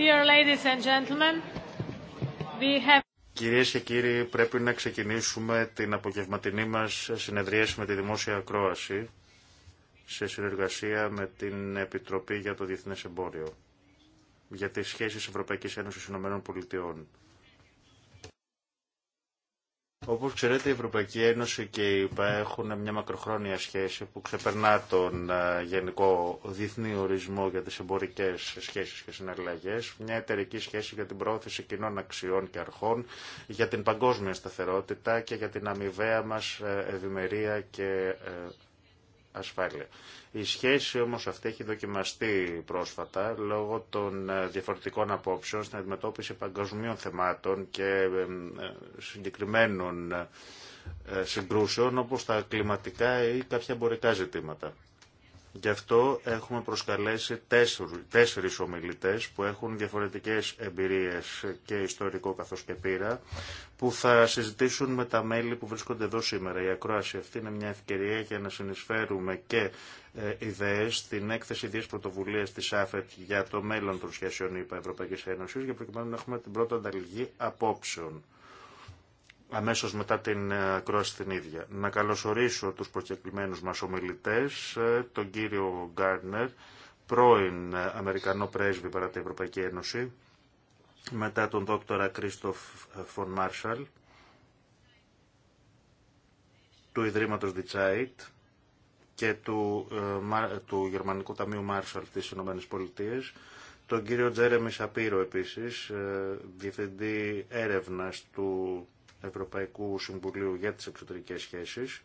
Κυρίε Κυρίες και κύριοι, πρέπει να ξεκινήσουμε την απογευματινή μας συνεδρίαση με τη Δημόσια Ακρόαση σε συνεργασία με την Επιτροπή για το Διεθνές Εμπόριο για τις σχέσεις Ευρωπαϊκής Ένωσης Ηνωμένων όπως ξέρετε η Ευρωπαϊκή Ένωση και η ΕΠΑ έχουν μια μακροχρόνια σχέση που ξεπερνά τον ε, γενικό διεθνή ορισμό για τις εμπορικές σχέσεις και συναλλαγές, μια εταιρική σχέση για την πρόθεση κοινών αξιών και αρχών, για την παγκόσμια σταθερότητα και για την αμοιβαία μας ε, ευημερία και ε, ασφάλεια. Η σχέση όμως αυτή έχει δοκιμαστεί πρόσφατα λόγω των ε, διαφορετικών απόψεων στην αντιμετώπιση παγκοσμίων θεμάτων και ε, ε, συγκεκριμένων συγκρούσεων όπως τα κλιματικά ή κάποια εμπορικά ζητήματα. Γι' αυτό έχουμε προσκαλέσει τέσσερις ομιλητές που έχουν διαφορετικές εμπειρίες και ιστορικό καθώς και πείρα που θα συζητήσουν με τα μέλη που βρίσκονται εδώ σήμερα. Η ακρόαση αυτή είναι μια ευκαιρία για να συνεισφέρουμε και ε, ιδέες στην έκθεση ιδίας πρωτοβουλίας της ΑΦΕΤ για το μέλλον των σχέσεων Ένωσης για προκειμένου να έχουμε την πρώτη ανταλληλή απόψεων αμέσως μετά την ε, ακρόαση την ίδια. Να καλωσορίσω τους προκεκλημένους μας ομιλητές, ε, τον κύριο Γκάρνερ, πρώην ε, Αμερικανό πρέσβη παρά την Ευρωπαϊκή Ένωση, μετά τον δόκτορα Κρίστοφ Φον Μάρσαλ, του Ιδρύματος Διτσάιτ και του, του Γερμανικού Ταμείου Μάρσαλ της ΗΠΑ, Πολιτείας τον κύριο Τζέρεμι Σαπύρο επίσης, διευθυντή έρευνας του Ευρωπαϊκού Συμβουλίου για τις Εξωτερικές Σχέσεις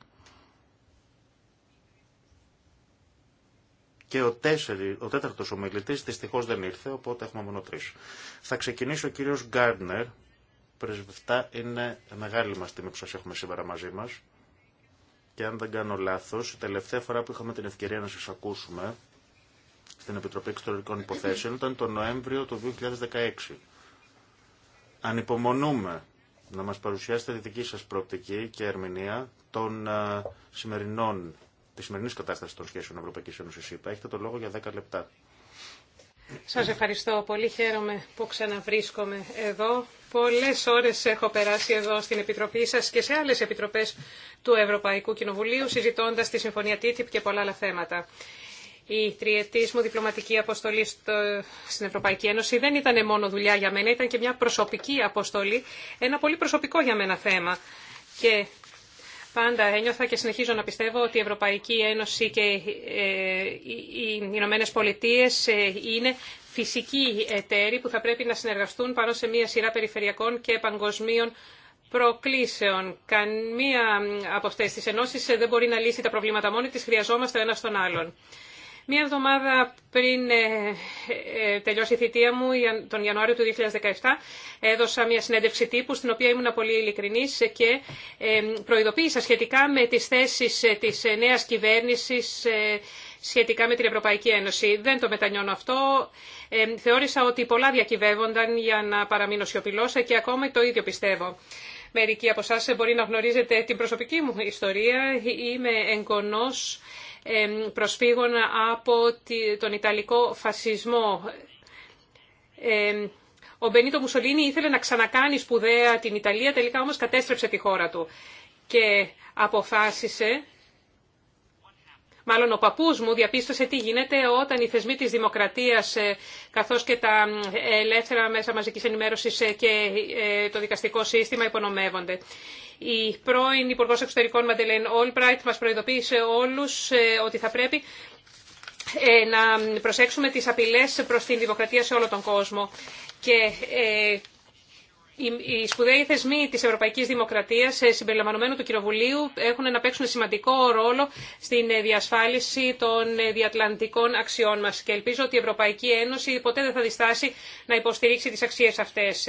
και ο, τέσσερι, ο τέταρτος ομιλητής δυστυχώς δεν ήρθε, οπότε έχουμε μόνο τρεις. Θα ξεκινήσει ο κύριος Γκάρντνερ, πρεσβευτά είναι μεγάλη μας τιμή που σας έχουμε σήμερα μαζί μας και αν δεν κάνω λάθος, η τελευταία φορά που είχαμε την ευκαιρία να σας ακούσουμε στην Επιτροπή Εξωτερικών Υποθέσεων ήταν το Νοέμβριο του 2016. Ανυπομονούμε να μας παρουσιάσετε τη δική σας προοπτική και ερμηνεία των ε, σημερινών, της σημερινής κατάστασης των σχέσεων Ευρωπαϊκής Ένωσης ΕΥΠΑ. Έχετε το λόγο για 10 λεπτά. Σας ευχαριστώ. Πολύ χαίρομαι που ξαναβρίσκομαι εδώ. Πολλές ώρες έχω περάσει εδώ στην Επιτροπή σας και σε άλλες επιτροπές του Ευρωπαϊκού Κοινοβουλίου συζητώντας τη Συμφωνία TTIP και πολλά άλλα θέματα η τριετή μου διπλωματική αποστολή στην Ευρωπαϊκή Ένωση δεν ήταν μόνο δουλειά για μένα, ήταν και μια προσωπική αποστολή, ένα πολύ προσωπικό για μένα θέμα. Και πάντα ένιωθα και συνεχίζω να πιστεύω ότι η Ευρωπαϊκή Ένωση και ε, οι Ηνωμένε Πολιτείε ε, είναι φυσικοί εταίροι που θα πρέπει να συνεργαστούν πάνω σε μια σειρά περιφερειακών και παγκοσμίων προκλήσεων. Καμία από αυτέ τι ενώσει ε, δεν μπορεί να λύσει τα προβλήματα μόνη τη, χρειαζόμαστε ένα τον άλλον. Μία εβδομάδα πριν ε, ε, τελειώσει η θητεία μου, τον Ιανουάριο του 2017, έδωσα μια συνέντευξη τύπου, στην οποία ήμουν πολύ ειλικρινής και ε, προειδοποίησα σχετικά με τις θέσεις της νέας κυβέρνησης σχετικά με την Ευρωπαϊκή Ένωση. Δεν το μετανιώνω αυτό. θεώρησα ότι πολλά διακυβεύονταν για να παραμείνω σιωπηλό και ακόμα το ίδιο πιστεύω. Μερικοί από εσά μπορεί να γνωρίζετε την προσωπική μου ιστορία. Είμαι εγγονός προσφύγων από τον Ιταλικό φασισμό. Ο Μπενίτο Μουσολίνη ήθελε να ξανακάνει σπουδαία την Ιταλία, τελικά όμως κατέστρεψε τη χώρα του και αποφάσισε... Μάλλον ο παππούς μου διαπίστωσε τι γίνεται όταν οι θεσμοί της δημοκρατίας ε, καθώς και τα ελεύθερα μέσα μαζικής ενημέρωσης ε, και ε, το δικαστικό σύστημα υπονομεύονται. Η πρώην Υπουργός Εξωτερικών Μαντελέν Όλπραϊτ μας προειδοποίησε όλους ε, ότι θα πρέπει ε, να προσέξουμε τις απειλές προς την δημοκρατία σε όλο τον κόσμο. Και ε, οι σπουδαίοι θεσμοί της Ευρωπαϊκής Δημοκρατίας, συμπεριλαμβανομένου του Κοινοβουλίου, έχουν να παίξουν σημαντικό ρόλο στην διασφάλιση των διατλαντικών αξιών μας. Και ελπίζω ότι η Ευρωπαϊκή Ένωση ποτέ δεν θα διστάσει να υποστηρίξει τις αξίες αυτές.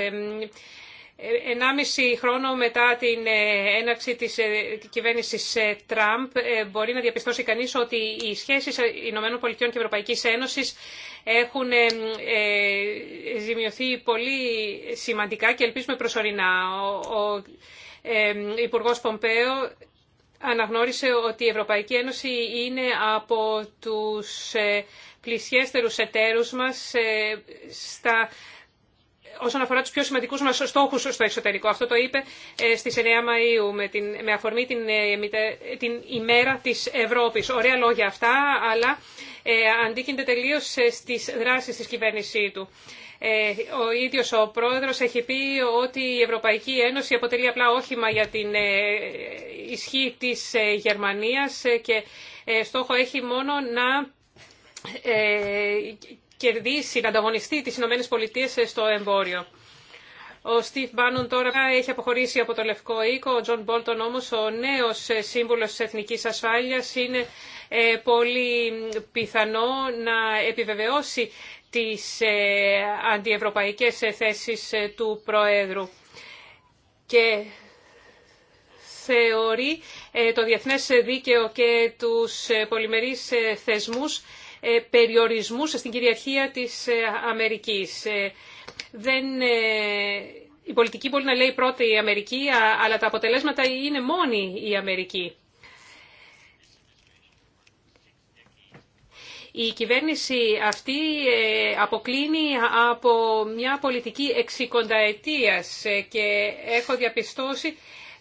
Ενάμιση χρόνο μετά την ε, έναρξη της ε, κυβερνηση ε, Τραμπ μπορεί να διαπιστώσει κανείς ότι οι σχέσεις ΗΠΑ και Ευρωπαϊκής Ένωσης έχουν ζημιωθεί πολύ σημαντικά και ελπίζουμε προσωρινά. Ο Υπουργό Πομπέο αναγνώρισε ότι η Ευρωπαϊκή Ένωση είναι από τους πλησιέστερους εταίρους μας στα όσον αφορά τους πιο σημαντικούς μας στόχους στο εξωτερικό. Αυτό το είπε ε, στις 9 Μαΐου με, την, με αφορμή την, ε, την ημέρα της Ευρώπης. Ωραία λόγια αυτά, αλλά ε, αντίκεινται τελείως ε, στις δράσεις της κυβέρνησή του. Ο ίδιος ο πρόεδρος έχει πει ότι η Ευρωπαϊκή Ένωση αποτελεί απλά όχημα για την ισχύ της Γερμανίας και στόχο έχει μόνο να κερδίσει, να ανταγωνιστεί τις Ηνωμένες Πολιτείες στο εμπόριο. Ο Στίβ Μπάνον τώρα έχει αποχωρήσει από το Λευκό Οίκο. Ο Τζον Μπόλτον όμως, ο νέος σύμβουλος τη Εθνικής Ασφάλειας, είναι ε, πολύ πιθανό να επιβεβαιώσει τις ε, αντιευρωπαϊκές θέσεις ε, του Προέδρου. Και θεωρεί το διεθνές δίκαιο και τους πολυμερείς θεσμούς ε, περιορισμούς στην κυριαρχία της ε, Αμερικής. Ε, δεν, η πολιτική μπορεί να λέει πρώτη η Αμερική, αλλά τα αποτελέσματα είναι μόνη η Αμερική. Η κυβέρνηση αυτή αποκλίνει από μια πολιτική εξικονταετίας και έχω διαπιστώσει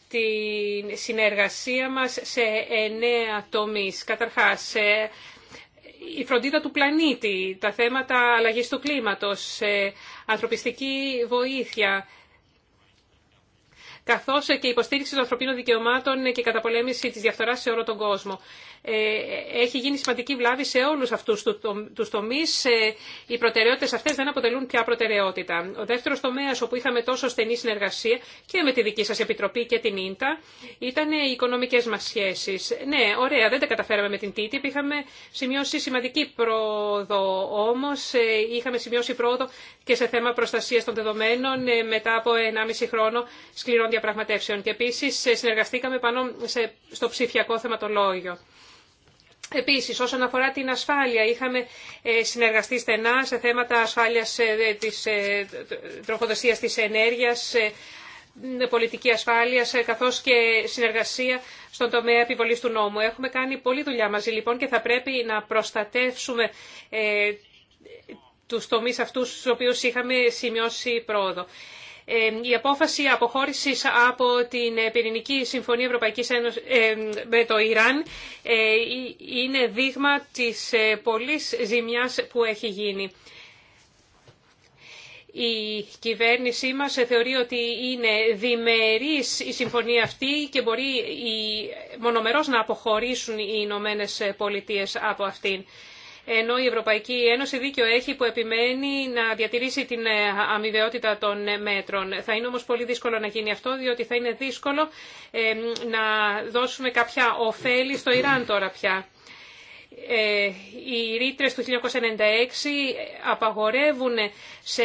τη συνεργασία μας σε εννέα τομείς. Καταρχάς, η φροντίδα του πλανήτη, τα θέματα αλλαγής του κλίματος, ε, ανθρωπιστική βοήθεια, Καθώ και υποστήριξη των ανθρωπίνων δικαιωμάτων και καταπολέμηση τη διαφθορά σε όλο τον κόσμο. Ε, έχει γίνει σημαντική βλάβη σε όλους αυτούς τους τομείς. Ε, οι προτεραιότητε αυτέ δεν αποτελούν πια προτεραιότητα. Ο δεύτερο τομέα όπου είχαμε τόσο στενή συνεργασία και με τη δική σα Επιτροπή και την Ίντα ήταν οι οικονομικέ μα σχέσει. Ναι, ωραία, δεν τα καταφέραμε με την TTIP. Είχαμε σημειώσει σημαντική πρόοδο όμω. Ε, είχαμε σημειώσει πρόοδο και σε θέμα προστασία των δεδομένων μετά από 1,5 χρόνο σκληρών διαπραγματεύσεων και επίσης ε, συνεργαστήκαμε πάνω στο ψηφιακό θεματολόγιο. Επίσης, όσον αφορά την ασφάλεια, είχαμε ε, συνεργαστεί στενά σε θέματα ασφάλειας ε, της τη της ενέργειας, πολιτική ασφάλειας, καθώς και συνεργασία στον τομέα επιβολής του νόμου. Έχουμε κάνει πολλή δουλειά μαζί, λοιπόν, και θα πρέπει να προστατεύσουμε του τομεί αυτού στους οποίου είχαμε σημειώσει πρόοδο η απόφαση αποχώρηση από την ε, Πυρηνική Συμφωνία Ευρωπαϊκής Ένωσης ε, με το Ιράν ε, είναι δείγμα της πολλή ζημιά που έχει γίνει. Η κυβέρνησή μας θεωρεί ότι είναι διμερής η συμφωνία αυτή και μπορεί μονομερός να αποχωρήσουν οι Ηνωμένε Πολιτείες από αυτήν ενώ η Ευρωπαϊκή Ένωση δίκιο έχει που επιμένει να διατηρήσει την ε, αμοιβαιότητα των μέτρων. Θα είναι όμως πολύ δύσκολο να γίνει αυτό, διότι θα είναι δύσκολο να δώσουμε κάποια ωφέλη στο Ιράν τώρα πια. Ε, οι ρήτρες του 1996 απαγορεύουν σε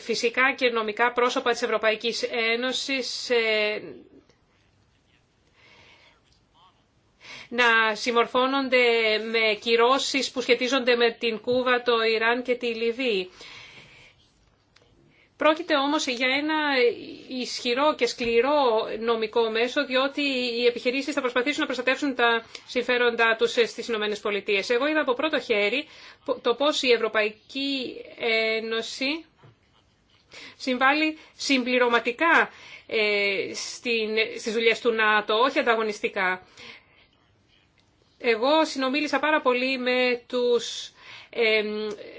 φυσικά και νομικά πρόσωπα της Ευρωπαϊκής Ένωσης ε, να συμμορφώνονται με κυρώσεις που σχετίζονται με την Κούβα, το Ιράν και τη Λιβύη. Πρόκειται όμως για ένα ισχυρό και σκληρό νομικό μέσο, διότι οι επιχειρήσεις θα προσπαθήσουν να προστατεύσουν τα συμφέροντά τους στις ΗΠΑ. Εγώ είδα από πρώτο χέρι το πώς η Ευρωπαϊκή Ένωση συμβάλλει συμπληρωματικά ε, στις δουλειές του ΝΑΤΟ, όχι ανταγωνιστικά. Εγώ συνομίλησα πάρα πολύ με τους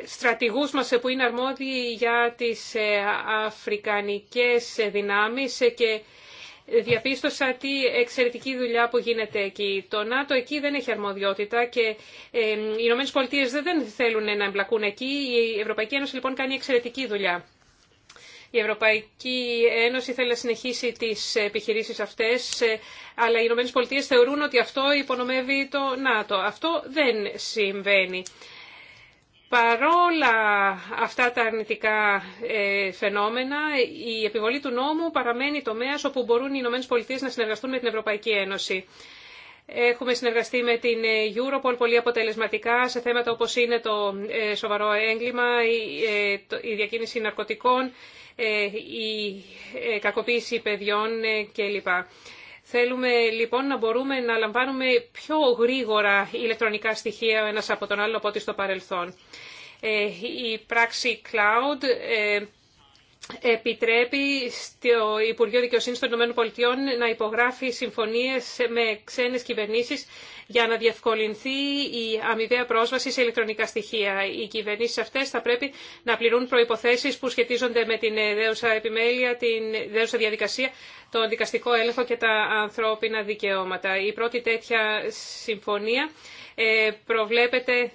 στρατηγούς μας που είναι αρμόδιοι για τις ε, αφρικανικές δυνάμεις και διαπίστωσα τι εξαιρετική δουλειά που γίνεται εκεί. Το ΝΑΤΟ εκεί δεν έχει αρμοδιότητα και οι Ηνωμένες Πολιτείες δεν θέλουν να εμπλακούν εκεί. Η Ευρωπαϊκή Ένωση λοιπόν κάνει εξαιρετική δουλειά. Η Ευρωπαϊκή Ένωση θέλει να συνεχίσει τι επιχειρήσει αυτέ, ε, αλλά οι Ηνωμένε Πολιτείε θεωρούν ότι αυτό υπονομεύει το ΝΑΤΟ. Αυτό δεν συμβαίνει. Παρόλα αυτά τα αρνητικά ε, φαινόμενα, η επιβολή του νόμου παραμένει τομέας όπου μπορούν οι Ηνωμένες Πολιτείες να συνεργαστούν με την Ευρωπαϊκή Ένωση. Έχουμε συνεργαστεί με την Europol πολύ αποτελεσματικά σε θέματα όπως είναι το ε, σοβαρό έγκλημα, η διακίνηση ναρκωτικών, ε, η ε, κακοποίηση παιδιών ε, κλπ. Θέλουμε λοιπόν να μπορούμε να λαμβάνουμε πιο γρήγορα ηλεκτρονικά στοιχεία ένας από τον άλλο από ό,τι στο παρελθόν. Η πράξη cloud επιτρέπει στο Υπουργείο Δικαιοσύνης των Πολιτειών να υπογράφει συμφωνίες με ξένες κυβερνήσεις για να διευκολυνθεί η αμοιβαία πρόσβαση σε ηλεκτρονικά στοιχεία. Οι κυβερνήσεις αυτές θα πρέπει να πληρούν προϋποθέσεις που σχετίζονται με την δέουσα επιμέλεια, την δέουσα διαδικασία, τον δικαστικό έλεγχο και τα ανθρώπινα δικαιώματα. Η πρώτη τέτοια συμφωνία ε, προβλέπεται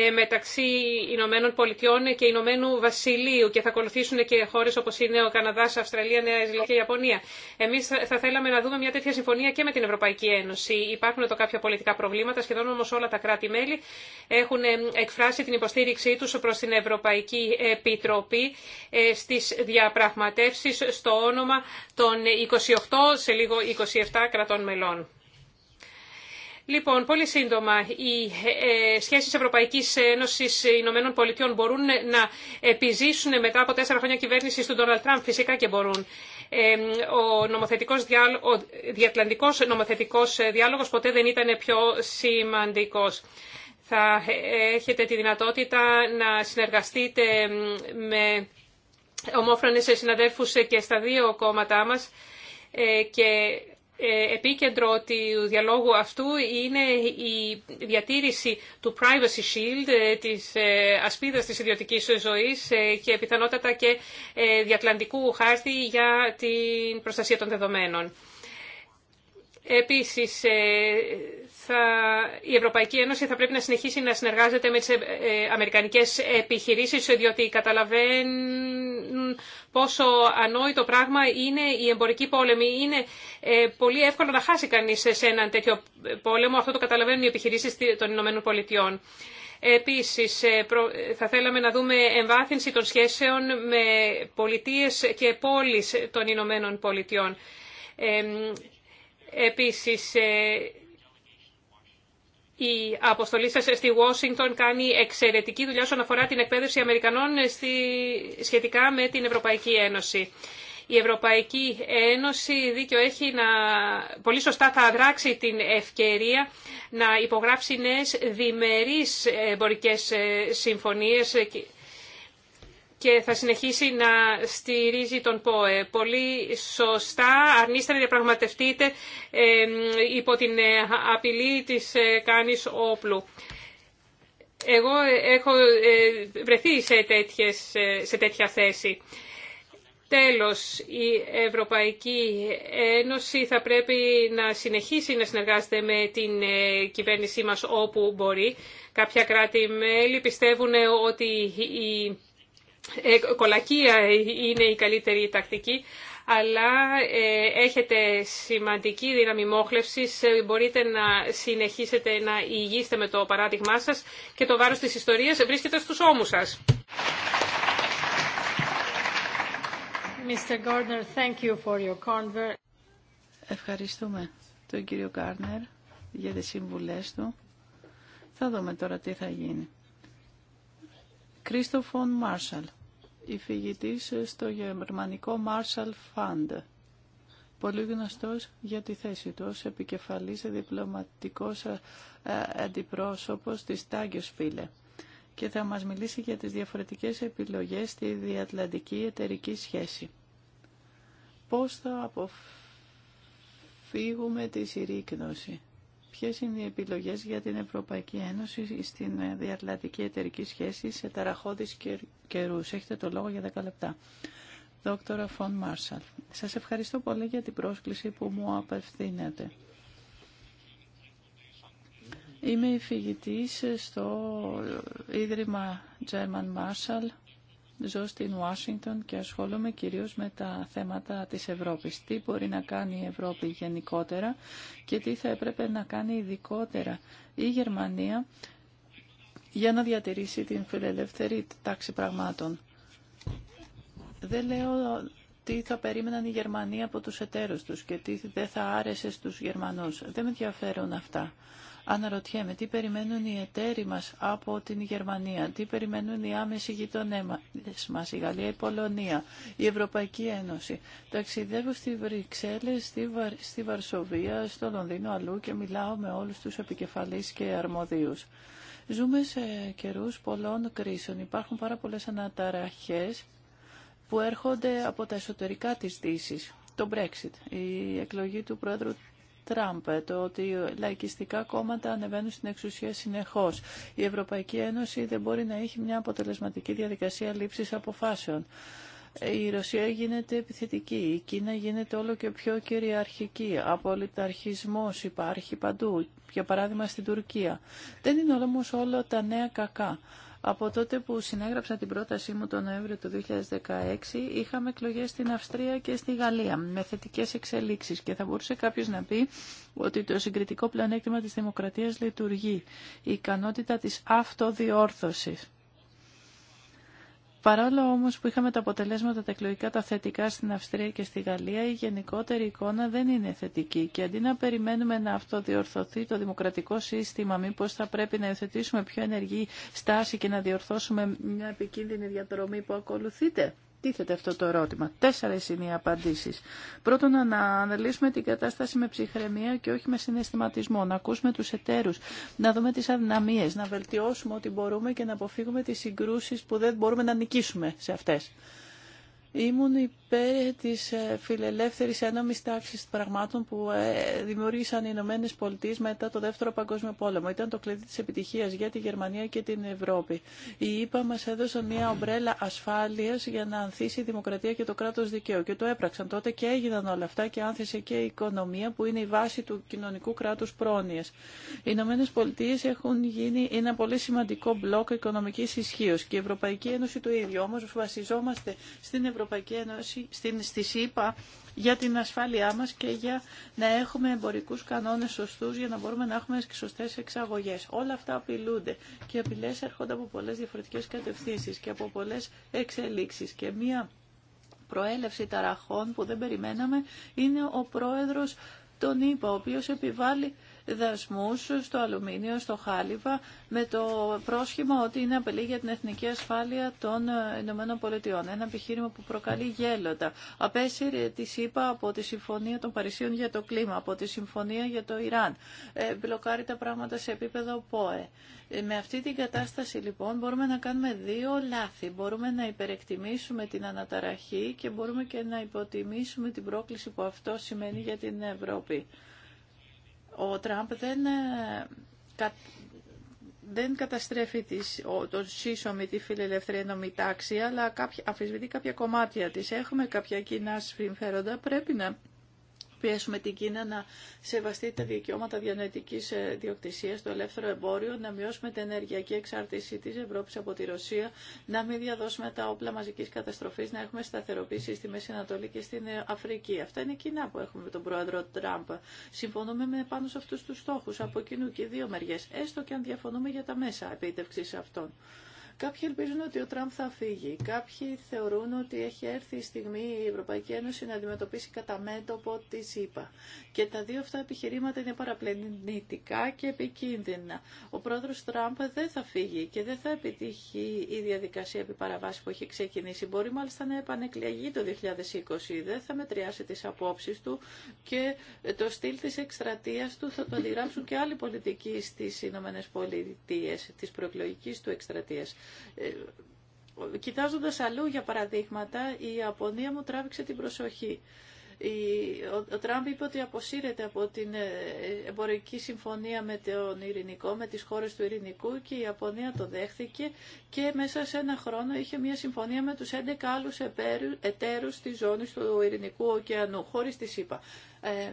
ε, μεταξύ Ηνωμένων Πολιτειών και Ηνωμένου Βασιλείου και θα ακολουθήσουν και χώρε όπω είναι ο Καναδάς, Αυστραλία, Νέα Ισλανδία και η Ιαπωνία. Εμεί θα θέλαμε να δούμε μια τέτοια συμφωνία και με την Ευρωπαϊκή Ένωση. Υπάρχουν εδώ κάποια πολιτικά προβλήματα, σχεδόν όμω όλα τα κράτη-μέλη έχουν ε, εκφράσει την υποστήριξή του προ την Ευρωπαϊκή Επιτροπή ε, στι διαπραγματεύσει στο όνομα των 28, σε λίγο 27 κρατών μελών. Λοιπόν, πολύ σύντομα, οι ε, σχέσεις Ευρωπαϊκής Ένωσης Ηνωμένων Πολιτειών μπορούν να επιζήσουν μετά από τέσσερα χρόνια κυβέρνησης του Ντόναλτ Τραμπ. Φυσικά και μπορούν. Ε, ο, νομοθετικός διάλογος, ο διατλαντικός νομοθετικός διάλογος ποτέ δεν ήταν πιο σημαντικός. Θα έχετε τη δυνατότητα να συνεργαστείτε με ομόφρονες συναδέλφους και στα δύο κόμματά μας ε, και ε, επίκεντρο του διαλόγου αυτού είναι η διατήρηση του Privacy Shield, ε, της ε, ασπίδας της ιδιωτικής ζωής και πιθανότατα και διατλαντικού χάρτη για την προστασία των δεδομένων. Επίσης, η Ευρωπαϊκή Ένωση θα πρέπει να συνεχίσει να συνεργάζεται με τις ε, ε, αμερικανικές επιχειρήσεις, διότι καταλαβαίνουν πόσο ανόητο πράγμα είναι η εμπορική πόλεμη. Είναι ε, πολύ εύκολο να χάσει κανείς σε έναν τέτοιο πόλεμο. Αυτό το καταλαβαίνουν οι επιχειρήσεις των Ηνωμένων Πολιτειών. Επίσης, θα θέλαμε να δούμε εμβάθυνση των σχέσεων με πολιτείες και πόλεις των Ηνωμένων Πολιτειών. Επίσης, η αποστολή σας στη Washington κάνει εξαιρετική δουλειά όσον αφορά την εκπαίδευση Αμερικανών σχετικά με την Ευρωπαϊκή Ένωση. Η Ευρωπαϊκή Ένωση δίκιο έχει να πολύ σωστά θα αδράξει την ευκαιρία να υπογράψει νέες διμερείς εμπορικές ε, συμφωνίες και θα συνεχίσει να στηρίζει τον ΠΟΕ. Πολύ σωστά αρνείστε να διαπραγματευτείτε υπό την ε, απειλή της ε, κάνεις όπλου. Εγώ ε, έχω βρεθεί σε, τέτοιες, σε τέτοια θέση. Τέλος, η Ευρωπαϊκή Ένωση θα πρέπει να συνεχίσει να συνεργάζεται με την κυβέρνησή μας όπου μπορεί. Κάποια κράτη-μέλη πιστεύουν ότι η ε, κολακία είναι η καλύτερη τακτική, αλλά ε, έχετε σημαντική δύναμη μόχλευσης, ε, μπορείτε να συνεχίσετε να υγείστε με το παράδειγμά σας και το βάρος της ιστορίας βρίσκεται στους ώμους σας. Ευχαριστούμε τον κύριο Κάρνερ για τις συμβουλές του. Θα δούμε τώρα τι θα γίνει. Κρίστοφον Μάρσαλ, υφηγητής στο γερμανικό Marshall Fund, πολύ γνωστός για τη θέση του ως επικεφαλής διπλωματικός ε, αντιπρόσωπος της Τάγκιος Φίλε και θα μας μιλήσει για τις διαφορετικές επιλογές στη διατλαντική εταιρική σχέση. Πώς θα αποφύγουμε τη συρρήκνωση ποιες είναι οι επιλογές για την Ευρωπαϊκή Ένωση στην διατλαντική εταιρική σχέση σε ταραχώδεις καιρούς. Έχετε το λόγο για 10 λεπτά. Δόκτωρα Φων Μάρσαλ, σας ευχαριστώ πολύ για την πρόσκληση που μου απευθύνεται. Είμαι η στο Ίδρυμα German Marshall Ζω στην Ουάσιγκτον και ασχολούμαι κυρίως με τα θέματα της Ευρώπης. Τι μπορεί να κάνει η Ευρώπη γενικότερα και τι θα έπρεπε να κάνει ειδικότερα η Γερμανία για να διατηρήσει την φιλελεύθερη τάξη πραγμάτων. Δεν λέω τι θα περίμεναν οι Γερμανοί από τους εταίρους τους και τι δεν θα άρεσε στους Γερμανούς. Δεν με ενδιαφέρουν αυτά. Αναρωτιέμαι τι περιμένουν οι εταίροι μας από την Γερμανία, τι περιμένουν οι άμεσοι γειτονές μας, η Γαλλία, η Πολωνία, η Ευρωπαϊκή Ένωση. Ταξιδεύω στη Βρυξέλλες, στη, στη Βαρσοβία, στο Λονδίνο αλλού και μιλάω με όλους τους επικεφαλείς και αρμοδίους. Ζούμε σε καιρούς πολλών κρίσεων. Υπάρχουν πάρα πολλές αναταραχές που έρχονται από τα εσωτερικά της δύσης. Το Brexit, η εκλογή του πρόεδρου Τραμπ, ε, το ότι λαϊκιστικά κόμματα ανεβαίνουν στην εξουσία συνεχώς. Η Ευρωπαϊκή Ένωση δεν μπορεί να έχει μια αποτελεσματική διαδικασία λήψης αποφάσεων. Ε, η Ρωσία γίνεται επιθετική, η Κίνα γίνεται όλο και πιο κυριαρχική, απολυταρχισμός υπάρχει παντού, για παράδειγμα στην Τουρκία. Δεν είναι όμως όλα τα νέα κακά. Από τότε που συνέγραψα την πρότασή μου τον Νοέμβριο του 2016 είχαμε εκλογές στην Αυστρία και στη Γαλλία με θετικές εξελίξεις και θα μπορούσε κάποιος να πει ότι το συγκριτικό πλανέκτημα της δημοκρατίας λειτουργεί, η ικανότητα της αυτοδιόρθωσης. Παρόλο όμως που είχαμε τα αποτελέσματα τα εκλογικά τα θετικά στην Αυστρία και στη Γαλλία, η γενικότερη εικόνα δεν είναι θετική και αντί να περιμένουμε να αυτοδιορθωθεί το δημοκρατικό σύστημα, μήπως θα πρέπει να υιοθετήσουμε πιο ενεργή στάση και να διορθώσουμε μια επικίνδυνη διαδρομή που ακολουθείται τίθεται αυτό το ερώτημα. Τέσσερα είναι οι απαντήσει. Πρώτον, να αναλύσουμε την κατάσταση με ψυχραιμία και όχι με συναισθηματισμό. Να ακούσουμε τους εταίρου, να δούμε τις αδυναμίε, να βελτιώσουμε ό,τι μπορούμε και να αποφύγουμε τις συγκρούσεις που δεν μπορούμε να νικήσουμε σε αυτές. Ήμουν υπέρ της ε, φιλελεύθερης ένομης τάξης πραγμάτων που ε, δημιούργησαν οι Ηνωμένε Πολιτείε μετά το Δεύτερο Παγκόσμιο Πόλεμο. Ήταν το κλειδί της επιτυχίας για τη Γερμανία και την Ευρώπη. Η ΗΠΑ μας έδωσαν μια ομπρέλα ασφάλειας για να ανθίσει η δημοκρατία και το κράτος δικαίου. Και το έπραξαν τότε και έγιναν όλα αυτά και άνθησε και η οικονομία που είναι η βάση του κοινωνικού κράτους πρόνοιας. Οι Ηνωμένε Πολιτείε έχουν γίνει ένα πολύ σημαντικό μπλοκ οικονομικής ισχύω. Και η Ευρωπαϊκή Ένωση το ίδιο. Όμως βασιζόμαστε στην Ευρωπαϊκή Ευρωπαϊκή Ένωση, στην, στη ΣΥΠΑ για την ασφάλειά μας και για να έχουμε εμπορικούς κανόνες σωστούς για να μπορούμε να έχουμε και σωστές εξαγωγές. Όλα αυτά απειλούνται και οι έρχονται από πολλές διαφορετικές κατευθύνσεις και από πολλές εξελίξεις και μία προέλευση ταραχών που δεν περιμέναμε είναι ο πρόεδρος των ΗΠΑ, ο οποίος επιβάλλει δασμούς στο αλουμίνιο, στο χάλιβα, με το πρόσχημα ότι είναι απελή για την εθνική ασφάλεια των Ηνωμένων Πολιτειών. Ένα επιχείρημα που προκαλεί γέλοτα. Απέσυρε τη ΣΥΠΑ από τη Συμφωνία των Παρισίων για το κλίμα, από τη Συμφωνία για το Ιράν. Ε, μπλοκάρει τα πράγματα σε επίπεδο ΠΟΕ. Ε, με αυτή την κατάσταση λοιπόν μπορούμε να κάνουμε δύο λάθη. Μπορούμε να υπερεκτιμήσουμε την αναταραχή και μπορούμε και να υποτιμήσουμε την πρόκληση που αυτό σημαίνει για την Ευρώπη. Ο Τραμπ δεν, ε, δεν καταστρέφει τις, ο, τον σύσσωμη τη φιλελευθερία νομή τάξη, αλλά κάποια, κάποια κομμάτια της. Έχουμε κάποια κοινά συμφέροντα, πρέπει να πιέσουμε την Κίνα να σεβαστεί τα δικαιώματα διανοητική ε, διοκτησία το ελεύθερο εμπόριο, να μειώσουμε την ενεργειακή εξάρτηση τη Ευρώπη από τη Ρωσία, να μην διαδώσουμε τα όπλα μαζική καταστροφή να έχουμε σταθεροποίηση στη Μέση Ανατολή και στην ε, Αφρική. Αυτά είναι κοινά που έχουμε με τον πρόεδρο Τραμπ. Συμφωνούμε με πάνω σε αυτού του στόχου, από κοινού και δύο μεριέ. έστω και αν διαφωνούμε για τα μέσα επίτευξη αυτών. Κάποιοι ελπίζουν ότι ο Τραμπ θα φύγει. Κάποιοι θεωρούν ότι έχει έρθει η στιγμή η Ευρωπαϊκή Ένωση να αντιμετωπίσει κατά μέτωπο τη ΣΥΠΑ. Και τα δύο αυτά επιχειρήματα είναι παραπλανητικά και επικίνδυνα. Ο πρόεδρος Τραμπ δεν θα φύγει και δεν θα επιτύχει η διαδικασία επιπαραβάση που έχει ξεκινήσει. Μπορεί μάλιστα να επανεκλεγεί το 2020. Δεν θα μετριάσει τι απόψει του και το στυλ τη εκστρατεία του θα το αντιγράψουν και άλλοι πολιτικοί στι ΗΠΑ τη τη του εκστρατεία. Ε, κοιτάζοντας αλλού για παραδείγματα, η Απονία μου τράβηξε την προσοχή. Ο Τραμπ είπε ότι αποσύρεται από την ε, εμπορική συμφωνία με τον Ειρηνικό, με τις χώρες του Ειρηνικού και η Ιαπωνία το δέχθηκε και μέσα σε ένα χρόνο είχε μια συμφωνία με τους 11 άλλους εταίρους της ζώνης του Ειρηνικού ωκεανού, χωρίς τη ΣΥΠΑ. Ε,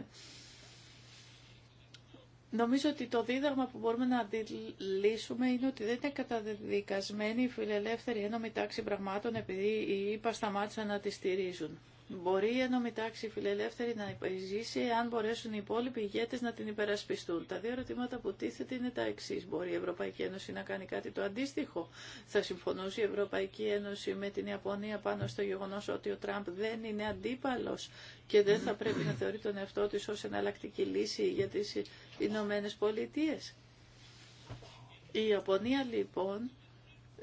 Νομίζω ότι το δίδαγμα που μπορούμε να αντιλήσουμε είναι ότι δεν είναι καταδικασμένη η φιλελεύθερη ένωμη τάξη πραγμάτων επειδή οι ΙΠΑ σταμάτησαν να τη στηρίζουν. Μπορεί η ένωμη τάξη φιλελεύθερη να υπηζήσει αν μπορέσουν οι υπόλοιποι ηγέτε να την υπερασπιστούν. Τα δύο ερωτήματα που τίθεται είναι τα εξή. Μπορεί η Ευρωπαϊκή Ένωση να κάνει κάτι το αντίστοιχο. Θα συμφωνούσε η Ευρωπαϊκή Ένωση με την Ιαπωνία πάνω στο γεγονό ότι ο Τραμπ δεν είναι αντίπαλο και δεν θα πρέπει να θεωρεί τον εαυτό τη ω εναλλακτική λύση για τι Ηνωμένε Πολιτείε. Η Ιαπωνία λοιπόν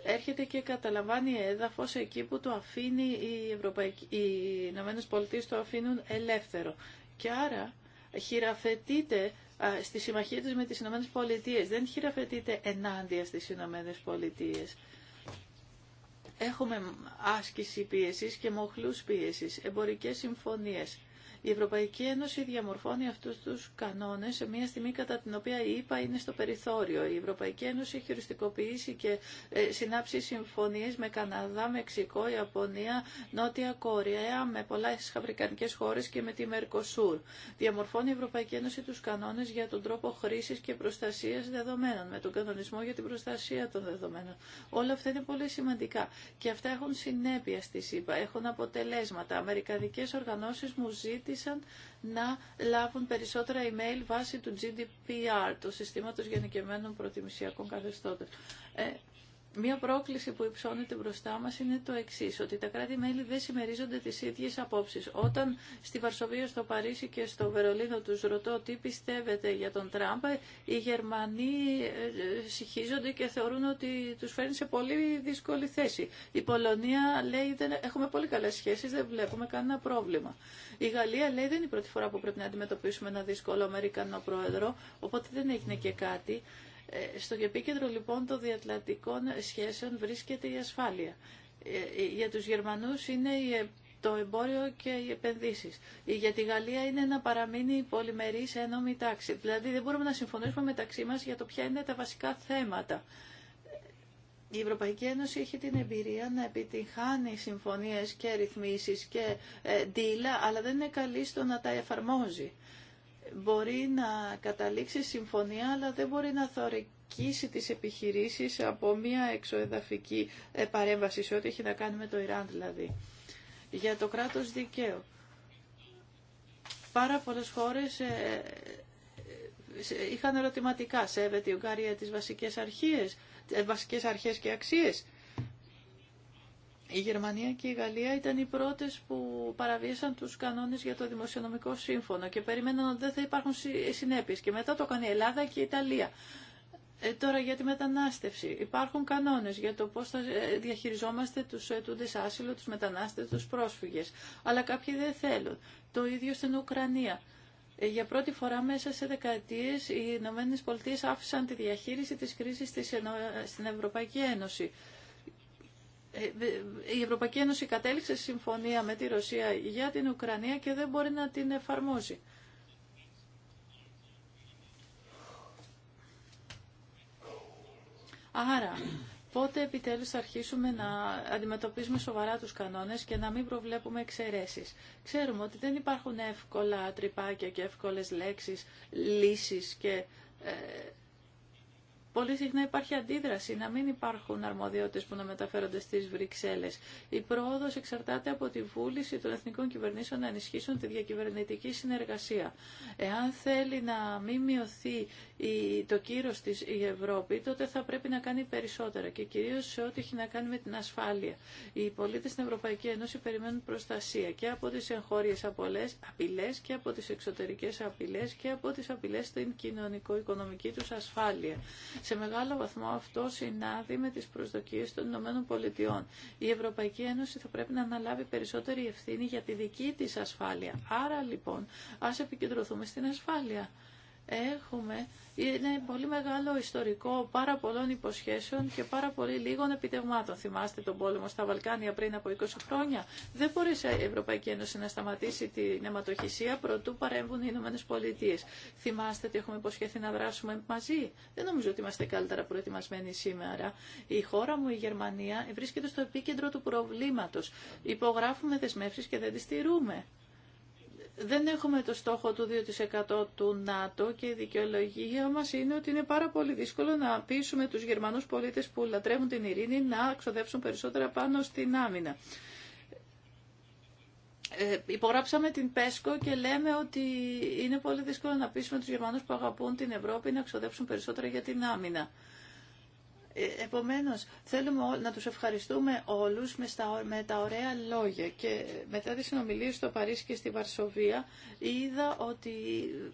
έρχεται και καταλαμβάνει έδαφος εκεί που το αφήνει οι, Ευρωπαϊκή οι το αφήνουν ελεύθερο. Και άρα χειραφετείται στη συμμαχία τη με τις Ηνωμένε Πολιτείε. Δεν χειραφετείται ενάντια στις Ηνωμένε Πολιτείε. Έχουμε άσκηση πίεσης και μοχλούς πίεσης, εμπορικές συμφωνίες. Η Ευρωπαϊκή Ένωση διαμορφώνει αυτού του κανόνε σε μια στιγμή κατά την οποία η ΕΠΑ είναι στο περιθώριο. Η Ευρωπαϊκή Ένωση έχει οριστικοποιήσει και ε, συνάψει συμφωνίε με Καναδά, Μεξικό, Ιαπωνία, Νότια Κορέα, με πολλέ αφρικανικέ χώρε και με τη Μερκοσούρ. Διαμορφώνει η Ευρωπαϊκή Ένωση του κανόνε για τον τρόπο χρήση και προστασία δεδομένων, με τον κανονισμό για την προστασία των δεδομένων. Όλα αυτά είναι πολύ σημαντικά και αυτά έχουν συνέπεια στη ΣΥΠΑ, έχουν αποτελέσματα. Αμερικανικέ οργανώσει μου ζήτησαν ζήτησαν να λάβουν περισσότερα email βάσει του GDPR, του Συστήματος Γενικευμένων Προτιμησιακών Καθεστώτων. Ε, Μία πρόκληση που υψώνεται μπροστά μας είναι το εξής, ότι τα κράτη-μέλη δεν συμμερίζονται τις ίδιες απόψεις. Όταν στη Βαρσοβία, στο Παρίσι και στο Βερολίνο τους ρωτώ τι πιστεύετε για τον Τραμπ, οι Γερμανοί ε, ε, συχίζονται και θεωρούν ότι τους φέρνει σε πολύ δύσκολη θέση. Η Πολωνία λέει δεν έχουμε πολύ καλές σχέσεις, δεν βλέπουμε κανένα πρόβλημα. Η Γαλλία λέει δεν είναι η πρώτη φορά που πρέπει να αντιμετωπίσουμε ένα δύσκολο Αμερικανό πρόεδρο, οπότε δεν έγινε και κάτι. Ε, στο επίκεντρο λοιπόν των διατλαντικών σχέσεων βρίσκεται η ασφάλεια. Ε, ε, για τους Γερμανούς είναι το εμπόριο και οι επενδύσεις. Για τη Γαλλία είναι να παραμείνει η πολυμερής ένωμη τάξη. Δηλαδή δεν μπορούμε να συμφωνήσουμε μεταξύ μας για το ποια είναι τα βασικά θέματα. Η Ευρωπαϊκή Ένωση έχει την εμπειρία να επιτυγχάνει συμφωνίες και ρυθμίσεις και ε, αλλά δεν είναι καλή στο να τα εφαρμόζει μπορεί να καταλήξει συμφωνία, αλλά δεν μπορεί να θωρακίσει τις επιχειρήσεις από μια εξοεδαφική ε, παρέμβαση σε ό,τι έχει να κάνει με το Ιράν δηλαδή. Για το κράτος δικαίου. Πάρα πολλές χώρες ε, ε, είχαν ερωτηματικά. Σέβεται η Ουγγαρία τις βασικές αρχές, βασικές αρχές και αξίες. Η Γερμανία και η Γαλλία ήταν οι πρώτες που παραβίασαν τους κανόνες για το δημοσιονομικό σύμφωνο και περίμεναν ότι δεν θα υπάρχουν συνέπειες. Και μετά το έκανε η Ελλάδα και η Ιταλία. Ε, τώρα για τη μετανάστευση. Υπάρχουν κανόνες για το πώς θα ε, διαχειριζόμαστε τους αιτούντες άσυλο, τους μετανάστες, τους πρόσφυγες. Αλλά κάποιοι δεν θέλουν. Το ίδιο στην Ουκρανία. Ε, για πρώτη φορά μέσα σε δεκαετίες οι Ηνωμένε Πολιτείες άφησαν τη διαχείριση της κρίσης στην Ευρωπαϊκή Ένωση. Ε, ε, η Ευρωπαϊκή Ένωση κατέληξε συμφωνία με τη Ρωσία για την Ουκρανία και δεν μπορεί να την εφαρμόσει. Άρα, πότε επιτέλους θα αρχίσουμε να αντιμετωπίζουμε σοβαρά τους κανόνες και να μην προβλέπουμε εξαιρέσει. Ξέρουμε ότι δεν υπάρχουν εύκολα τρυπάκια και εύκολες λέξεις, λύσεις και ε, Πολύ συχνά υπάρχει αντίδραση να μην υπάρχουν αρμοδιότητες που να μεταφέρονται στις Βρυξέλλες. Η πρόοδος εξαρτάται από τη βούληση των εθνικών κυβερνήσεων να ενισχύσουν τη διακυβερνητική συνεργασία. Εάν θέλει να μην μειωθεί το κύρος της η Ευρώπη, τότε θα πρέπει να κάνει περισσότερα και κυρίως σε ό,τι έχει να κάνει με την ασφάλεια. Οι πολίτες στην Ευρωπαϊκή Ένωση περιμένουν προστασία και από τις εγχώριες απειλές και από τις εξωτερικές απειλές και από τις απειλές στην κοινωνικο-οικονομική τους ασφάλεια. Σε μεγάλο βαθμό αυτό συνάδει με τις προσδοκίες των Ηνωμένων Πολιτειών. Η Ευρωπαϊκή Ένωση θα πρέπει να αναλάβει περισσότερη ευθύνη για τη δική της ασφάλεια. Άρα λοιπόν ας επικεντρωθούμε στην ασφάλεια έχουμε είναι πολύ μεγάλο ιστορικό πάρα πολλών υποσχέσεων και πάρα πολύ λίγων επιτευγμάτων. Θυμάστε τον πόλεμο στα Βαλκάνια πριν από 20 χρόνια. Δεν μπορεί η Ευρωπαϊκή Ένωση να σταματήσει την αιματοχυσία προτού παρέμβουν οι Ηνωμένε Πολιτείε. Θυμάστε ότι έχουμε υποσχεθεί να δράσουμε μαζί. Δεν νομίζω ότι είμαστε καλύτερα προετοιμασμένοι σήμερα. Η χώρα μου, η Γερμανία, βρίσκεται στο επίκεντρο του προβλήματο. Υπογράφουμε δεσμεύσει και δεν τι στηρούμε δεν έχουμε το στόχο του 2% του ΝΑΤΟ και η δικαιολογία μας είναι ότι είναι πάρα πολύ δύσκολο να πείσουμε τους Γερμανούς πολίτες που λατρεύουν την ειρήνη να ξοδέψουν περισσότερα πάνω στην άμυνα. Ε, υπογράψαμε την ΠΕΣΚΟ και λέμε ότι είναι πολύ δύσκολο να πείσουμε τους Γερμανούς που αγαπούν την Ευρώπη να ξοδέψουν περισσότερα για την άμυνα. Ε, επομένως, θέλουμε να τους ευχαριστούμε όλους με, στα, με τα ωραία λόγια. Και μετά τις συνομιλίες στο Παρίσι και στη Βαρσοβία, είδα ότι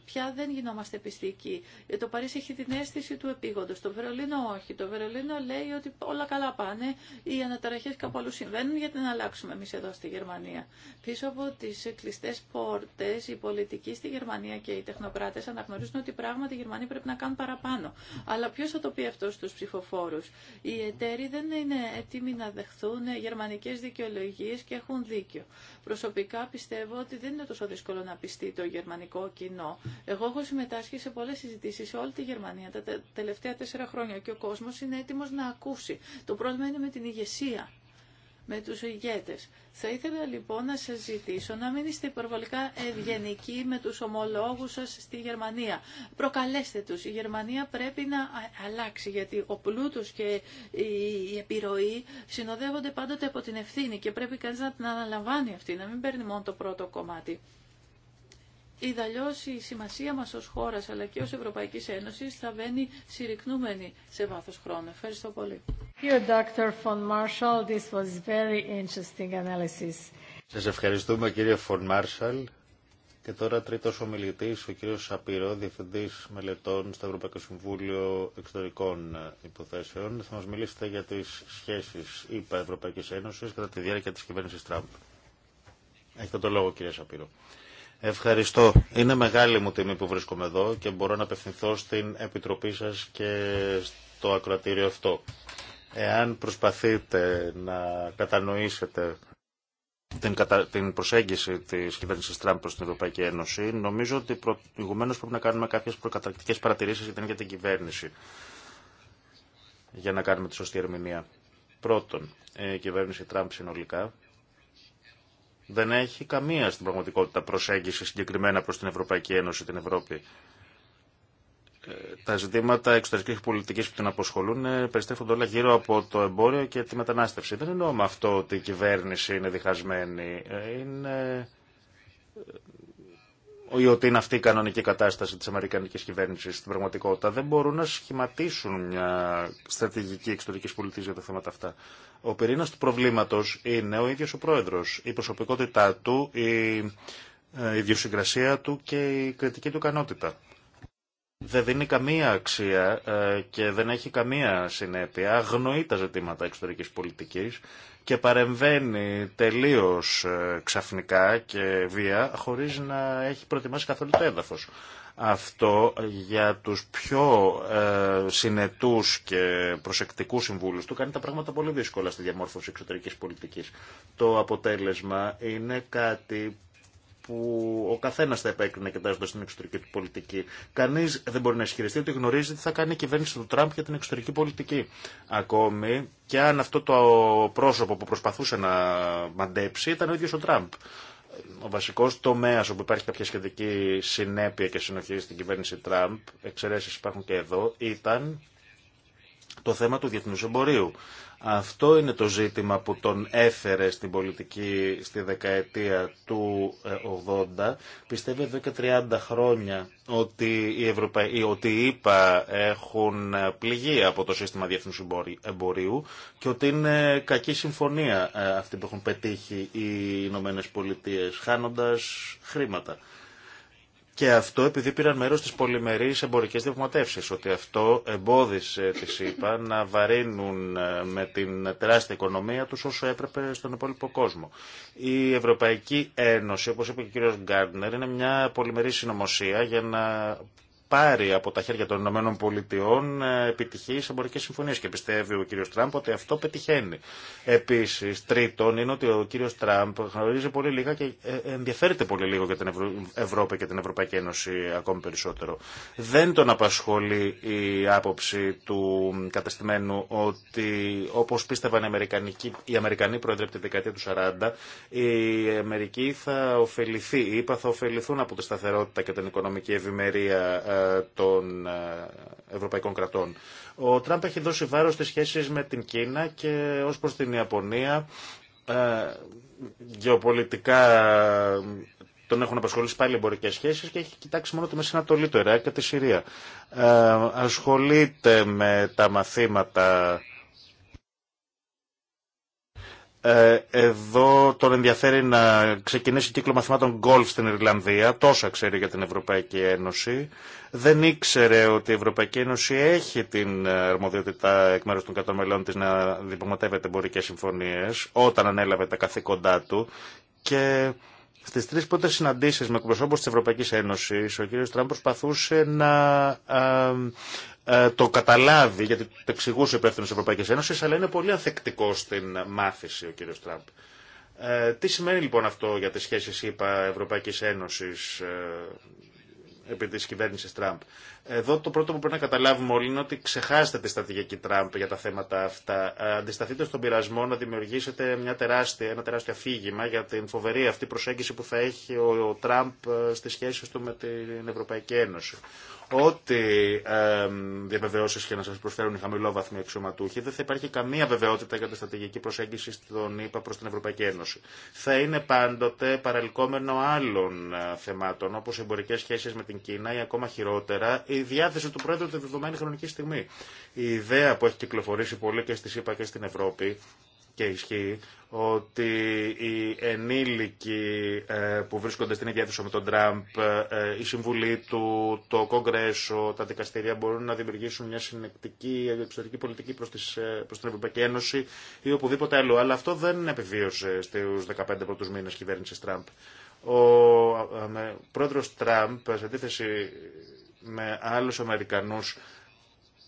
πια δεν γινόμαστε πιστικοί. Ε, το Παρίσι έχει την αίσθηση του επίγοντος. Το Βερολίνο όχι. Το Βερολίνο λέει ότι όλα καλά πάνε. Οι αναταραχές κάπου αλλού συμβαίνουν γιατί να αλλάξουμε εμείς εδώ στη Γερμανία. Πίσω από τις κλειστές πόρτες, οι πολιτικοί στη Γερμανία και οι τεχνοκράτες αναγνωρίζουν ότι πράγματι οι Γερμανοί πρέπει να κάνουν παραπάνω. Αλλά ποιο θα το πει αυτό στους ψηφοφόρους οι εταίροι δεν είναι έτοιμοι να δεχθούν γερμανικές δικαιολογίες και έχουν δίκιο. Προσωπικά πιστεύω ότι δεν είναι τόσο δύσκολο να πιστεί το γερμανικό κοινό. Εγώ έχω συμμετάσχει σε πολλές συζητήσεις σε όλη τη Γερμανία τα τελευταία τέσσερα χρόνια και ο κόσμος είναι έτοιμος να ακούσει. Το πρόβλημα είναι με την ηγεσία με τους ηγέτες. Θα ήθελα λοιπόν να σας ζητήσω να μην είστε υπερβολικά ευγενικοί με τους ομολόγους σας στη Γερμανία. Προκαλέστε τους. Η Γερμανία πρέπει να αλλάξει γιατί ο πλούτος και η επιρροή συνοδεύονται πάντοτε από την ευθύνη και πρέπει κανείς να την αναλαμβάνει αυτή, να μην παίρνει μόνο το πρώτο κομμάτι. Ιδαλλιώς η σημασία μας ως χώρας αλλά και ως Ευρωπαϊκής Ένωσης θα βαίνει συρρυκνούμενη σε βάθος χρόνου. Ευχαριστώ πολύ. Σας ευχαριστούμε κύριε Φον Μάρσαλ. Και τώρα τρίτος ομιλητής, ο κύριος Σαπυρό, Διευθυντής Μελετών στο Ευρωπαϊκό Συμβούλιο Εξωτερικών Υποθέσεων. Θα μας μιλήσετε για τις σχέσεις ιπα Ευρωπαϊκής Ένωσης κατά τη διάρκεια της κυβέρνησης Τραμπ. Έχετε το λόγο κύριε Σαπυρό. Ευχαριστώ. Είναι μεγάλη μου τιμή που βρίσκομαι εδώ και μπορώ να απευθυνθώ στην Επιτροπή σας και στο ακροατήριο αυτό. Εάν προσπαθείτε να κατανοήσετε την, την προσέγγιση της κυβέρνησης Τραμπ προς την Ευρωπαϊκή Ένωση, νομίζω ότι προηγουμένως πρέπει να κάνουμε κάποιες προκαταρκτικές παρατηρήσεις για την την κυβέρνηση. Για να κάνουμε τη σωστή ερμηνεία. Πρώτον, η κυβέρνηση Τραμπ συνολικά δεν έχει καμία στην πραγματικότητα προσέγγιση συγκεκριμένα προς την Ευρωπαϊκή Ένωση, την Ευρώπη. Ε, τα ζητήματα εξωτερικής πολιτικής που την αποσχολούν ε, περιστρέφονται όλα γύρω από το εμπόριο και τη μετανάστευση. Δεν εννοώ με αυτό ότι η κυβέρνηση είναι διχασμένη. Ε, είναι ή ότι είναι αυτή η κανονική κατάσταση της Αμερικανικής κυβέρνησης στην πραγματικότητα. Δεν μπορούν να σχηματίσουν μια στρατηγική εξωτερικής πολιτικής για τα θέματα αυτά. Ο πυρήνας του προβλήματος είναι ο ίδιος ο πρόεδρος, η προσωπικότητά του, η ε, ιδιοσυγκρασία του και η κριτική του ικανότητα δεν δίνει καμία αξία ε, και δεν έχει καμία συνέπεια, αγνοεί τα ζητήματα εξωτερικής πολιτικής και παρεμβαίνει τελείως ε, ξαφνικά και βία χωρίς να έχει προετοιμάσει καθόλου το έδαφος. Αυτό για τους πιο ε, συνετούς και προσεκτικούς συμβούλους του κάνει τα πράγματα πολύ δύσκολα στη διαμόρφωση εξωτερικής πολιτικής. Το αποτέλεσμα είναι κάτι που ο καθένα θα επέκρινε κοιτάζοντα την εξωτερική του πολιτική. Κανεί δεν μπορεί να ισχυριστεί ότι γνωρίζει τι θα κάνει η κυβέρνηση του Τραμπ για την εξωτερική πολιτική. Ακόμη και αν αυτό το πρόσωπο που προσπαθούσε να μαντέψει ήταν ο ίδιο ο Τραμπ. Ο βασικό τομέα όπου υπάρχει κάποια σχετική συνέπεια και συνοχή στην κυβέρνηση Τραμπ, εξαιρέσει υπάρχουν και εδώ, ήταν το θέμα του διεθνού εμπορίου. Αυτό είναι το ζήτημα που τον έφερε στην πολιτική στη δεκαετία του 80. Ε, Πιστεύει εδώ και 30 χρόνια ότι οι, Ευρωπα... ότι οι έχουν πληγεί από το σύστημα διεθνούς εμπορίου και ότι είναι κακή συμφωνία ε, αυτή που έχουν πετύχει οι Ηνωμένε Πολιτείε χάνοντας χρήματα. Και αυτό επειδή πήραν μέρο στι πολυμερεί εμπορικέ διαπραγματεύσει. Ότι αυτό εμπόδισε τη είπα, να βαρύνουν ε, με την τεράστια οικονομία του όσο έπρεπε στον υπόλοιπο κόσμο. Η Ευρωπαϊκή Ένωση, όπω είπε και ο κ. Γκάρντνερ, είναι μια πολυμερή συνωμοσία για να πάρει από τα χέρια των Ηνωμένων Πολιτειών ε, επιτυχεί εμπορικέ συμφωνίε. Και πιστεύει ο κύριο Τραμπ ότι αυτό πετυχαίνει. Επίση, τρίτον, είναι ότι ο κύριο Τραμπ γνωρίζει πολύ λίγα και ε, ε, ενδιαφέρεται πολύ λίγο για την Ευρω... Ευρώπη και την Ευρωπαϊκή Ένωση ακόμη περισσότερο. Δεν τον απασχολεί η άποψη του κατεστημένου ότι όπω πίστευαν οι Αμερικανοί, οι πρόεδροι από τη δεκαετία του 40, η Αμερική θα ωφεληθεί, οι ΕΕ θα ωφεληθούν από τη σταθερότητα και την οικονομική ευημερία των ε, ευρωπαϊκών κρατών. Ο Τραμπ έχει δώσει βάρο στι σχέσεις με την Κίνα και ως προς την Ιαπωνία ε, γεωπολιτικά τον έχουν απασχολήσει πάλι εμπορικέ σχέσει και έχει κοιτάξει μόνο το Μεσανατολή, το Ιράκ και τη Συρία. Ε, ασχολείται με τα μαθήματα ε, εδώ τον ενδιαφέρει να ξεκινήσει κύκλο μαθημάτων γκολφ στην Ιρλανδία. Τόσα ξέρει για την Ευρωπαϊκή Ένωση. Δεν ήξερε ότι η Ευρωπαϊκή Ένωση έχει την ε, αρμοδιότητα εκ μέρου των κατομελών τη να διπλωματεύεται εμπορικέ συμφωνίε όταν ανέλαβε τα καθήκοντά του. Και στι τρει πρώτε συναντήσει με εκπροσώπου τη Ευρωπαϊκή Ένωση, ο κ. Τραμπ προσπαθούσε να ε, ε, το καταλάβει, γιατί το εξηγούσε υπεύθυνο τη Ευρωπαϊκή Ένωση, αλλά είναι πολύ ανθεκτικό στην μάθηση ο κύριο Τραμπ. Ε, τι σημαίνει λοιπόν αυτό για τις σχέσεις ΕΠΑ Ευρωπαϊκή Ένωση ε, επί τη κυβέρνηση Τραμπ. Εδώ το πρώτο που πρέπει να καταλάβουμε όλοι είναι ότι ξεχάσετε τη στρατηγική Τραμπ για τα θέματα αυτά. Ε, αντισταθείτε στον πειρασμό να δημιουργήσετε μια τεράστια, ένα τεράστιο αφήγημα για την φοβερή αυτή προσέγγιση που θα έχει ο Τραμπ ε, στι σχέσει του με την Ευρωπαϊκή Ένωση. Ό,τι ε, διαβεβαιώσει και να σα προσφέρουν οι χαμηλόβαθμοι αξιωματούχοι, δεν θα υπάρχει καμία βεβαιότητα για τη στρατηγική προσέγγιση στον ΗΠΑ προ την Ευρωπαϊκή Ένωση. Θα είναι πάντοτε παραλυκόμενο άλλων ε, θεμάτων, όπω εμπορικέ σχέσει με την Κίνα ή ακόμα χειρότερα η διάθεση του Πρόεδρου τη δεδομένη χρονική στιγμή. Η ιδέα που έχει κυκλοφορήσει πολύ και στη ΣΥΠΑ και στην Ευρώπη και ισχύει ότι οι ενήλικοι ε, που βρίσκονται στην ίδια με τον Τραμπ, ε, η Συμβουλή του, το Κογκρέσο, τα δικαστήρια μπορούν να δημιουργήσουν μια συνεκτική εξωτερική πολιτική προς, τις, ε, προς την Ευρωπαϊκή Ένωση ή οπουδήποτε άλλο. Αλλά αυτό δεν επιβίωσε στους 15 πρώτους μήνες κυβέρνησης Τραμπ. Ο πρόεδρος Τραμπ, σε αντίθεση με άλλους Αμερικανούς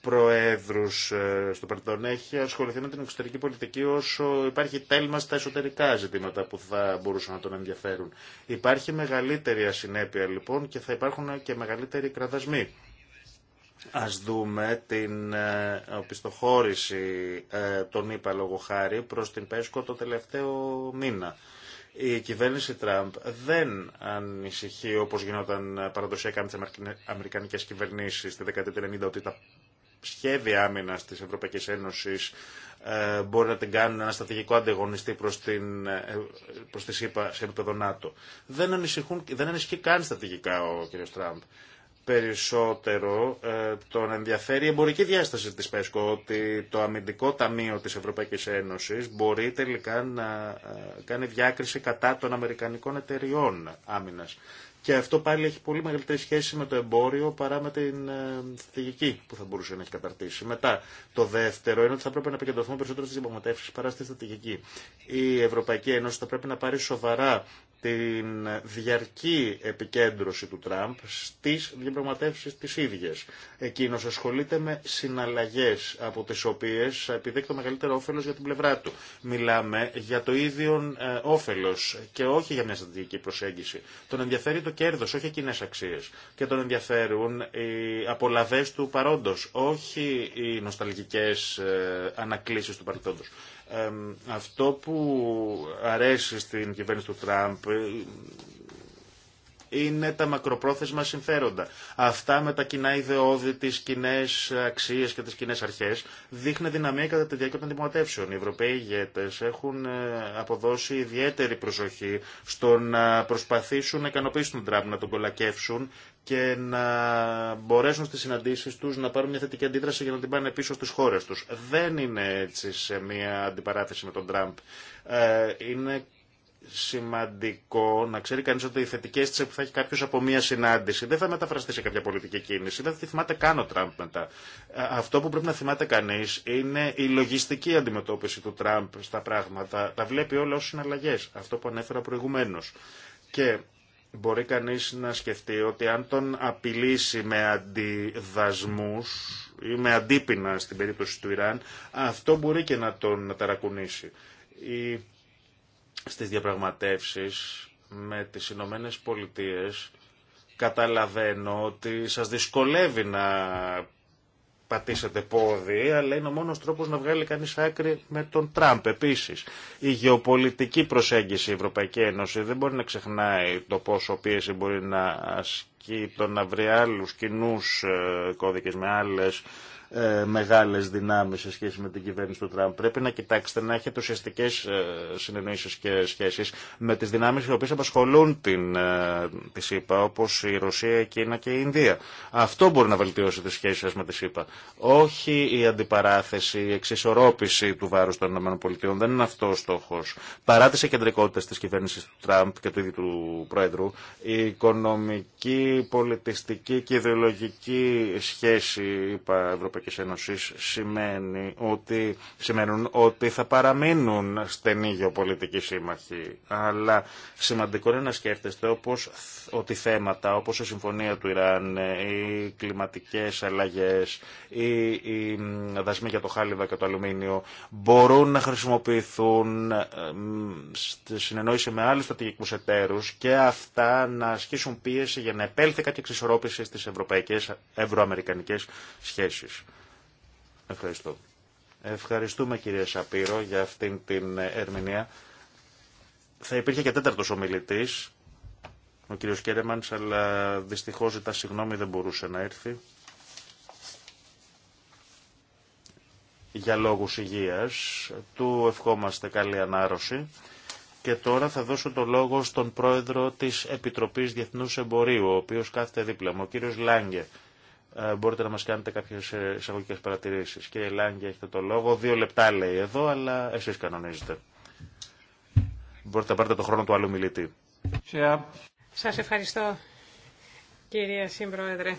προέδρους ε, στο Περτόν έχει ασχοληθεί με την εξωτερική πολιτική όσο υπάρχει τέλμα στα εσωτερικά ζητήματα που θα μπορούσαν να τον ενδιαφέρουν. Υπάρχει μεγαλύτερη ασυνέπεια λοιπόν και θα υπάρχουν και μεγαλύτεροι κραδασμοί. Ας δούμε την ε, οπισθοχώρηση ε, των ΙΠΑ λόγω χάρη προς την ΠΕΣΚΟ το τελευταίο μήνα η κυβέρνηση Τραμπ δεν ανησυχεί όπως γινόταν παραδοσιακά με τις αμερικανικές κυβερνήσεις στη δεκαετία ότι τα σχέδια άμυνας της Ευρωπαϊκής Ένωσης ε, μπορεί να την κάνουν ένα στρατηγικό αντεγωνιστή προς, την, ε, προς τη ΣΥΠΑ σε επίπεδο ΝΑΤΟ. Δεν, δεν ανησυχεί καν στατηγικά ο κ. Τραμπ περισσότερο ε, τον ενδιαφέρει η εμπορική διάσταση της ΠΕΣΚΟ, ότι το αμυντικό ταμείο της Ευρωπαϊκής Ένωσης μπορεί τελικά να ε, κάνει διάκριση κατά των Αμερικανικών εταιριών άμυνας. Και αυτό πάλι έχει πολύ μεγαλύτερη σχέση με το εμπόριο παρά με την στρατηγική ε, που θα μπορούσε να έχει καταρτήσει. Μετά, το δεύτερο είναι ότι θα πρέπει να επικεντρωθούμε περισσότερο στι διαπραγματεύσει παρά στη στρατηγική. Η Ευρωπαϊκή Ένωση θα πρέπει να πάρει σοβαρά την διαρκή επικέντρωση του Τραμπ στις διαπραγματεύσεις τις ίδιες. Εκείνος ασχολείται με συναλλαγές από τις οποίες το μεγαλύτερο όφελος για την πλευρά του. Μιλάμε για το ίδιο ε, όφελος και όχι για μια στρατηγική προσέγγιση. Τον ενδιαφέρει το κέρδος, όχι κοινέ αξίες. Και τον ενδιαφέρουν οι απολαβές του παρόντος, όχι οι νοσταλγικές ε, ανακλήσεις του παρελθόντος αυτό που αρέσει στην κυβέρνηση του Τραμπ είναι τα μακροπρόθεσμα συμφέροντα. Αυτά με τα κοινά ιδεώδη, τι κοινέ αξίε και τι κοινέ αρχέ δείχνουν δυναμία κατά τη διάρκεια των δημοτεύσεων. Οι Ευρωπαίοι ηγέτε έχουν ε, αποδώσει ιδιαίτερη προσοχή στο να προσπαθήσουν να ικανοποιήσουν τον Τραμπ, να τον κολακεύσουν και να μπορέσουν στι συναντήσει του να πάρουν μια θετική αντίδραση για να την πάνε πίσω στι χώρε του. Δεν είναι έτσι σε μια αντιπαράθεση με τον Τραμπ. Ε, είναι σημαντικό να ξέρει κανεί ότι οι θετικέ τη που θα έχει κάποιο από μία συνάντηση δεν θα μεταφραστεί σε κάποια πολιτική κίνηση, δεν θα τη θυμάται καν ο Τραμπ μετά. Ε, αυτό που πρέπει να θυμάται κανεί είναι η λογιστική αντιμετώπιση του Τραμπ στα πράγματα. Τα βλέπει όλα ω συναλλαγέ, αυτό που ανέφερα προηγουμένω. Και μπορεί κανεί να σκεφτεί ότι αν τον απειλήσει με αντιδασμού ή με αντίπεινα στην περίπτωση του Ιράν, αυτό μπορεί και να τον ταρακουνήσει στις διαπραγματεύσεις με τις Ηνωμένε Πολιτείες καταλαβαίνω ότι σας δυσκολεύει να πατήσετε πόδι, αλλά είναι ο μόνος τρόπος να βγάλει κανείς άκρη με τον Τραμπ. Επίσης, η γεωπολιτική προσέγγιση η Ευρωπαϊκή Ένωση δεν μπορεί να ξεχνάει το πόσο πίεση μπορεί να ασκεί το να βρει άλλους κοινούς ε, κώδικες με άλλες ε, μεγάλες δυνάμεις σε σχέση με την κυβέρνηση του Τραμπ. Πρέπει να κοιτάξετε να έχετε ουσιαστικέ ε, συνεννοήσεις και σχέσεις με τις δυνάμεις οι οποίες απασχολούν την, ε, τη ΣΥΠΑ, όπως η Ρωσία, η Κίνα και η Ινδία. Αυτό μπορεί να βελτιώσει τις σχέσεις σας με τη ΣΥΠΑ. Όχι η αντιπαράθεση, η εξισορρόπηση του βάρους των ΗΠΑ. Δεν είναι αυτό ο στόχος. Παρά τις εκεντρικότητες της κυβέρνησης του Τραμπ και του ίδιου του Πρόεδρου, η οικονομική, πολιτιστική και ιδεολογική σχέση, είπα, Ευρωπαϊκή Ευρωπαϊκή Ένωση σημαίνει ότι, σημαίνουν ότι θα παραμείνουν στενοί γεωπολιτικοί σύμμαχοι. Αλλά σημαντικό είναι να σκέφτεστε όπως, ότι θέματα όπω η συμφωνία του Ιράν, οι κλιματικέ αλλαγέ, οι, οι δασμοί για το χάλιβα και το αλουμίνιο μπορούν να χρησιμοποιηθούν ε, στη συνεννόηση με άλλου στρατηγικού εταίρου και αυτά να ασκήσουν πίεση για να επέλθει κάποια εξισορρόπηση στι ευρωπαϊκέ ευρωαμερικανικέ σχέσει. Ευχαριστώ. Ευχαριστούμε κύριε Σαπύρο για αυτήν την ερμηνεία. Θα υπήρχε και τέταρτος ομιλητής, ο κύριος Κέρεμανς, αλλά δυστυχώς ζητά συγγνώμη δεν μπορούσε να έρθει. Για λόγους υγείας, του ευχόμαστε καλή ανάρρωση. Και τώρα θα δώσω το λόγο στον πρόεδρο της Επιτροπής Διεθνούς Εμπορίου, ο οποίος κάθεται δίπλα μου, ο κύριος Λάγκε. Ε, μπορείτε να μας κάνετε κάποιες ε, εισαγωγικές παρατηρήσεις. Κύριε Λάγκη, έχετε το λόγο. Δύο λεπτά λέει εδώ, αλλά εσείς κανονίζετε. Μπορείτε να πάρετε το χρόνο του άλλου μιλητή. Σας ευχαριστώ, κυρία Συμπρόεδρε.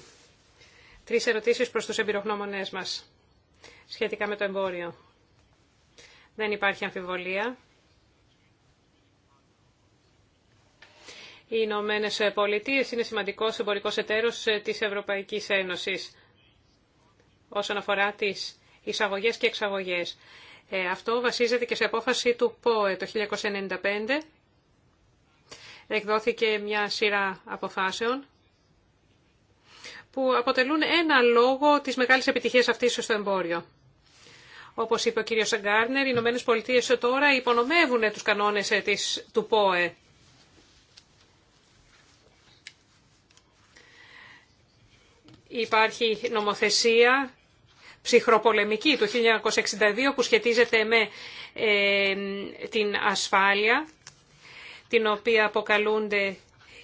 Τρεις ερωτήσεις προς τους εμπειρογνώμονές μας σχετικά με το εμπόριο. Δεν υπάρχει αμφιβολία Οι Ηνωμένε Πολιτείε είναι σημαντικός εμπορικό εταίρο ε, της Ευρωπαϊκής Ένωσης όσον αφορά τι εισαγωγέ και εξαγωγές. Ε, αυτό βασίζεται και σε απόφαση του ΠΟΕ το 1995. Εκδόθηκε μια σειρά αποφάσεων που αποτελούν ένα λόγο της μεγάλης επιτυχίας αυτής στο εμπόριο. Όπως είπε ο κύριος Γκάρνερ, οι Ηνωμένε Πολιτείε τώρα υπονομεύουν τους κανόνες ε, της, του ΠΟΕ. Υπάρχει νομοθεσία ψυχροπολεμική του 1962 που σχετίζεται με ε, την ασφάλεια, την οποία αποκαλούνται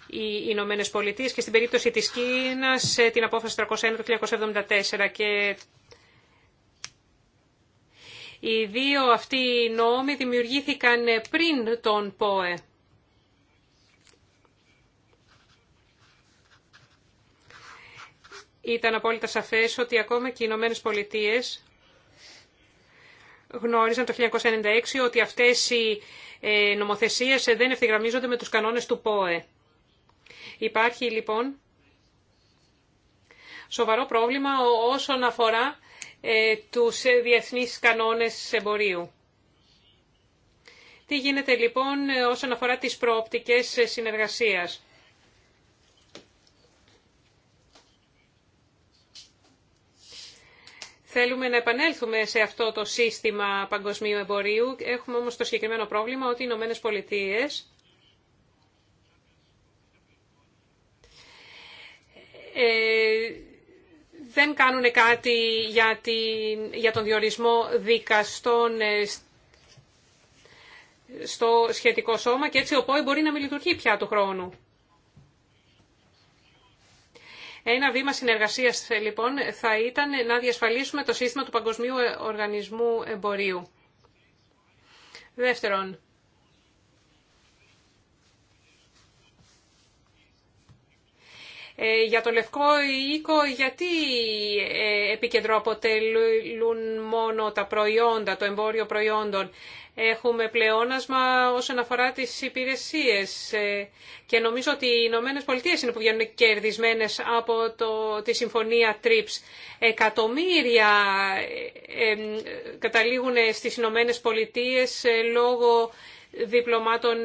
οι Ηνωμένε Πολιτείε και στην περίπτωση της Κίνας ε, την απόφαση 301 του 1974 και οι δύο αυτοί νόμοι δημιουργήθηκαν πριν τον ΠΟΕ. Ήταν απόλυτα σαφές ότι ακόμα και οι Ηνωμένε Πολιτείε γνώριζαν το 1996 ότι αυτές οι ε, νομοθεσίες δεν ευθυγραμμίζονται με τους κανόνες του ΠΟΕ. Υπάρχει λοιπόν σοβαρό πρόβλημα όσον αφορά ε, τους ε, διεθνείς κανόνες εμπορίου. Τι γίνεται λοιπόν όσον αφορά τις προοπτικές συνεργασίας. Θέλουμε να επανέλθουμε σε αυτό το σύστημα παγκοσμίου εμπορίου. Έχουμε όμως το συγκεκριμένο πρόβλημα ότι οι Ηνωμένε Πολιτείε ε, δεν κάνουν κάτι για, την, για τον διορισμό δικαστών ε, στο σχετικό σώμα και έτσι ο ΠΟΕ μπορεί να μην λειτουργεί πια του χρόνου. Ένα βήμα συνεργασία λοιπόν θα ήταν να διασφαλίσουμε το σύστημα του Παγκοσμίου Οργανισμού Εμπορίου. Δεύτερον, ε, για το λευκό οίκο γιατί ε, επικεντρώ αποτελούν μόνο τα προϊόντα, το εμπόριο προϊόντων έχουμε πλεόνασμα όσον αφορά τις υπηρεσίες. Ε, και νομίζω ότι οι Ηνωμένε Πολιτείε είναι που βγαίνουν κερδισμένες από το, τη συμφωνία TRIPS. Εκατομμύρια ε, ε, καταλήγουν στις Ηνωμένε Πολιτείε λόγω διπλωμάτων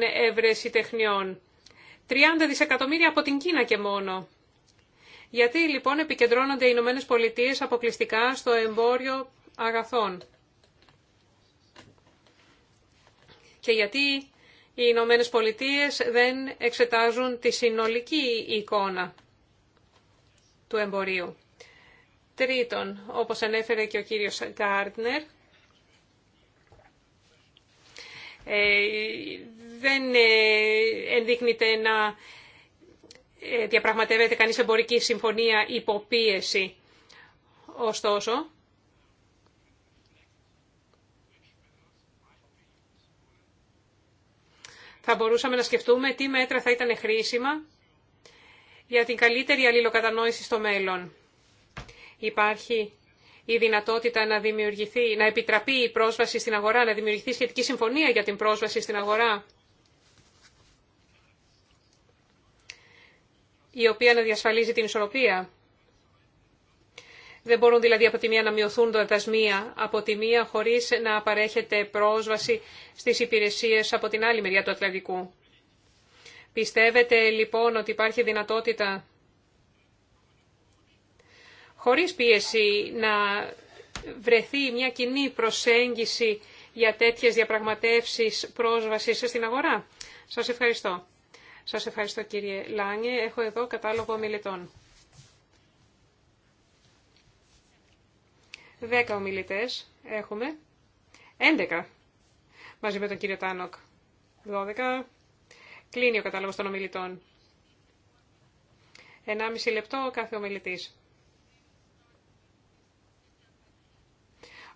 τεχνιών. 30 δισεκατομμύρια από την Κίνα και μόνο. Γιατί λοιπόν επικεντρώνονται οι Ηνωμένε Πολιτείε αποκλειστικά στο εμπόριο αγαθών. και γιατί οι Ηνωμένε Πολιτείε δεν εξετάζουν τη συνολική εικόνα του εμπορίου. Τρίτον, όπως ανέφερε και ο κύριος Γκάρτνερ, ε, δεν ε, ενδείχνεται να ε, διαπραγματεύεται κανείς εμπορική συμφωνία υποπίεση. Ωστόσο, θα μπορούσαμε να σκεφτούμε τι μέτρα θα ήταν χρήσιμα για την καλύτερη αλληλοκατανόηση στο μέλλον. Υπάρχει η δυνατότητα να δημιουργηθεί, να επιτραπεί η πρόσβαση στην αγορά, να δημιουργηθεί σχετική συμφωνία για την πρόσβαση στην αγορά, η οποία να διασφαλίζει την ισορροπία. Δεν μπορούν δηλαδή από τη μία να μειωθούν τα δασμία από τη μία χωρίς να παρέχεται πρόσβαση στις υπηρεσίες από την άλλη μεριά του Ατλαντικού. Πιστεύετε λοιπόν ότι υπάρχει δυνατότητα χωρίς πίεση να βρεθεί μια κοινή προσέγγιση για τέτοιες διαπραγματεύσεις πρόσβασης στην αγορά. Σας ευχαριστώ. Σας ευχαριστώ κύριε Λάνιε. Έχω εδώ κατάλογο ομιλητών. 10 ομιλητές έχουμε. 11 μαζί με τον κύριο Τάνοκ. 12. Κλείνει ο κατάλογος των ομιλητών. 1,5 λεπτό κάθε ομιλητής.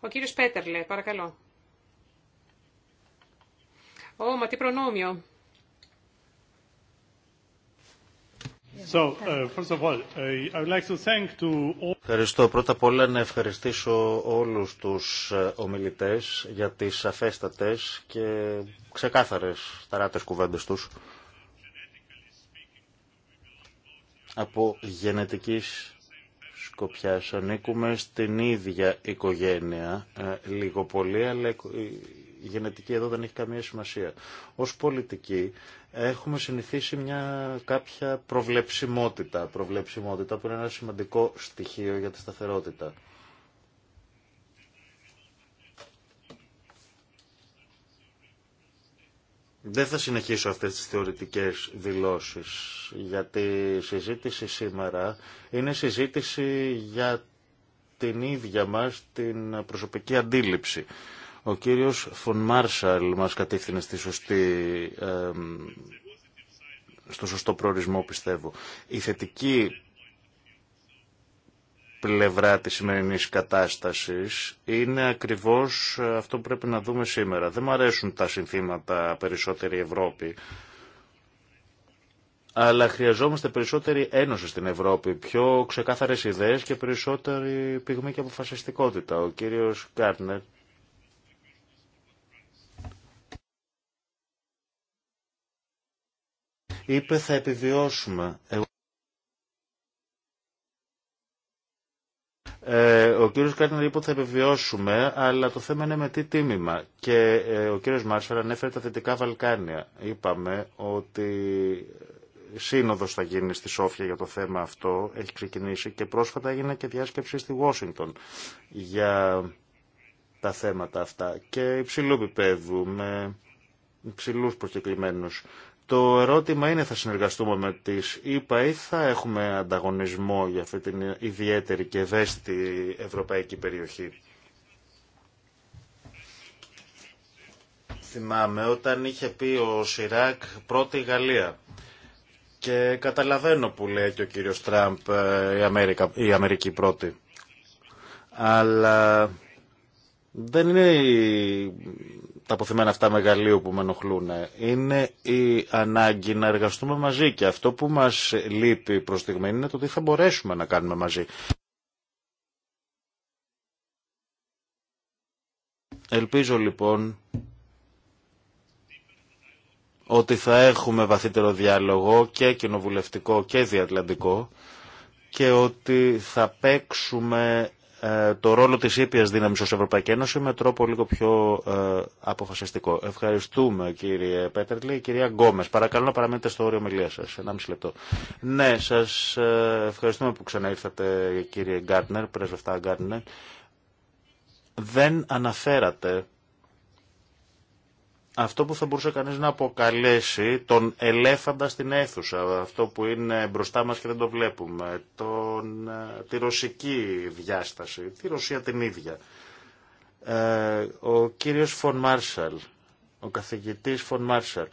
Ο κύριος Πέτερλε, παρακαλώ. Ω, μα τι προνόμιο. Ευχαριστώ. Πρώτα απ' όλα να ευχαριστήσω όλους τους ε, ομιλητές για τις αφέστατες και ξεκάθαρες ταράτες κουβέντες τους. Από γενετικής σκοπιάς ανήκουμε στην ίδια οικογένεια, ε, λίγο πολύ, αλλά η γενετική εδώ δεν έχει καμία σημασία. Ως πολιτική έχουμε συνηθίσει μια κάποια προβλεψιμότητα, προβλεψιμότητα που είναι ένα σημαντικό στοιχείο για τη σταθερότητα. Δεν θα συνεχίσω αυτές τις θεωρητικές δηλώσεις, γιατί η συζήτηση σήμερα είναι συζήτηση για την ίδια μας την προσωπική αντίληψη. Ο κύριος Φων Μάρσαλ μας κατήφθηνε στη στο σωστό προορισμό πιστεύω. Η θετική πλευρά της σημερινής κατάστασης είναι ακριβώς αυτό που πρέπει να δούμε σήμερα. Δεν μου αρέσουν τα συνθήματα περισσότερη Ευρώπη, αλλά χρειαζόμαστε περισσότερη ένωση στην Ευρώπη, πιο ξεκάθαρες ιδέες και περισσότερη πυγμή και αποφασιστικότητα. Ο κύριος Κάρνερ είπε θα επιβιώσουμε. Ε, ο κύριος Κάρτινερ είπε ότι θα επιβιώσουμε, αλλά το θέμα είναι με τι τίμημα. Και ε, ο κύριος Μάρσφερ ανέφερε τα Δυτικά Βαλκάνια. Είπαμε ότι σύνοδος θα γίνει στη Σόφια για το θέμα αυτό, έχει ξεκινήσει και πρόσφατα έγινε και διάσκεψη στη Βόσινγκτον για τα θέματα αυτά και υψηλού επίπεδου με υψηλούς το ερώτημα είναι θα συνεργαστούμε με τις ΗΠΑ ή θα έχουμε ανταγωνισμό για αυτή την ιδιαίτερη και ευαίσθητη ευρωπαϊκή περιοχή. Θυμάμαι όταν είχε πει ο Σιράκ πρώτη Γαλλία και καταλαβαίνω που λέει και ο κύριος Τραμπ ε, η, Αμέρικα, η Αμερική πρώτη. Αλλά δεν είναι η τα αποθυμένα αυτά μεγαλείου που με ενοχλούν ε, είναι η ανάγκη να εργαστούμε μαζί και αυτό που μας λείπει προς στιγμή είναι το τι θα μπορέσουμε να κάνουμε μαζί. Ελπίζω λοιπόν ότι θα έχουμε βαθύτερο διάλογο και κοινοβουλευτικό και διατλαντικό και ότι θα παίξουμε ε, το ρόλο της ήπιας δύναμης ως Ευρωπαϊκή Ένωση με τρόπο λίγο πιο ε, αποφασιστικό. Ευχαριστούμε κύριε Πέτερλη. Κυρία Γκόμες, παρακαλώ να παραμείνετε στο όριο μιλία σας. Ένα μισή λεπτό. Ναι, σας ε, ευχαριστούμε που ξανά ήρθατε κύριε Γκάρτνερ, πρέσβευτά Γκάρτνερ. Δεν αναφέρατε αυτό που θα μπορούσε κανείς να αποκαλέσει τον ελέφαντα στην αίθουσα, αυτό που είναι μπροστά μας και δεν το βλέπουμε, τον, ε, τη ρωσική διάσταση, τη Ρωσία την ίδια. Ε, ο κύριος Φων Μάρσαλ, ο καθηγητής Φον Μάρσαλ,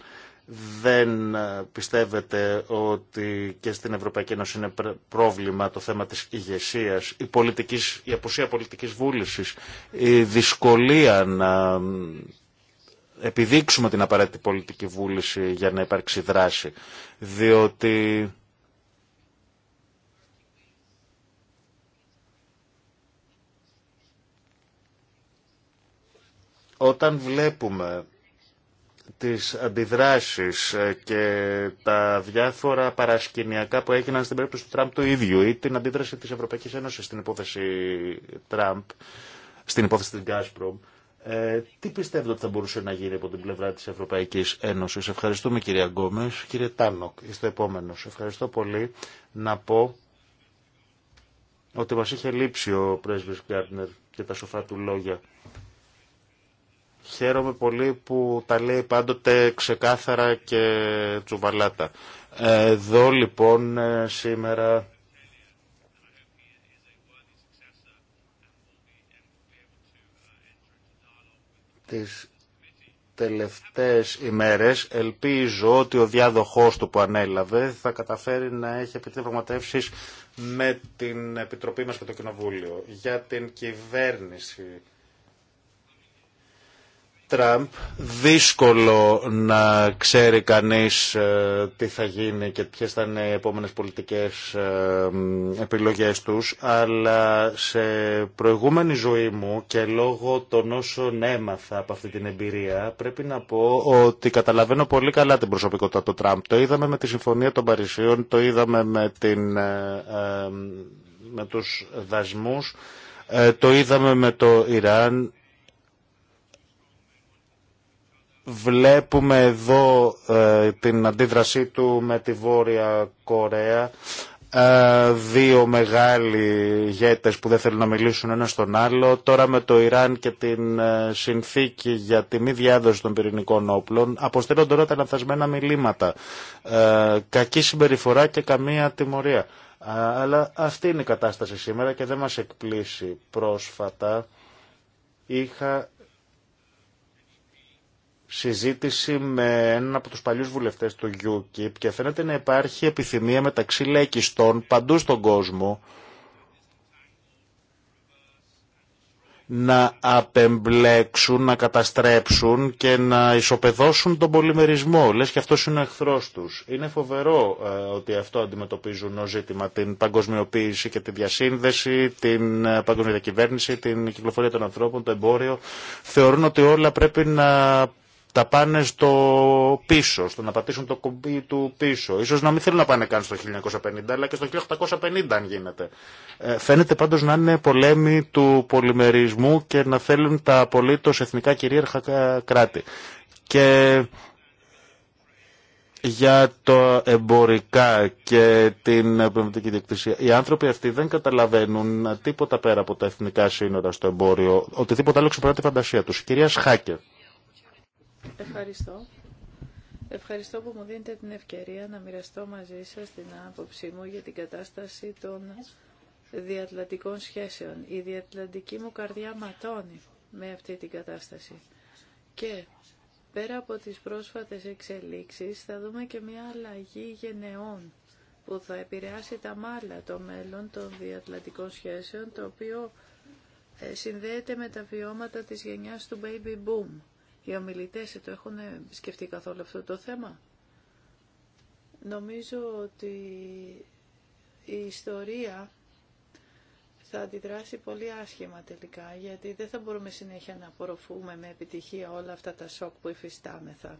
δεν ε, πιστεύετε ότι και στην Ευρωπαϊκή Ένωση είναι πρόβλημα το θέμα της ηγεσία, η, πολιτικής, η απουσία πολιτικής βούλησης, η δυσκολία να επιδείξουμε την απαραίτητη πολιτική βούληση για να υπάρξει δράση. Διότι όταν βλέπουμε τις αντιδράσεις ε, και τα διάφορα παρασκηνιακά που έγιναν στην περίπτωση του Τραμπ του ίδιου ή την αντίδραση της Ευρωπαϊκής Ένωσης στην υπόθεση Τραμπ, στην υπόθεση της Gazprom, ε, τι πιστεύετε ότι θα μπορούσε να γίνει από την πλευρά της Ευρωπαϊκής Ένωσης. Ευχαριστούμε κυρία Γκόμες. Κύριε Τάνοκ, είστε επόμενος. Ευχαριστώ πολύ να πω ότι μας είχε λείψει ο πρέσβης Γκάρνερ και τα σοφά του λόγια. Χαίρομαι πολύ που τα λέει πάντοτε ξεκάθαρα και τσουβαλάτα. Εδώ λοιπόν ε, σήμερα τις τελευταίες ημέρες. Ελπίζω ότι ο διάδοχός του που ανέλαβε θα καταφέρει να έχει επιτρέψει με την Επιτροπή μας και το Κοινοβούλιο για την κυβέρνηση Τραμπ δύσκολο να ξέρει κανείς ε, τι θα γίνει και ποιες θα είναι οι επόμενες πολιτικές ε, επιλογές τους, αλλά σε προηγούμενη ζωή μου και λόγω των όσων έμαθα από αυτή την εμπειρία πρέπει να πω ότι καταλαβαίνω πολύ καλά την προσωπικότητα του Τραμπ. Το είδαμε με τη Συμφωνία των Παρισίων, το είδαμε με, την, ε, με τους δασμούς, το είδαμε με το Ιράν Βλέπουμε εδώ ε, την αντίδρασή του με τη Βόρεια Κορέα. Ε, δύο μεγάλοι ηγέτες που δεν θέλουν να μιλήσουν ένα στον άλλο. Τώρα με το Ιράν και την ε, συνθήκη για τη μη διάδοση των πυρηνικών όπλων αποστέλλονται τώρα τα λανθασμένα μιλήματα. Ε, κακή συμπεριφορά και καμία τιμωρία. Αλλά αυτή είναι η κατάσταση σήμερα και δεν μας εκπλήσει πρόσφατα. Είχα συζήτηση με έναν από τους παλιούς βουλευτές του UKIP και φαίνεται να υπάρχει επιθυμία μεταξύ λαϊκιστών παντού στον κόσμο να απεμπλέξουν, να καταστρέψουν και να ισοπεδώσουν τον πολυμερισμό. Λες και αυτός είναι ο εχθρός τους. Είναι φοβερό ε, ότι αυτό αντιμετωπίζουν ως ζήτημα την παγκοσμιοποίηση και τη διασύνδεση, την ε, την κυκλοφορία των ανθρώπων, το εμπόριο. Θεωρούν ότι όλα πρέπει να θα πάνε στο πίσω, στο να πατήσουν το κουμπί του πίσω. Ίσως να μην θέλουν να πάνε καν στο 1950, αλλά και στο 1850 αν γίνεται. Ε, φαίνεται πάντως να είναι πολέμοι του πολυμερισμού και να θέλουν τα απολύτως εθνικά κυρίαρχα κράτη. Και για το εμπορικά και την πνευματική διεκτησία. Οι άνθρωποι αυτοί δεν καταλαβαίνουν τίποτα πέρα από τα εθνικά σύνορα στο εμπόριο. Οτιδήποτε άλλο ξεπερνά τη φαντασία τους. κυρία Σχάκερ. Ευχαριστώ. Ευχαριστώ που μου δίνετε την ευκαιρία να μοιραστώ μαζί σας την άποψή μου για την κατάσταση των διατλαντικών σχέσεων. Η διατλαντική μου καρδιά ματώνει με αυτή την κατάσταση. Και πέρα από τις πρόσφατες εξελίξεις θα δούμε και μια αλλαγή γενεών που θα επηρεάσει τα μάλλα το μέλλον των διατλαντικών σχέσεων, το οποίο ε, συνδέεται με τα βιώματα της γενιάς του baby boom οι ομιλητέ το έχουν σκεφτεί καθόλου αυτό το θέμα. Νομίζω ότι η ιστορία θα αντιδράσει πολύ άσχημα τελικά, γιατί δεν θα μπορούμε συνέχεια να απορροφούμε με επιτυχία όλα αυτά τα σοκ που υφιστάμεθα.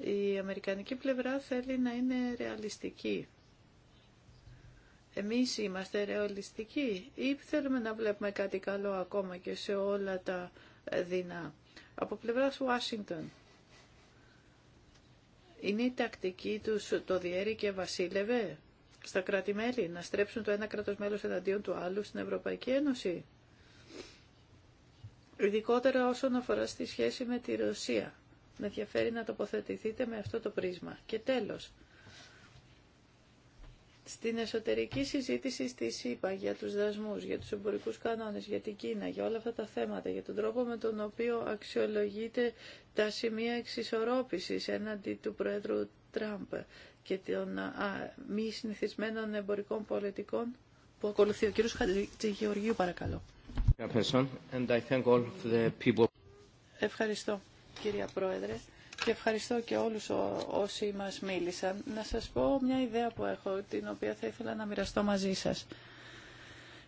Η αμερικανική πλευρά θέλει να είναι ρεαλιστική. Εμείς είμαστε ρεαλιστικοί ή θέλουμε να βλέπουμε κάτι καλό ακόμα και σε όλα τα ε, δεινά. Από πλευράς Ουάσιγκτον. Είναι η τακτική τους το διέρη και βασίλευε στα κρατη να στρέψουν το ένα κράτος μέλος εναντίον του άλλου στην Ευρωπαϊκή Ένωση. Ειδικότερα όσον αφορά στη σχέση με τη Ρωσία. Με ενδιαφέρει να τοποθετηθείτε με αυτό το πρίσμα. Και τέλος, στην εσωτερική συζήτηση στη ΣΥΠΑ για τους δασμούς, για τους εμπορικούς κανόνες, για την Κίνα, για όλα αυτά τα θέματα, για τον τρόπο με τον οποίο αξιολογείται τα σημεία εξισορρόπησης έναντι του Πρόεδρου Τραμπ και των α, μη συνηθισμένων εμπορικών πολιτικών που ακολουθεί ο κ. Χατζηγεωργίου, παρακαλώ. Ευχαριστώ, κυρία Πρόεδρε και ευχαριστώ και όλους όσοι μας μίλησαν. Να σας πω μια ιδέα που έχω, την οποία θα ήθελα να μοιραστώ μαζί σας.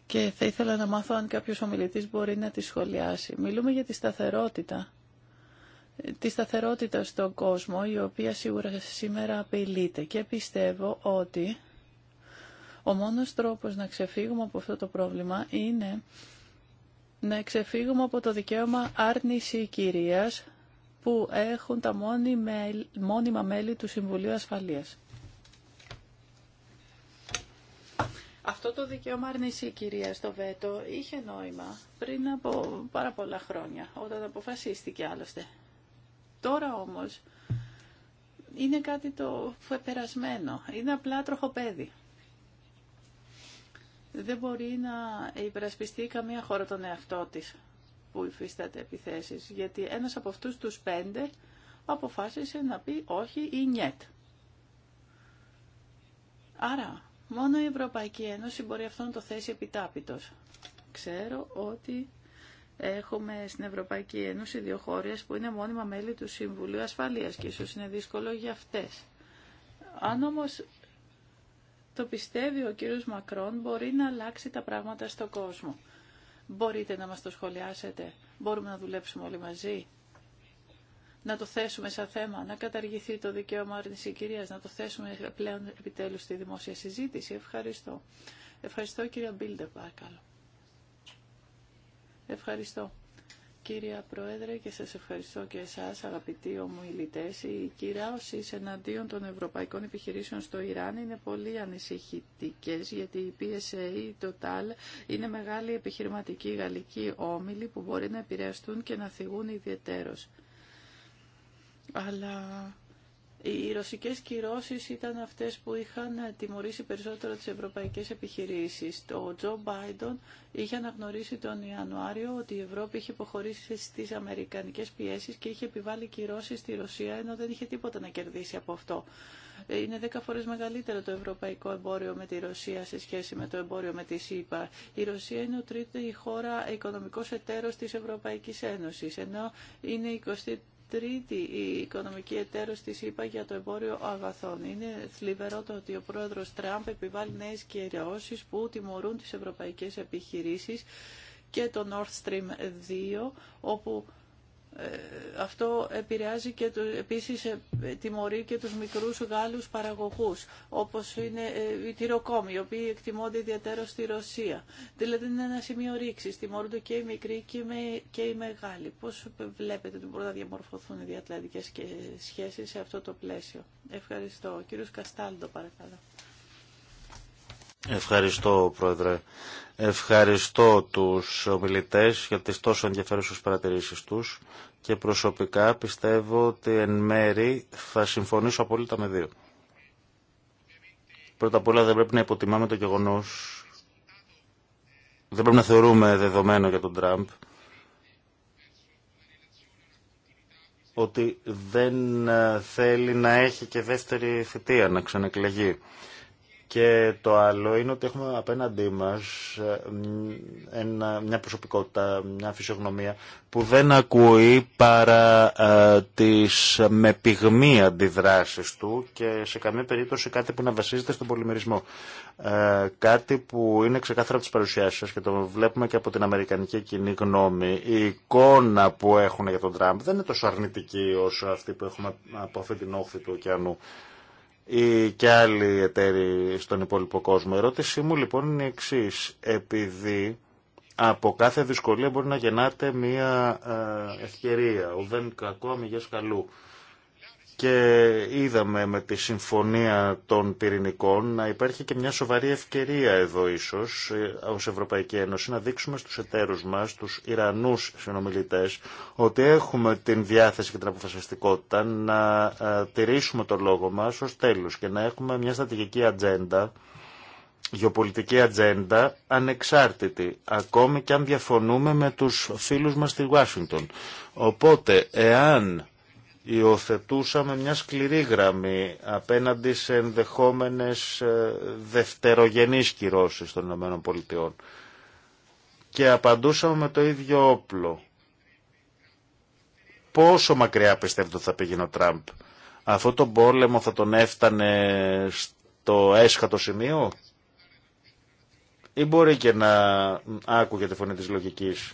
Και θα ήθελα να μάθω αν κάποιος ομιλητής μπορεί να τη σχολιάσει. Μιλούμε για τη σταθερότητα. Τη σταθερότητα στον κόσμο, η οποία σίγουρα σήμερα απειλείται. Και πιστεύω ότι ο μόνος τρόπος να ξεφύγουμε από αυτό το πρόβλημα είναι να ξεφύγουμε από το δικαίωμα άρνηση κυρίας που έχουν τα μόνιμα μέλη του Συμβουλίου Ασφαλείας. Αυτό το δικαίωμα αρνησή, κυρία, στο ΒΕΤΟ είχε νόημα πριν από πάρα πολλά χρόνια, όταν αποφασίστηκε άλλωστε. Τώρα όμως είναι κάτι το περασμένο, είναι απλά τροχοπέδι. Δεν μπορεί να υπερασπιστεί καμία χώρα τον εαυτό της που υφίσταται επιθέσεις, γιατί ένας από αυτούς τους πέντε αποφάσισε να πει όχι ή νιέτ. Άρα, μόνο η Ευρωπαϊκή Ένωση μπορεί αυτό να το θέσει επιτάπητος. Ξέρω ότι έχουμε στην Ευρωπαϊκή Ένωση δύο χώρες που είναι μόνιμα μέλη του Συμβουλίου Ασφαλείας και ίσως είναι δύσκολο για αυτές. Αν όμως το πιστεύει ο κύριος Μακρόν μπορεί να αλλάξει τα πράγματα στον κόσμο. Μπορείτε να μας το σχολιάσετε. Μπορούμε να δουλέψουμε όλοι μαζί. Να το θέσουμε σαν θέμα, να καταργηθεί το δικαίωμα άρνηση κυρίας, να το θέσουμε πλέον επιτέλους στη δημόσια συζήτηση. Ευχαριστώ. Ευχαριστώ κυρία Μπίλντερ, παρακαλώ. Ευχαριστώ. Κύρια Πρόεδρε και σας ευχαριστώ και εσάς αγαπητοί ομιλητές. Οι κυράωση εναντίον των ευρωπαϊκών επιχειρήσεων στο Ιράν είναι πολύ ανησυχητικές γιατί η PSA, η Total είναι μεγάλη επιχειρηματική γαλλική όμιλη που μπορεί να επηρεαστούν και να θυγούν ιδιαιτέρως. Αλλά οι ρωσικές κυρώσεις ήταν αυτές που είχαν τιμωρήσει περισσότερο τις ευρωπαϊκές επιχειρήσεις. Το Τζο Μπάιντον είχε αναγνωρίσει τον Ιανουάριο ότι η Ευρώπη είχε υποχωρήσει στις αμερικανικές πιέσεις και είχε επιβάλει κυρώσεις στη Ρωσία ενώ δεν είχε τίποτα να κερδίσει από αυτό. Είναι 10 φορές μεγαλύτερο το ευρωπαϊκό εμπόριο με τη Ρωσία σε σχέση με το εμπόριο με τη ΣΥΠΑ. Η Ρωσία είναι ο τρίτη χώρα οικονομικός εταίρος της Ευρωπαϊκής Ένωσης, ενώ είναι η 20 τρίτη η οικονομική εταίρος της ΕΠΑ για το εμπόριο αγαθών. Είναι θλιβερό το ότι ο πρόεδρος Τραμπ επιβάλλει νέες κυριαώσεις που τιμωρούν τις ευρωπαϊκές επιχειρήσεις και το Nord Stream 2, όπου ε, αυτό επηρεάζει και το, επίσης ε, τιμωρεί και τους μικρούς Γάλλους παραγωγούς, όπως είναι ε, οι τυροκόμοι, οι οποίοι εκτιμώνται ιδιαίτερα στη Ρωσία. Δηλαδή είναι ένα σημείο ρήξη, τιμωρούνται και οι μικροί και οι, μεγάλοι. Πώς βλέπετε ότι μπορούν να διαμορφωθούν οι διατλαντικές σχέσεις σε αυτό το πλαίσιο. Ευχαριστώ. κύριος Καστάλντο παρακαλώ. Ευχαριστώ, Πρόεδρε. Ευχαριστώ τους ομιλητές για τις τόσο ενδιαφέρουσες παρατηρήσεις τους και προσωπικά πιστεύω ότι εν μέρη θα συμφωνήσω απόλυτα με δύο. Πρώτα απ' όλα δεν πρέπει να υποτιμάμε το γεγονός, δεν πρέπει να θεωρούμε δεδομένο για τον Τραμπ ότι δεν θέλει να έχει και δεύτερη θητεία να ξανακλαγεί. Και το άλλο είναι ότι έχουμε απέναντί μας ε, μια προσωπικότητα, μια φυσιογνωμία που δεν ακούει παρά ε, τις με πυγμή αντιδράσεις του και σε καμία περίπτωση κάτι που να βασίζεται στον πολυμερισμό. Ε, κάτι που είναι ξεκάθαρα από τις παρουσιάσεις σας και το βλέπουμε και από την Αμερικανική κοινή γνώμη. Η εικόνα που έχουν για τον Τραμπ δεν είναι τόσο αρνητική όσο αυτή που έχουμε από αυτή την όχθη του ωκεανού ή και άλλοι εταίροι στον υπόλοιπο κόσμο. Η ερώτησή μου λοιπόν είναι η εξή. Επειδή από κάθε δυσκολία μπορεί να γεννάται μια ε, ευκαιρία, ουδέν κακό αμυγές καλού και είδαμε με τη συμφωνία των πυρηνικών να υπάρχει και μια σοβαρή ευκαιρία εδώ ίσως ε, ως Ευρωπαϊκή Ένωση να δείξουμε στους εταίρους μας, τους Ιρανούς συνομιλητές, ότι έχουμε την διάθεση και την αποφασιστικότητα να ε, τηρήσουμε το λόγο μας ως τέλος και να έχουμε μια στρατηγική ατζέντα γεωπολιτική ατζέντα ανεξάρτητη, ακόμη και αν διαφωνούμε με τους φίλους μας στη Ουάσιγκτον. Οπότε, εάν υιοθετούσαμε μια σκληρή γραμμή απέναντι σε ενδεχόμενες ε, δευτερογενείς κυρώσεις των ΗΠΑ και απαντούσαμε με το ίδιο όπλο. Πόσο μακριά πιστεύετε θα πήγαινε ο Τραμπ. Αυτό το πόλεμο θα τον έφτανε στο έσχατο σημείο ή μπορεί και να άκουγε τη φωνή της λογικής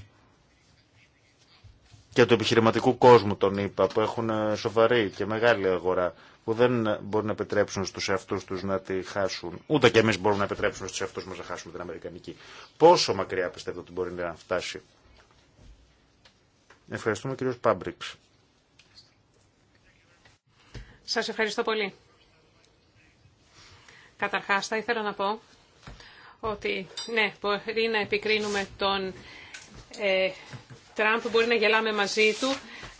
και του επιχειρηματικού κόσμου, τον είπα, που έχουν ε, σοβαρή και μεγάλη αγορά, που δεν μπορούν να επιτρέψουν στους εαυτούς τους να τη χάσουν. Ούτε κι εμείς μπορούμε να επιτρέψουμε στους εαυτούς μας να χάσουμε την Αμερικανική. Πόσο μακριά πιστεύω ότι μπορεί να φτάσει. Ευχαριστούμε κύριος Πάμπριξ. Σας ευχαριστώ πολύ. Καταρχάς θα ήθελα να πω ότι ναι, μπορεί να επικρίνουμε τον ε, Τραμπ μπορεί να γελάμε μαζί του,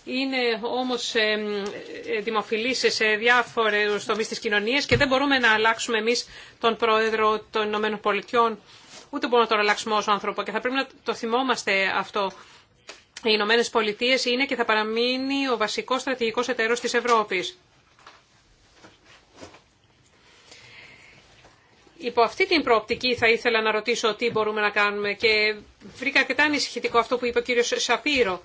είναι όμως ε, ε, δημοφιλής σε διάφορες τομείς της κοινωνίας και δεν μπορούμε να αλλάξουμε εμείς τον πρόεδρο των Ηνωμένων Πολιτειών, ούτε μπορούμε να τον αλλάξουμε ως άνθρωπο και θα πρέπει να το θυμόμαστε αυτό. Οι Ηνωμένε Πολιτείε είναι και θα παραμείνει ο βασικός στρατηγικός εταίρος της Ευρώπης. Υπό αυτή την προοπτική θα ήθελα να ρωτήσω τι μπορούμε να κάνουμε και βρήκα αρκετά ανησυχητικό αυτό που είπε ο κύριος Σαπύρο,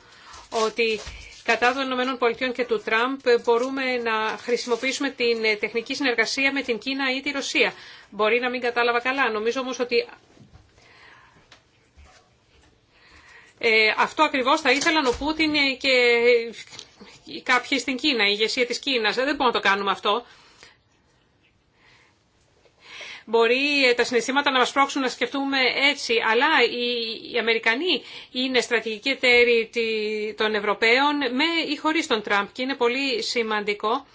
ότι κατά των ΗΠΑ και του Τραμπ μπορούμε να χρησιμοποιήσουμε την τεχνική συνεργασία με την Κίνα ή τη Ρωσία. Μπορεί να μην κατάλαβα καλά. Νομίζω όμως ότι ε, αυτό ακριβώς θα ήθελαν ο Πούτιν και κάποιοι στην Κίνα, η ηγεσία της Κίνας. Δεν μπορούμε να το κάνουμε αυτό. Μπορεί ε, τα συναισθήματα να μας πρόξουν να σκεφτούμε έτσι, αλλά οι Αμερικανοί είναι στρατηγικοί εταίροι των Ευρωπαίων με ή χωρίς τον Τραμπ και είναι πολύ σημαντικό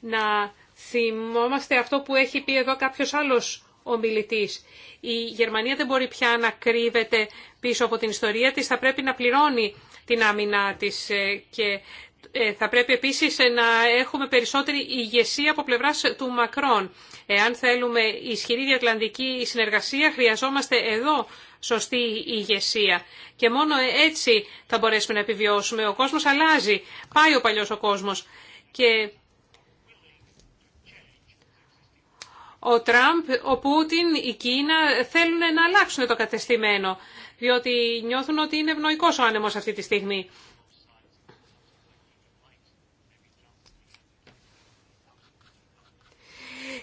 να θυμόμαστε αυτό που έχει πει εδώ κάποιος άλλος ομιλητής. Η Γερμανία δεν μπορεί πια να κρύβεται πίσω από την ιστορία της, θα πρέπει να πληρώνει την άμυνά της ε, και ε, θα πρέπει επίσης να έχουμε περισσότερη ηγεσία από πλευράς του Μακρόν. Εάν θέλουμε ισχυρή διατλαντική συνεργασία, χρειαζόμαστε εδώ σωστή ηγεσία. Και μόνο έτσι θα μπορέσουμε να επιβιώσουμε. Ο κόσμος αλλάζει. Πάει ο παλιός ο κόσμος. Και ο Τραμπ, ο Πούτιν, η Κίνα θέλουν να αλλάξουν το κατεστημένο. Διότι νιώθουν ότι είναι ευνοϊκός ο άνεμος αυτή τη στιγμή.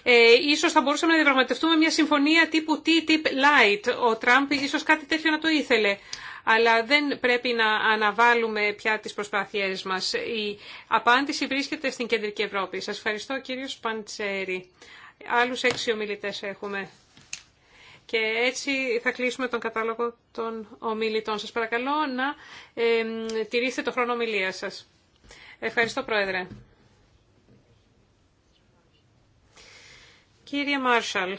Ε, ίσως θα μπορούσαμε να διαπραγματευτούμε μια συμφωνία τύπου TTIP Light. Ο Τραμπ ίσως κάτι τέτοιο να το ήθελε. Αλλά δεν πρέπει να αναβάλουμε πια τις προσπάθειές μας. Η απάντηση βρίσκεται στην Κεντρική Ευρώπη. Σας ευχαριστώ κύριο Παντσέρη. Άλλους έξι ομιλητές έχουμε. Και έτσι θα κλείσουμε τον κατάλογο των ομιλητών. Σας παρακαλώ να ε, τηρήσετε το χρόνο ομιλία σας. Ευχαριστώ Πρόεδρε. Κύριε Μάρσαλ,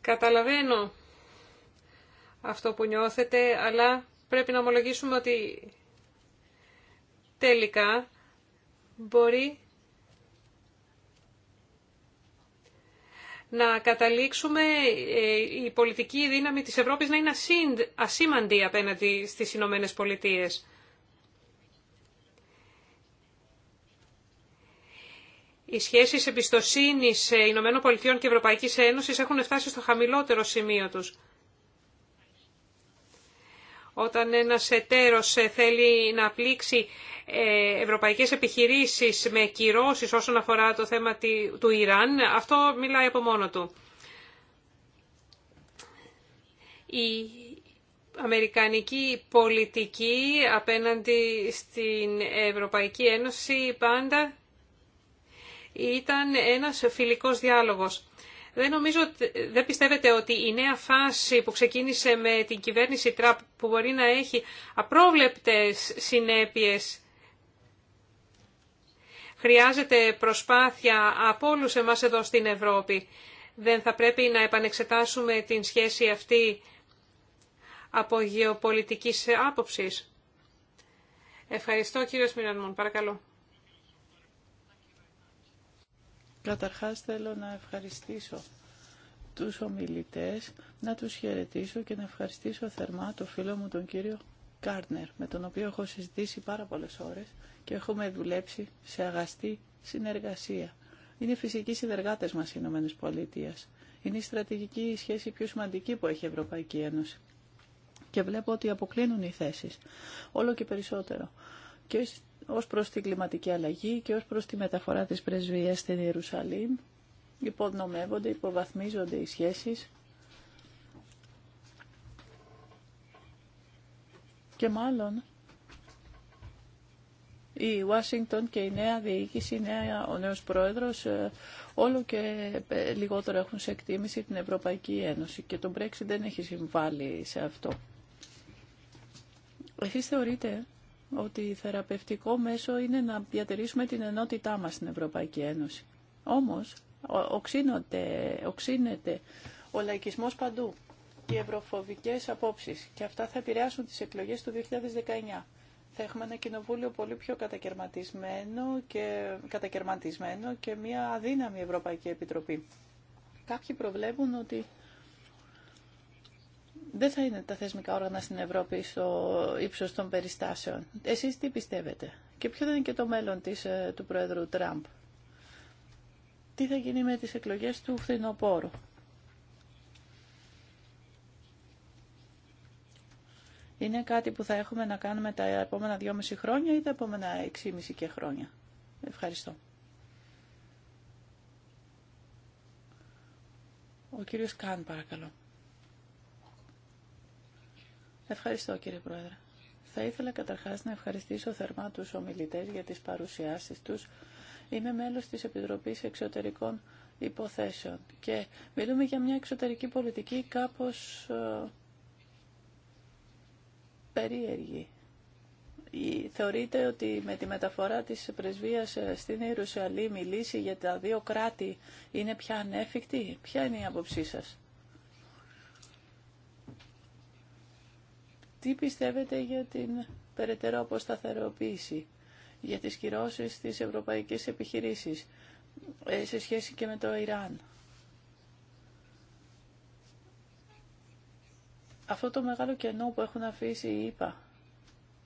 καταλαβαίνω αυτό που νιώθετε, αλλά πρέπει να ομολογήσουμε ότι τελικά μπορεί να καταλήξουμε ε, η πολιτική δύναμη της Ευρώπης να είναι ασήμαντη απέναντι στις Ηνωμένε Πολιτείες. Οι σχέσεις εμπιστοσύνης Ηνωμένων Πολιτειών και Ευρωπαϊκής Ένωσης έχουν φτάσει στο χαμηλότερο σημείο τους. Όταν ένας εταίρος θέλει να πλήξει ε, ευρωπαϊκές επιχειρήσεις με κυρώσεις όσον αφορά το θέμα του Ιράν, αυτό μιλάει από μόνο του. Η αμερικανική πολιτική απέναντι στην Ευρωπαϊκή Ένωση πάντα ήταν ένας φιλικός διάλογος. Δεν, νομίζω, δεν πιστεύετε ότι η νέα φάση που ξεκίνησε με την κυβέρνηση Τραπ που μπορεί να έχει απρόβλεπτες συνέπειες χρειάζεται προσπάθεια από όλους εμάς εδώ στην Ευρώπη. Δεν θα πρέπει να επανεξετάσουμε την σχέση αυτή από γεωπολιτικής άποψης. Ευχαριστώ κύριε Σμιρανμούν. Παρακαλώ. Καταρχάς θέλω να ευχαριστήσω τους ομιλητές, να τους χαιρετήσω και να ευχαριστήσω θερμά το φίλο μου τον κύριο Κάρνερ, με τον οποίο έχω συζητήσει πάρα πολλές ώρες και έχουμε δουλέψει σε αγαστή συνεργασία. Είναι φυσικοί συνεργάτες μας οι ΗΠΑ. Είναι η στρατηγική σχέση πιο σημαντική που έχει η Ευρωπαϊκή Ένωση. Και βλέπω ότι αποκλίνουν οι θέσεις. Όλο και περισσότερο. Και ως προς την κλιματική αλλαγή και ως προς τη μεταφορά της πρεσβείας στην Ιερουσαλήμ. Υποδνομεύονται, υποβαθμίζονται οι σχέσεις και μάλλον η Ουάσιγκτον και η νέα διοίκηση, η νέα, ο νέος πρόεδρος, ε, όλο και ε, λιγότερο έχουν σε εκτίμηση την Ευρωπαϊκή Ένωση και το Brexit δεν έχει συμβάλει σε αυτό. Εσείς θεωρείτε ότι θεραπευτικό μέσο είναι να διατηρήσουμε την ενότητά μας στην Ευρωπαϊκή Ένωση. Όμως, οξύνεται ο λαϊκισμός παντού, οι ευρωφοβικές απόψεις και αυτά θα επηρεάσουν τις εκλογές του 2019. Θα έχουμε ένα κοινοβούλιο πολύ πιο κατακαιρματισμένο και, κατακαιρματισμένο και μια αδύναμη Ευρωπαϊκή Επιτροπή. Κάποιοι προβλέπουν ότι δεν θα είναι τα θεσμικά όργανα στην Ευρώπη στο ύψος των περιστάσεων. Εσείς τι πιστεύετε και ποιο θα είναι και το μέλλον της, ε, του Πρόεδρου Τραμπ. Τι θα γίνει με τις εκλογές του φθινοπόρου. Είναι κάτι που θα έχουμε να κάνουμε τα επόμενα δυόμιση χρόνια ή τα επόμενα εξήμιση και χρόνια. Ευχαριστώ. Ο κύριος Καν παρακαλώ. Ευχαριστώ κύριε Πρόεδρε. Θα ήθελα καταρχάς να ευχαριστήσω θερμά τους ομιλητές για τις παρουσιάσεις τους. Είμαι μέλος της Επιτροπής Εξωτερικών Υποθέσεων και μιλούμε για μια εξωτερική πολιτική κάπως ε, περίεργη. Θεωρείται ότι με τη μεταφορά της πρεσβείας ε, στην Ιερουσαλήμ η λύση για τα δύο κράτη είναι πια ανέφικτη. Ποια είναι η άποψή σας. Τι πιστεύετε για την περαιτέρω αποσταθεροποίηση για τις κυρώσεις της ευρωπαϊκής επιχειρήσης ε, σε σχέση και με το Ιράν. Αυτό το μεγάλο κενό που έχουν αφήσει οι ΗΠΑ,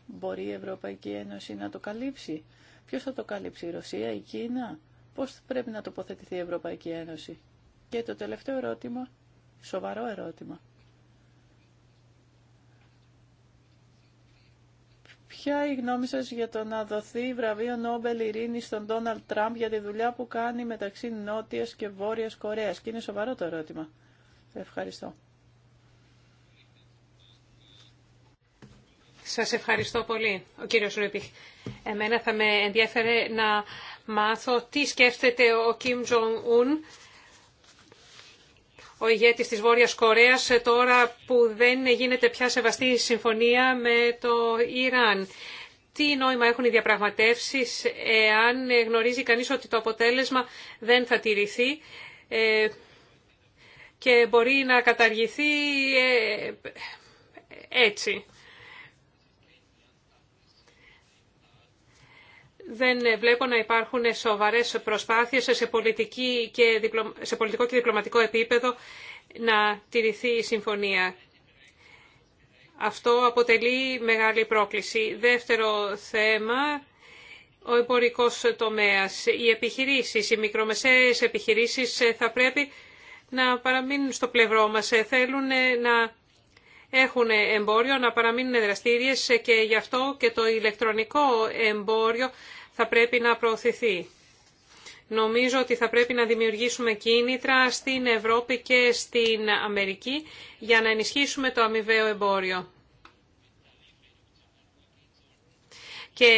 μπορεί η Ευρωπαϊκή Ένωση να το καλύψει. Ποιος θα το καλύψει, η Ρωσία, η Κίνα. Πώς πρέπει να τοποθετηθεί η Ευρωπαϊκή Ένωση. Και το τελευταίο ερώτημα, σοβαρό ερώτημα. Ποια η γνώμη σας για το να δοθεί βραβείο Νόμπελ Ειρήνη στον Ντόναλτ Τραμπ για τη δουλειά που κάνει μεταξύ Νότιας και Βόρειας Κορέας. Και είναι σοβαρό το ερώτημα. Ευχαριστώ. Σας ευχαριστώ πολύ, ο κύριος Ρούπιχ. Εμένα θα με ενδιαφέρε να μάθω τι σκέφτεται ο Κιμ Τζον Ουν ο ηγέτης της Βόρειας Κορέας ε, τώρα που δεν γίνεται πια σεβαστή συμφωνία με το Ιράν. Τι νόημα έχουν οι διαπραγματεύσεις εάν γνωρίζει κανείς ότι το αποτέλεσμα δεν θα τηρηθεί ε, και μπορεί να καταργηθεί ε, έτσι. δεν βλέπω να υπάρχουν σοβαρές προσπάθειες σε, και πολιτικό και διπλωματικό επίπεδο να τηρηθεί η συμφωνία. Αυτό αποτελεί μεγάλη πρόκληση. Δεύτερο θέμα, ο εμπορικός τομέας. Οι επιχειρήσει, οι μικρομεσαίες επιχειρήσεις θα πρέπει να παραμείνουν στο πλευρό μας. Θέλουν να έχουν εμπόριο, να παραμείνουν δραστήριες και γι' αυτό και το ηλεκτρονικό εμπόριο θα πρέπει να προωθηθεί. Νομίζω ότι θα πρέπει να δημιουργήσουμε κίνητρα στην Ευρώπη και στην Αμερική για να ενισχύσουμε το αμοιβαίο εμπόριο. Και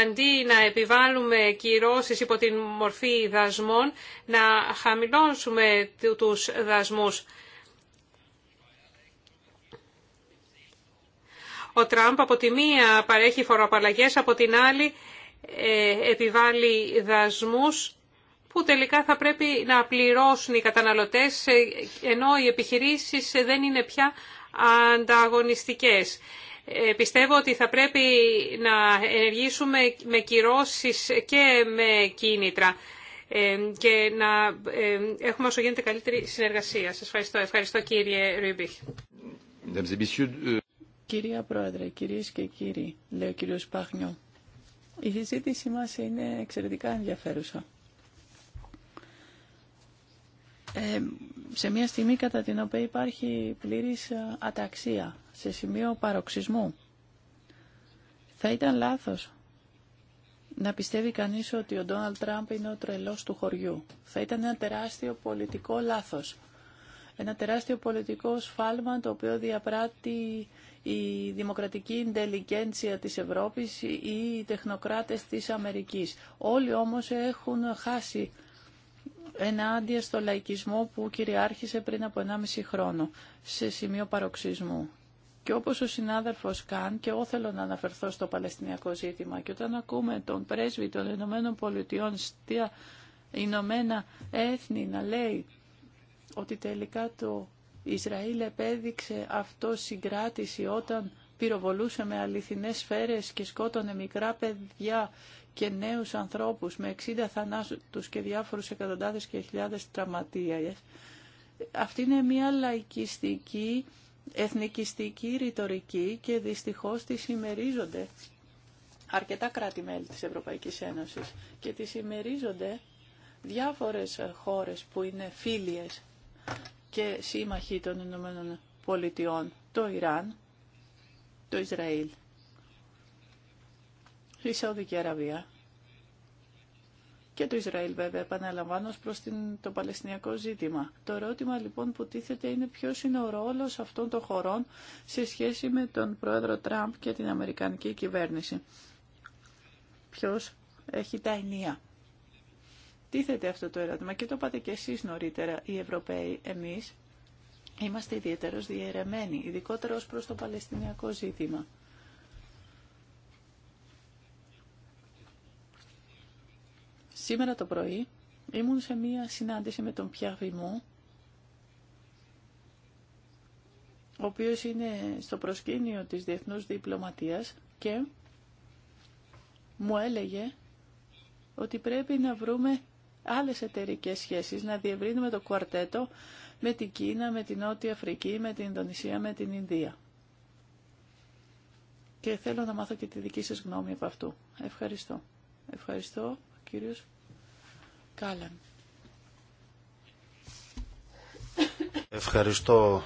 αντί να επιβάλλουμε κυρώσεις υπό την μορφή δασμών, να χαμηλώσουμε τους δασμούς. Ο Τραμπ από τη μία παρέχει φοροαπαλλαγές, από την άλλη ε, επιβάλλει δασμούς που τελικά θα πρέπει να πληρώσουν οι καταναλωτές, ε, ενώ οι επιχειρήσεις δεν είναι πια ανταγωνιστικές. Ε, πιστεύω ότι θα πρέπει να ενεργήσουμε με κυρώσεις και με κίνητρα και να έχουμε όσο γίνεται καλύτερη συνεργασία. Σας ευχαριστώ. Ευχαριστώ κύριε Ρουμπίχ. Euh, Κυρία Πρόεδρε, κυρίες και κύριοι, λέει ο κύριος Πάχνιο. Η συζήτησή μας είναι εξαιρετικά ενδιαφέρουσα. Ε, σε μια στιγμή κατά την οποία υπάρχει πλήρης ε, αταξία, σε σημείο παροξισμού. Θα ήταν λάθος να πιστεύει κανείς ότι ο Ντόναλτ Τραμπ είναι ο τρελός του χωριού. Θα ήταν ένα τεράστιο πολιτικό λάθος. Ένα τεράστιο πολιτικό σφάλμα το οποίο διαπράττει η δημοκρατική ιντελικέντσια της Ευρώπης ή οι τεχνοκράτες της Αμερικής. Όλοι όμως έχουν χάσει ενάντια στο λαϊκισμό που κυριάρχησε πριν από 1,5 χρόνο σε σημείο παροξισμού. Και όπως ο συνάδελφος Καν, και εγώ να αναφερθώ στο Παλαιστινιακό ζήτημα, και όταν ακούμε τον πρέσβη των Ηνωμένων Πολιτειών στα Ηνωμένα Έθνη να λέει ότι τελικά το Ισραήλ επέδειξε αυτό συγκράτηση όταν πυροβολούσε με αληθινές σφαίρες και σκότωνε μικρά παιδιά και νέους ανθρώπους με 60 θανάτους και διάφορους εκατοντάδες και χιλιάδες τραυματίες. Αυτή είναι μια λαϊκιστική, εθνικιστική ρητορική και δυστυχώς τη συμμερίζονται αρκετά κράτη-μέλη της Ευρωπαϊκής Ένωσης και τη συμμερίζονται διάφορες χώρες που είναι φίλιες και σύμμαχοι των Ηνωμένων Πολιτειών, το Ιράν, το Ισραήλ, η Σαουδική Αραβία και το Ισραήλ βέβαια επαναλαμβάνω προς την, το Παλαιστινιακό ζήτημα. Το ερώτημα λοιπόν που τίθεται είναι ποιος είναι ο ρόλος αυτών των χωρών σε σχέση με τον πρόεδρο Τραμπ και την Αμερικανική κυβέρνηση. Ποιος έχει τα ενία Τίθεται αυτό το ερώτημα και το είπατε και εσείς νωρίτερα, οι Ευρωπαίοι, εμείς, είμαστε ιδιαίτερως διαιρεμένοι, ειδικότερα ως προς το Παλαιστινιακό ζήτημα. Σήμερα το πρωί ήμουν σε μία συνάντηση με τον Πιάβη ο οποίος είναι στο προσκήνιο της διεθνούς διπλωματίας και μου έλεγε ότι πρέπει να βρούμε άλλες εταιρικές σχέσεις, να διευρύνουμε το κουαρτέτο με την Κίνα, με την Νότια Αφρική, με την Ινδονησία, με την Ινδία. Και θέλω να μάθω και τη δική σας γνώμη από αυτού. Ευχαριστώ. Ευχαριστώ, κύριος Κάλαν. Ευχαριστώ,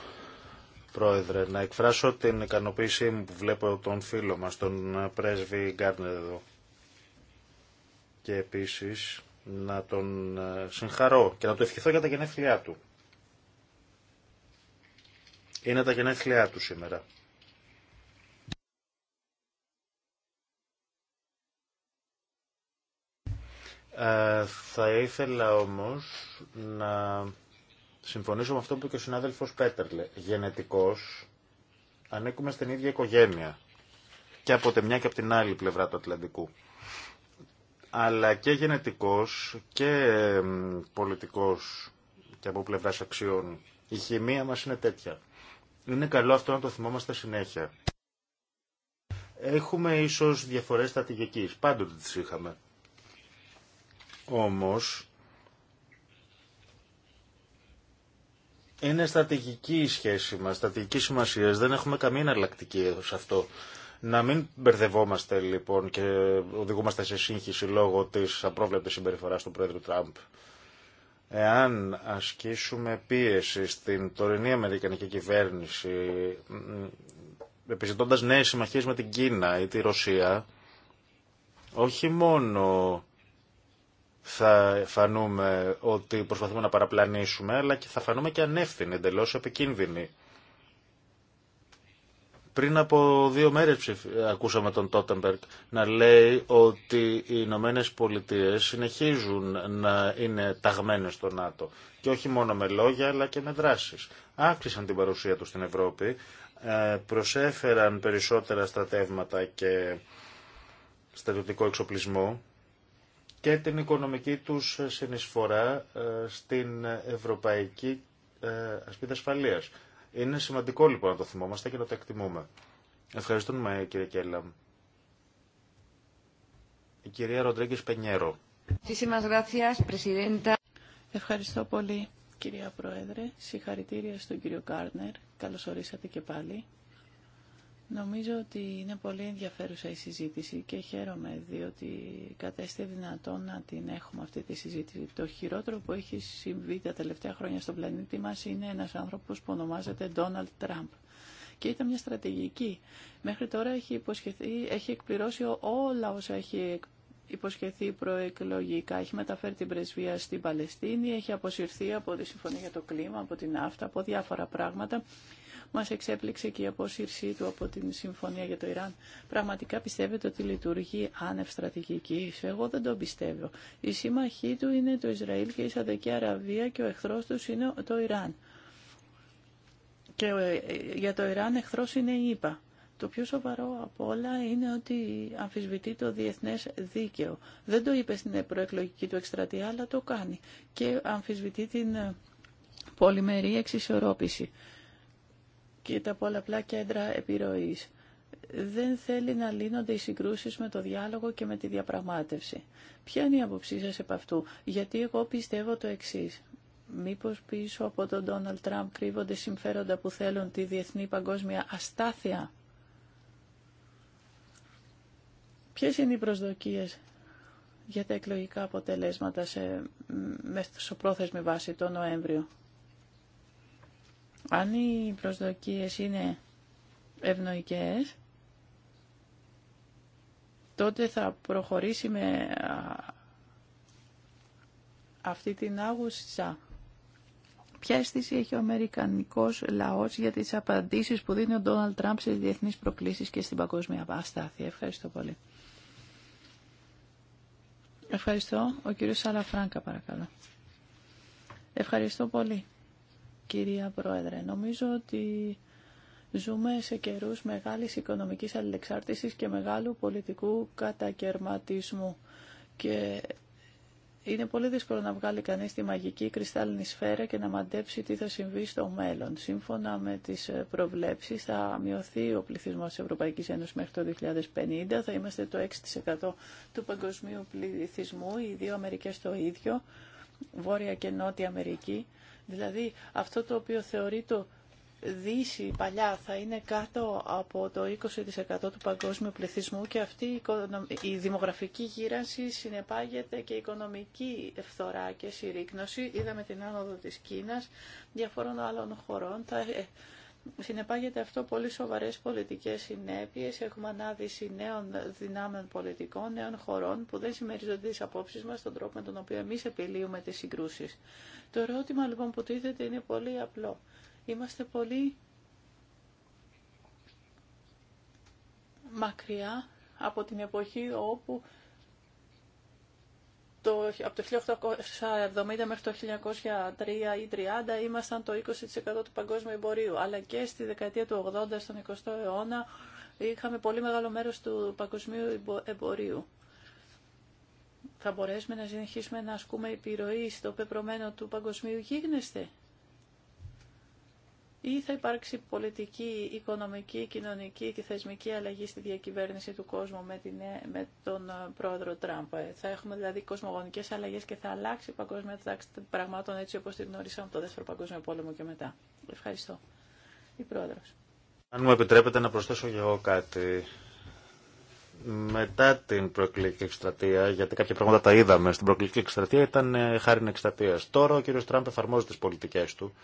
Πρόεδρε. Να εκφράσω την ικανοποίησή μου που βλέπω τον φίλο μας, τον πρέσβη Γκάρνερ εδώ. Και επίσης να τον ε, συγχαρώ και να το ευχηθώ για τα γενέθλιά του. Είναι τα γενέθλιά του σήμερα. Ε, θα ήθελα όμως να συμφωνήσω με αυτό που και ο συνάδελφος Πέτερλε. Γενετικός ανήκουμε στην ίδια οικογένεια και από τη μια και από την άλλη πλευρά του Ατλαντικού αλλά και γενετικός και πολιτικός και από πλευράς αξιών. Η χημεία μας είναι τέτοια. Είναι καλό αυτό να το θυμόμαστε συνέχεια. Έχουμε ίσως διαφορές στρατηγικής. Πάντοτε τις είχαμε. Όμως, είναι στρατηγική η σχέση μας, στρατηγική σημασία. Δεν έχουμε καμία εναλλακτική σε αυτό. Να μην μπερδευόμαστε λοιπόν και οδηγούμαστε σε σύγχυση λόγω της απρόβλεπτης συμπεριφοράς του Πρόεδρου Τραμπ. Εάν ασκήσουμε πίεση στην τωρινή Αμερικανική κυβέρνηση, επιζητώντας νέες συμμαχίες με την Κίνα ή τη Ρωσία, όχι μόνο θα φανούμε ότι προσπαθούμε να παραπλανήσουμε, αλλά και θα φανούμε και ανεύθυνοι, εντελώς επικίνδυνοι. Πριν από δύο μέρες ακούσαμε τον Τότεμπερκ να λέει ότι οι Ηνωμένε Πολιτείε συνεχίζουν να είναι ταγμένες στο ΝΑΤΟ. Και όχι μόνο με λόγια αλλά και με δράσεις. Άκρισαν την παρουσία του στην Ευρώπη, ε, προσέφεραν περισσότερα στρατεύματα και στρατιωτικό εξοπλισμό και την οικονομική τους συνεισφορά ε, στην Ευρωπαϊκή ε, Ασπίδα Ασφαλείας. Είναι σημαντικό λοιπόν να το θυμόμαστε και να το εκτιμούμε. Ευχαριστούμε κύριε Κέλλα. Η κυρία Ροντρίγκης Πενιέρο. Ευχαριστώ πολύ κυρία Πρόεδρε. Συγχαρητήρια στον κύριο Κάρνερ. Καλώς ορίσατε και πάλι. Νομίζω ότι είναι πολύ ενδιαφέρουσα η συζήτηση και χαίρομαι διότι κατέστη δυνατόν να την έχουμε αυτή τη συζήτηση. Το χειρότερο που έχει συμβεί τα τελευταία χρόνια στον πλανήτη μας είναι ένας άνθρωπος που ονομάζεται Donald Trump. Και ήταν μια στρατηγική. Μέχρι τώρα έχει, υποσχεθεί, έχει εκπληρώσει όλα όσα έχει υποσχεθεί προεκλογικά. Έχει μεταφέρει την πρεσβεία στην Παλαιστίνη, έχει αποσυρθεί από τη Συμφωνία για το Κλίμα, από την ΑΦΤΑ, από διάφορα πράγματα. Μας εξέπληξε και η απόσυρσή του από την συμφωνία για το Ιράν. Πραγματικά πιστεύετε ότι λειτουργεί άνευ στρατηγική. Εγώ δεν το πιστεύω. Η σύμμαχή του είναι το Ισραήλ και η Σαδική Αραβία και ο εχθρός του είναι το Ιράν. Και ε, για το Ιράν εχθρός είναι η ΙΠΑ. Το πιο σοβαρό από όλα είναι ότι αμφισβητεί το διεθνές δίκαιο. Δεν το είπε στην προεκλογική του εκστρατεία, αλλά το κάνει. Και αμφισβητεί την ε, πολυμερή εξισορρόπηση και τα πολλαπλά κέντρα επιρροής. Δεν θέλει να λύνονται οι συγκρούσεις με το διάλογο και με τη διαπραγμάτευση. Ποια είναι η άποψή σας επ' αυτού, γιατί εγώ πιστεύω το εξής. Μήπως πίσω από τον Ντόναλτ Τραμπ κρύβονται συμφέροντα που θέλουν τη διεθνή παγκόσμια αστάθεια. Ποιες είναι οι προσδοκίες για τα εκλογικά αποτελέσματα σε πρόθεσμη βάση το Νοέμβριο. Αν οι προσδοκίες είναι ευνοϊκές, τότε θα προχωρήσει με αυτή την άγουσα. Ποια αίσθηση έχει ο Αμερικανικός λαός για τις απαντήσεις που δίνει ο Ντόναλτ Τραμπ σε διεθνείς προκλήσεις και στην παγκόσμια αστάθεια. Ευχαριστώ πολύ. Ευχαριστώ. Ο κύριος Σαλαφράγκα παρακαλώ. Ευχαριστώ πολύ κυρία Πρόεδρε. Νομίζω ότι ζούμε σε καιρούς μεγάλης οικονομικής αλληλεξάρτησης και μεγάλου πολιτικού κατακαιρματισμού. Και είναι πολύ δύσκολο να βγάλει κανείς τη μαγική κρυστάλλινη σφαίρα και να μαντέψει τι θα συμβεί στο μέλλον. Σύμφωνα με τις προβλέψεις θα μειωθεί ο πληθυσμός της Ευρωπαϊκής Ένωσης μέχρι το 2050, θα είμαστε το 6% του παγκοσμίου πληθυσμού, οι δύο Αμερικές το ίδιο, Βόρεια και Νότια Αμερική. Δηλαδή αυτό το οποίο θεωρεί το Δύση παλιά θα είναι κάτω από το 20% του παγκόσμιου πληθυσμού και αυτή η δημογραφική γύρανση συνεπάγεται και οικονομική φθορά και συρρήκνωση. Είδαμε την άνοδο της Κίνας, διαφόρων άλλων χωρών. Ε, συνεπάγεται αυτό πολύ σοβαρές πολιτικές συνέπειες. Έχουμε ανάδυση νέων δυνάμεων πολιτικών, νέων χωρών που δεν συμμεριζονται τις απόψεις μας στον τρόπο με τον οποίο εμείς επιλύουμε τις συγκρούσεις. Το ερώτημα λοιπόν που τίθεται είναι πολύ απλό. Είμαστε πολύ μακριά από την εποχή όπου το, από το 1870 μέχρι το 1903 ή 30 ήμασταν το 20% του παγκόσμιου εμπορίου, αλλά και στη δεκαετία του 80 στον 20ο αιώνα είχαμε πολύ μεγάλο μέρος του παγκοσμίου εμπορίου. Θα μπορέσουμε να συνεχίσουμε να ασκούμε επιρροή στο πεπρωμένο του παγκοσμίου γίγνεσθε ή θα υπάρξει πολιτική, οικονομική, κοινωνική και θεσμική αλλαγή στη διακυβέρνηση του κόσμου με, την, με τον ε, πρόεδρο Τραμπ. Ε, θα έχουμε δηλαδή κοσμογονικέ αλλαγέ και θα αλλάξει η παγκόσμια τάξη των πραγμάτων έτσι όπω την γνωρίσαμε από το Δεύτερο Παγκόσμιο Πόλεμο και μετά. Ευχαριστώ. Η πρόεδρος. Αν μου επιτρέπετε να προσθέσω και εγώ κάτι. Μετά την προεκλογική εκστρατεία, γιατί κάποια πράγματα τα είδαμε στην προεκλογική εκστρατεία, ήταν ε, χάρη εκστρατεία. Τώρα ο κύριο Τραμπ εφαρμόζει τι πολιτικέ του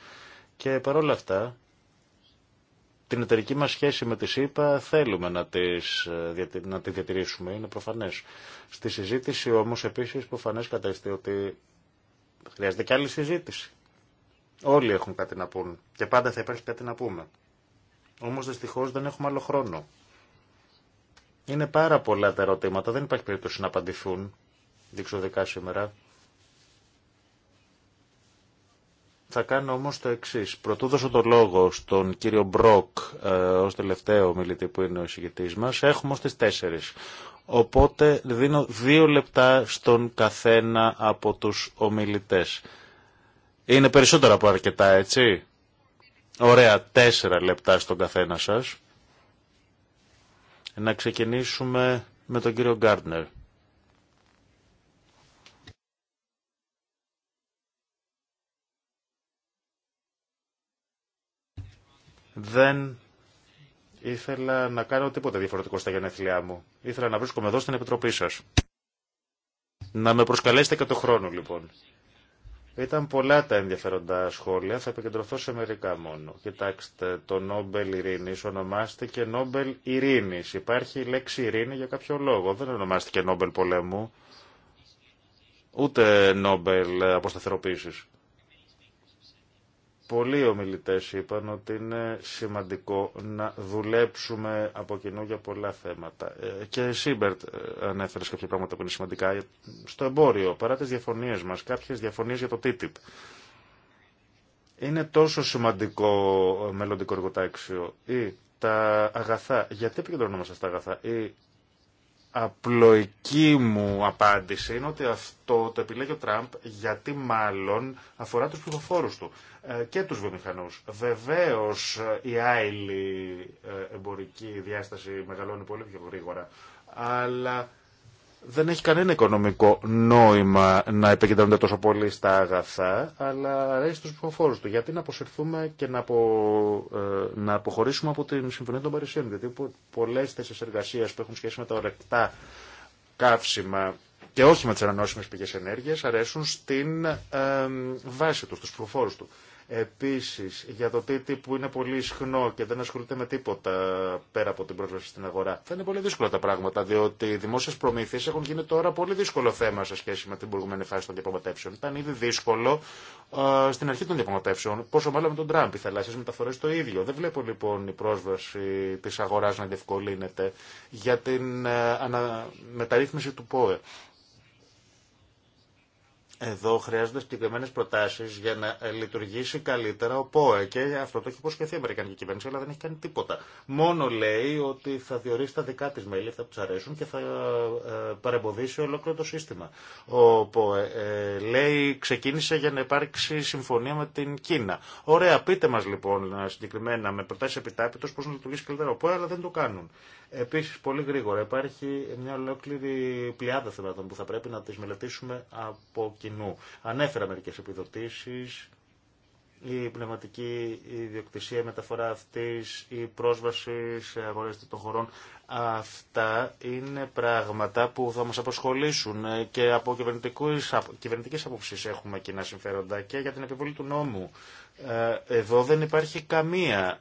και παρόλα αυτά, την εταιρική μας σχέση με τη ΣΥΠΑ θέλουμε να, τις, ε, να τη διατηρήσουμε, είναι προφανές. Στη συζήτηση όμως επίσης προφανές κατέστη ότι χρειάζεται και άλλη συζήτηση. Όλοι έχουν κάτι να πούν και πάντα θα υπάρχει κάτι να πούμε. Όμως δυστυχώς δεν έχουμε άλλο χρόνο. Είναι πάρα πολλά τα ερωτήματα, δεν υπάρχει περίπτωση να απαντηθούν διεξοδικά σήμερα. Θα κάνω όμως το εξή. Πρωτού δώσω το λόγο στον κύριο Μπροκ ε, ως τελευταίο μιλητή που είναι ο εισηγητής μας. Έχουμε στις τέσσερις. Οπότε δίνω δύο λεπτά στον καθένα από τους ομιλητές. Είναι περισσότερα από αρκετά, έτσι. Ωραία, τέσσερα λεπτά στον καθένα σας. Να ξεκινήσουμε με τον κύριο Γκάρντνερ. δεν ήθελα να κάνω τίποτα διαφορετικό στα γενέθλιά μου. Ήθελα να βρίσκομαι εδώ στην Επιτροπή σας. Να με προσκαλέσετε και το χρόνο λοιπόν. Ήταν πολλά τα ενδιαφέροντα σχόλια, θα επικεντρωθώ σε μερικά μόνο. Κοιτάξτε, το Νόμπελ Ειρήνη ονομάστηκε Νόμπελ Ειρήνη. Υπάρχει η λέξη Ειρήνη για κάποιο λόγο. Δεν ονομάστηκε Νόμπελ Πολέμου, ούτε Νόμπελ Αποσταθεροποίηση. Πολλοί ομιλητέ είπαν ότι είναι σημαντικό να δουλέψουμε από κοινού για πολλά θέματα. Ε, και Σίμπερτ ε, ανέφερε κάποια πράγματα που είναι σημαντικά. Ε, στο εμπόριο, παρά τι διαφωνίε μα, κάποιε διαφωνίε για το TTIP. Είναι τόσο σημαντικό μελλοντικό εργοτάξιο ή τα αγαθά. Γιατί επικεντρωνόμαστε στα αγαθά απλοϊκή μου απάντηση είναι ότι αυτό το επιλέγει ο Τραμπ γιατί μάλλον αφορά τους πληροφόρους του ε, και τους βιομηχανούς. Βεβαίως η άειλη ε, εμπορική διάσταση μεγαλώνει πολύ πιο γρήγορα, αλλά δεν έχει κανένα οικονομικό νόημα να επικεντρώνεται τόσο πολύ στα αγαθά, αλλά αρέσει στους προφόρους του. Γιατί να αποσυρθούμε και να, ε, να αποχωρήσουμε από την Συμφωνία των Παρισιών. Γιατί πολλές θέσεις εργασίας που έχουν σχέση με τα ορεκτά καύσιμα και όχι με τις ανανεώσιμες πηγές ενέργειας αρέσουν στην ε, βάση του, στους ψηφοφόρους του. Επίσης, για το τίτι που είναι πολύ ισχνό και δεν ασχολείται με τίποτα πέρα από την πρόσβαση στην αγορά. Θα είναι πολύ δύσκολα τα πράγματα, διότι οι δημόσιες προμήθειες έχουν γίνει τώρα πολύ δύσκολο θέμα σε σχέση με την προηγούμενη φάση των διαπραγματεύσεων. Ήταν ήδη δύσκολο στην αρχή των διαπραγματεύσεων, πόσο μάλλον με τον Τραμπ, οι θαλάσσιες μεταφορέ το ίδιο. Δεν βλέπω λοιπόν η πρόσβαση της αγοράς να διευκολύνεται για την ε, μεταρρύθμιση του ΠΟΕ. Εδώ χρειάζονται συγκεκριμένε προτάσει για να λειτουργήσει καλύτερα ο ΠΟΕ και αυτό το έχει υποσχεθεί η Αμερικανική κυβέρνηση, αλλά δεν έχει κάνει τίποτα. Μόνο λέει ότι θα διορίσει τα δικά τη μέλη, αυτά που αρέσουν και θα ε, παρεμποδίσει ολόκληρο το σύστημα. Ο ΠΟΕ ε, λέει ξεκίνησε για να υπάρξει συμφωνία με την Κίνα. Ωραία, πείτε μα λοιπόν συγκεκριμένα με προτάσει επιτάπητο πώ να λειτουργήσει καλύτερα ο ΠΟΕ, αλλά δεν το κάνουν. Επίσης, πολύ γρήγορα, υπάρχει μια ολόκληρη πλειάδα θεμάτων που θα πρέπει να τις μελετήσουμε από κοινού. Ανέφερα μερικές επιδοτήσεις, η πνευματική ιδιοκτησία, η μεταφορά αυτής, η πρόσβαση σε αγορές των χωρών. Αυτά είναι πράγματα που θα μας απασχολήσουν και από κυβερνητικές απόψεις έχουμε κοινά συμφέροντα και για την επιβολή του νόμου ε, εδώ δεν υπάρχει καμία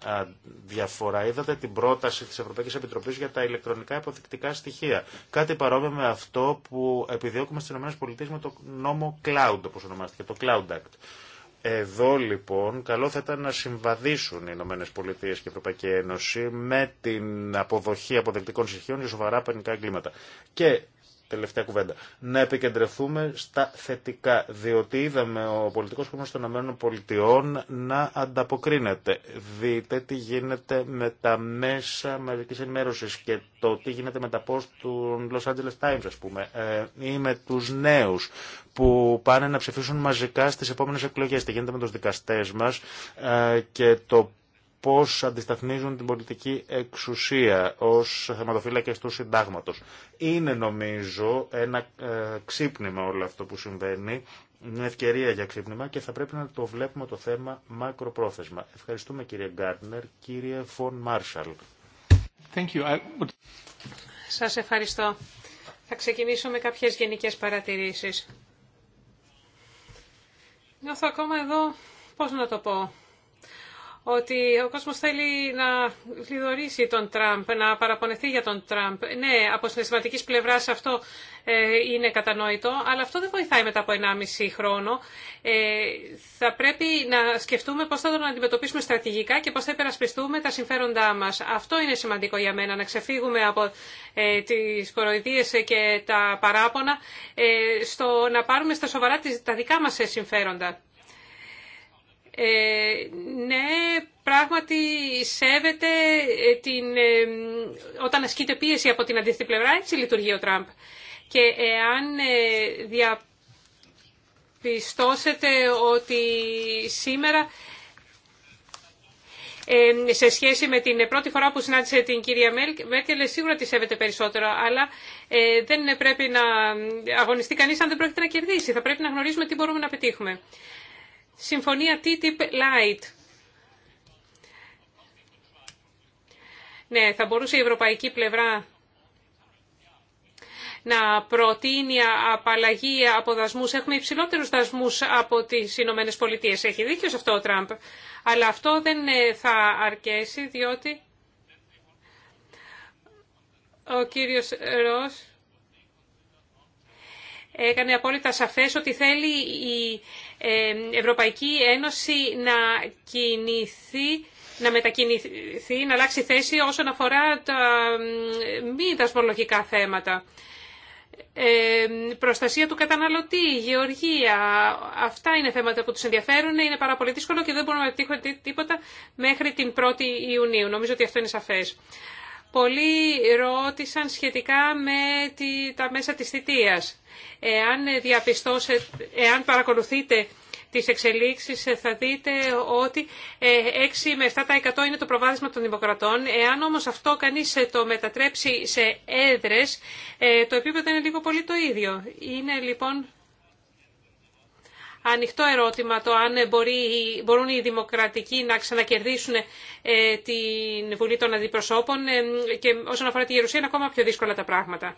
διαφορά. Είδατε την πρόταση της Ευρωπαϊκής Επιτροπής για τα ηλεκτρονικά υποδεικτικά στοιχεία. Κάτι παρόμοιο με αυτό που επιδιώκουμε στις ΗΠΑ με το νόμο Cloud, όπως ονομάστηκε, το Cloud Act. Εδώ λοιπόν καλό θα ήταν να συμβαδίσουν οι ΗΠΑ και η Ευρωπαϊκή Ένωση με την αποδοχή αποδεκτικών στοιχείων για σοβαρά πανικά εγκλήματα. Και τελευταία κουβέντα. Να επικεντρεθούμε στα θετικά, διότι είδαμε ο πολιτικός κόσμος των ΗΠΑ να ανταποκρίνεται. Δείτε τι γίνεται με τα μέσα μαζικής ενημέρωσης και το τι γίνεται με τα post του Los Angeles Times, ας πούμε, ε, ή με τους νέους που πάνε να ψηφίσουν μαζικά στις επόμενες εκλογές. Τι γίνεται με τους δικαστές μας ε, και το πώς αντισταθμίζουν την πολιτική εξουσία ως θεματοφύλακες του συντάγματο. Είναι νομίζω ένα ε, ξύπνημα όλο αυτό που συμβαίνει, μια ευκαιρία για ξύπνημα και θα πρέπει να το βλέπουμε το θέμα μακροπρόθεσμα. Ευχαριστούμε κύριε Γκάρντνερ, κύριε Φον Μάρσαλ. Thank Σας ευχαριστώ. Θα ξεκινήσω με κάποιες γενικές παρατηρήσεις. Νιώθω ακόμα εδώ, πώς να το πω, ότι ο κόσμος θέλει να λιδωρήσει τον Τραμπ, να παραπονεθεί για τον Τραμπ. Ναι, από συναισθηματικής πλευρά αυτό ε, είναι κατανόητο, αλλά αυτό δεν βοηθάει μετά από 1,5 χρόνο. Ε, θα πρέπει να σκεφτούμε πώς θα τον αντιμετωπίσουμε στρατηγικά και πώς θα υπερασπιστούμε τα συμφέροντά μας. Αυτό είναι σημαντικό για μένα, να ξεφύγουμε από ε, τις κοροϊδίες και τα παράπονα ε, στο να πάρουμε στα σοβαρά τα δικά μας συμφέροντα. Ε, ναι, πράγματι σέβεται ε, την, ε, όταν ασκείται πίεση από την αντίθετη πλευρά, έτσι λειτουργεί ο Τραμπ. Και εάν διαπιστώσετε ότι σήμερα σε σχέση με την πρώτη φορά που συνάντησε την κυρία Μέρκελ, σίγουρα τη σέβεται περισσότερο, αλλά δεν πρέπει να αγωνιστεί κανείς αν δεν πρόκειται να κερδίσει. Θα πρέπει να γνωρίζουμε τι μπορούμε να πετύχουμε συμφωνία TTIP Light. Ναι, θα μπορούσε η ευρωπαϊκή πλευρά να προτείνει απαλλαγή από δασμού. Έχουμε υψηλότερου δασμού από τις Ηνωμένε Πολιτείε. Έχει δίκιο σε αυτό ο Τραμπ. Αλλά αυτό δεν ε, θα αρκέσει, διότι ο κύριος Ρο έκανε απόλυτα σαφές ότι θέλει η Ευρωπαϊκή Ένωση να κινηθεί να μετακινηθεί, να αλλάξει θέση όσον αφορά τα μη δασμολογικά θέματα. προστασία του καταναλωτή, γεωργία, αυτά είναι θέματα που τους ενδιαφέρουν, είναι πάρα πολύ δύσκολο και δεν μπορούμε να πετύχουμε τίποτα μέχρι την 1η Ιουνίου. Νομίζω ότι αυτό είναι σαφές. Πολλοί ρώτησαν σχετικά με τα μέσα της θητείας. Εάν, διαπιστώσετε, εάν παρακολουθείτε τις εξελίξεις θα δείτε ότι 6 ε, με 7% είναι το προβάδισμα των δημοκρατών. Εάν όμως αυτό κανείς το μετατρέψει σε έδρες, ε, το επίπεδο είναι λίγο πολύ το ίδιο. Είναι λοιπόν ανοιχτό ερώτημα το αν μπορεί, μπορούν οι δημοκρατικοί να ξανακερδίσουν ε, την Βουλή των Αντιπροσώπων ε, και όσον αφορά τη Γερουσία είναι ακόμα πιο δύσκολα τα πράγματα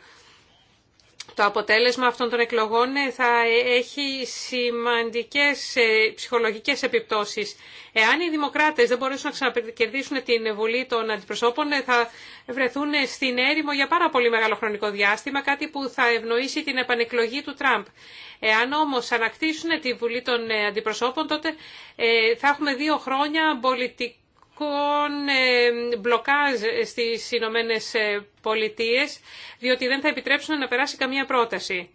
το αποτέλεσμα αυτών των εκλογών ε, θα έχει σημαντικές ε, ψυχολογικές επιπτώσεις. Εάν οι δημοκράτες δεν μπορέσουν να ξανακερδίσουν την Βουλή των Αντιπροσώπων, ε, θα βρεθούν στην έρημο για πάρα πολύ μεγάλο χρονικό διάστημα, κάτι που θα ευνοήσει την επανεκλογή του Τραμπ. Εάν όμως ανακτήσουν τη Βουλή των Αντιπροσώπων, τότε θα έχουμε δύο χρόνια πολιτική πολιτικών ε, μπλοκάζ στις Ηνωμένε Πολιτείε, διότι δεν θα επιτρέψουν να περάσει καμία πρόταση.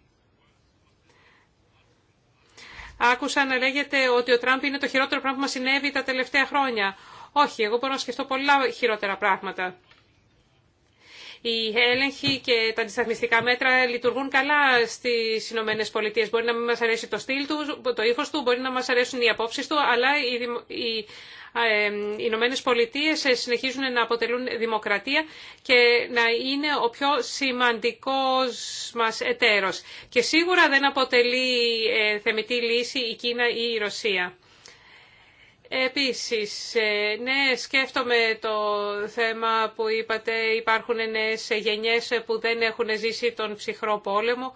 Άκουσα να λέγεται ότι ο Τραμπ είναι το χειρότερο πράγμα που μας συνέβη τα τελευταία χρόνια. Όχι, εγώ μπορώ να σκεφτώ πολλά χειρότερα πράγματα οι έλεγχοι και τα αντισταθμιστικά μέτρα λειτουργούν καλά στι Ηνωμένε Πολιτείε. Μπορεί να μην μα αρέσει το στυλ του, το ύφο του, μπορεί να μα αρέσουν οι απόψει του, αλλά οι Ηνωμένε Πολιτείε ε, συνεχίζουν να αποτελούν δημοκρατία και να είναι ο πιο σημαντικό μας εταίρο. Και σίγουρα δεν αποτελεί ε, θεμητή λύση η Κίνα ή η Ρωσία. Επίσης, ε, ναι, σκέφτομαι το θέμα που είπατε, υπάρχουν νέες γενιές που δεν έχουν ζήσει τον ψυχρό πόλεμο.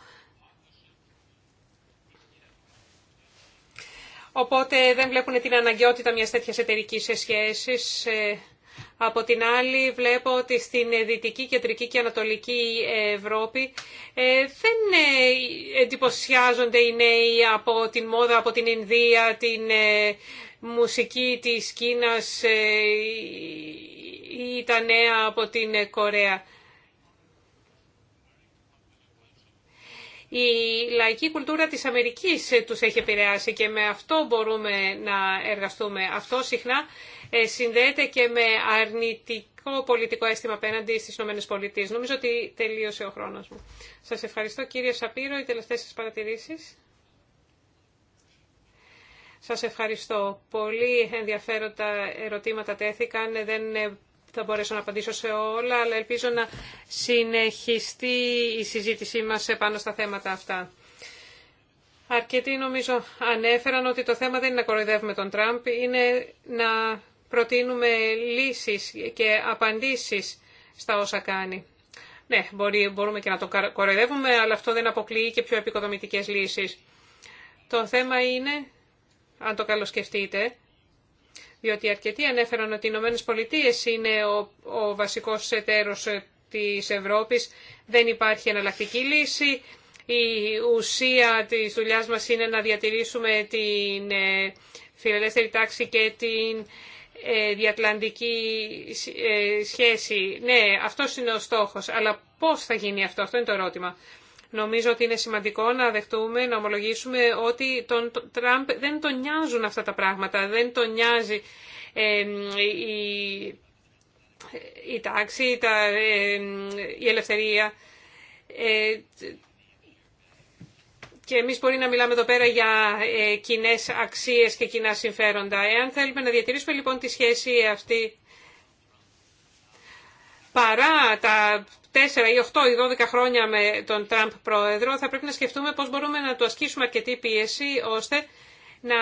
Οπότε δεν βλέπουν την αναγκαιότητα μιας τέτοιας εταιρικής σχέσης. Ε, από την άλλη βλέπω ότι στην Δυτική, Κεντρική και Ανατολική Ευρώπη ε, δεν ε, εντυπωσιάζονται οι νέοι από την μόδα, από την Ινδία, την ε, μουσική της Κίνας ή τα νέα από την Κορέα. Η λαϊκή κουλτούρα της Αμερικής τους έχει επηρεάσει και με αυτό μπορούμε να εργαστούμε. Αυτό συχνά ε, συνδέεται και με αρνητικό πολιτικό αίσθημα απέναντι στι ΗΠΑ. Νομίζω ότι τελείωσε ο χρόνος μου. Σας ευχαριστώ κύριε Σαπύρο. Οι τελευταίε σα παρατηρήσει. Σας ευχαριστώ. Πολύ ενδιαφέροντα ερωτήματα τέθηκαν. Δεν ε, θα μπορέσω να απαντήσω σε όλα, αλλά ελπίζω να συνεχιστεί η συζήτησή μα πάνω στα θέματα αυτά. Αρκετοί νομίζω ανέφεραν ότι το θέμα δεν είναι να κοροϊδεύουμε τον Τραμπ, είναι να προτείνουμε λύσεις και απαντήσεις στα όσα κάνει. Ναι, μπορούμε και να το κοροϊδεύουμε, αλλά αυτό δεν αποκλείει και πιο επικοδομητικές λύσεις. Το θέμα είναι, αν το καλοσκεφτείτε, διότι αρκετοί ανέφεραν ότι οι Ηνωμένε Πολιτείε είναι ο, ο βασικός εταίρος ε, της Ευρώπης, δεν υπάρχει εναλλακτική λύση. Η ουσία της δουλειάς μας είναι να διατηρήσουμε την ε, φιλελεύθερη τάξη και την ε, διατλαντική ε, σχέση. Ναι, αυτό είναι ο στόχος, αλλά πώς θα γίνει αυτό, αυτό είναι το ερώτημα. Νομίζω ότι είναι σημαντικό να δεχτούμε, να ομολογήσουμε ότι τον Τραμπ δεν τον νοιάζουν αυτά τα πράγματα, δεν τον νοιάζει η, η τάξη, τα, η ελευθερία. Ε, και εμείς μπορεί να μιλάμε εδώ πέρα για ε, κοινέ αξίες και κοινά συμφέροντα. Εάν θέλουμε να διατηρήσουμε λοιπόν τη σχέση αυτή παρά τα τέσσερα ή 8 ή 12 χρόνια με τον Τραμπ πρόεδρο, θα πρέπει να σκεφτούμε πώς μπορούμε να του ασκήσουμε αρκετή πίεση, ώστε να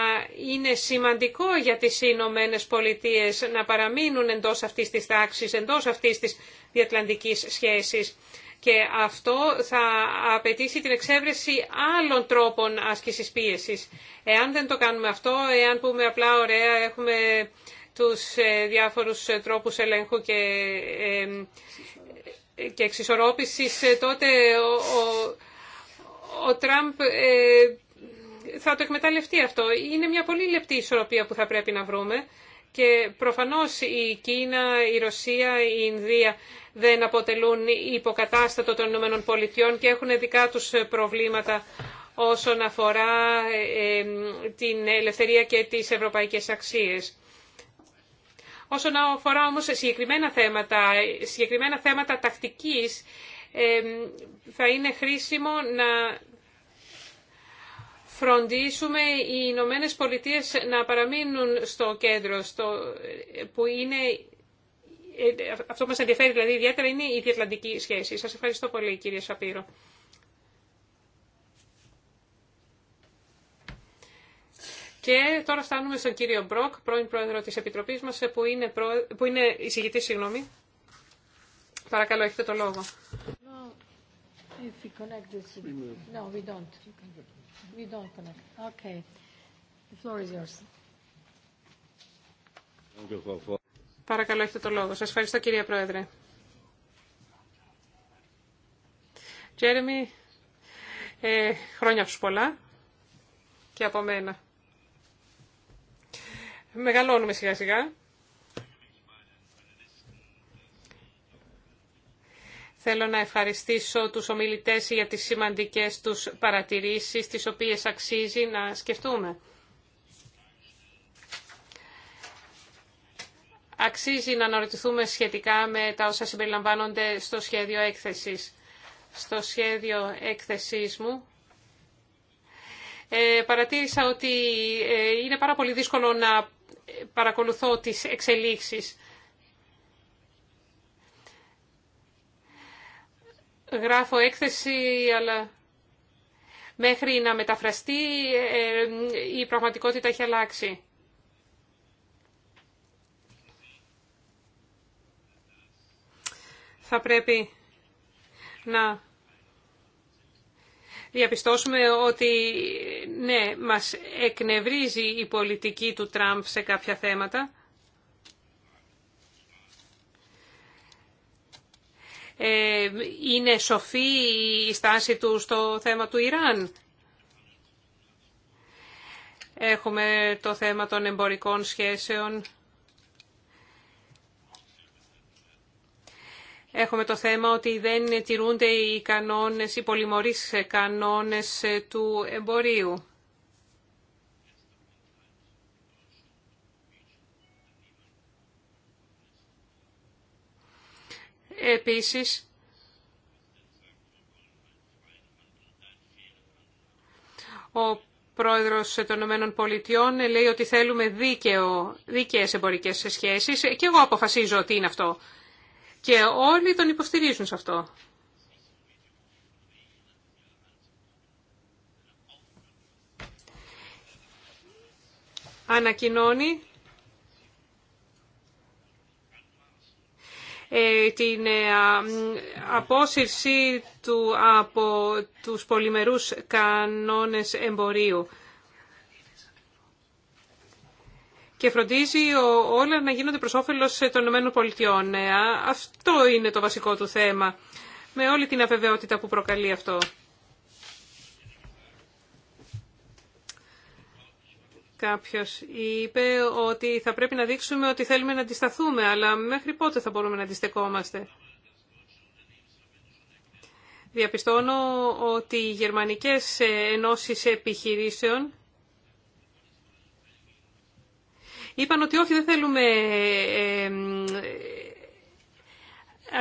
είναι σημαντικό για τις Ηνωμένε Πολιτείε να παραμείνουν εντός αυτής της τάξης, εντός αυτής της διατλαντικής σχέσης και αυτό θα απαιτήσει την εξέβρεση άλλων τρόπων άσκησης πίεσης. Εάν δεν το κάνουμε αυτό, εάν πούμε απλά ωραία έχουμε τους ε, διάφορους ε, τρόπους ελέγχου και, ε, και εξισορρόπησης, τότε ο, ο, ο Τραμπ ε, θα το εκμεταλλευτεί αυτό. Είναι μια πολύ λεπτή ισορροπία που θα πρέπει να βρούμε. Και προφανώς η Κίνα, η Ρωσία, η Ινδία δεν αποτελούν υποκατάστατο των Ηνωμένων Πολιτειών και έχουν δικά τους προβλήματα όσον αφορά ε, ε, την ελευθερία και τις ευρωπαϊκές αξίες. Όσον αφορά όμως συγκεκριμένα θέματα, συγκεκριμένα θέματα τακτικής, ε, θα είναι χρήσιμο να φροντίσουμε οι Ηνωμένε Πολιτείε να παραμείνουν στο κέντρο, στο, που είναι, αυτό που μας ενδιαφέρει δηλαδή ιδιαίτερα είναι η διατλαντική σχέση. Σας ευχαριστώ πολύ κύριε Σαπύρο. Και τώρα φτάνουμε στον κύριο Μπροκ, πρώην πρόεδρο της Επιτροπής μας, που είναι, προ... που είναι εισηγητής, συγγνώμη. Παρακαλώ, έχετε το λόγο. No, We don't connect. Okay. The floor is yours. Παρακαλώ, έχετε το λόγο. Σας ευχαριστώ, κυρία Πρόεδρε. Τζέρεμι, ε, χρόνια σου πολλά και από μένα. Μεγαλώνουμε σιγά σιγά. Θέλω να ευχαριστήσω τους ομιλητές για τις σημαντικές τους παρατηρήσεις, τις οποίες αξίζει να σκεφτούμε. Αξίζει να αναρωτηθούμε σχετικά με τα όσα συμπεριλαμβάνονται στο σχέδιο έκθεσης. Στο σχέδιο έκθεσής μου ε, παρατήρησα ότι ε, είναι πάρα πολύ δύσκολο να παρακολουθώ τις εξελίξεις. γράφω έκθεση, αλλά μέχρι να μεταφραστεί ε, η πραγματικότητα έχει αλλάξει. Θα πρέπει να διαπιστώσουμε ότι ναι, μας εκνευρίζει η πολιτική του Τραμπ σε κάποια θέματα. Ε, είναι σοφή η στάση του στο θέμα του Ιράν. Έχουμε το θέμα των εμπορικών σχέσεων. Έχουμε το θέμα ότι δεν τηρούνται οι κανόνες, οι πολυμορείς κανόνες του εμπορίου. επίσης ο πρόεδρος των Ηνωμένων Πολιτειών λέει ότι θέλουμε δίκαιο, δίκαιες εμπορικές σχέσεις και εγώ αποφασίζω ότι είναι αυτό. Και όλοι τον υποστηρίζουν σε αυτό. Ανακοινώνει Ε, την ε, απόσυρση του από τους πολυμερούς κανόνες εμπορίου. και φροντίζει όλα να γίνονται προς όφελος των Πολιτειών ε, Αυτό είναι το βασικό του θέμα, με όλη την αβεβαιότητα που προκαλεί αυτό. Κάποιος είπε ότι θα πρέπει να δείξουμε ότι θέλουμε να αντισταθούμε, αλλά μέχρι πότε θα μπορούμε να αντιστεκόμαστε. Διαπιστώνω ότι οι γερμανικές ενώσεις επιχειρήσεων είπαν ότι όχι δεν θέλουμε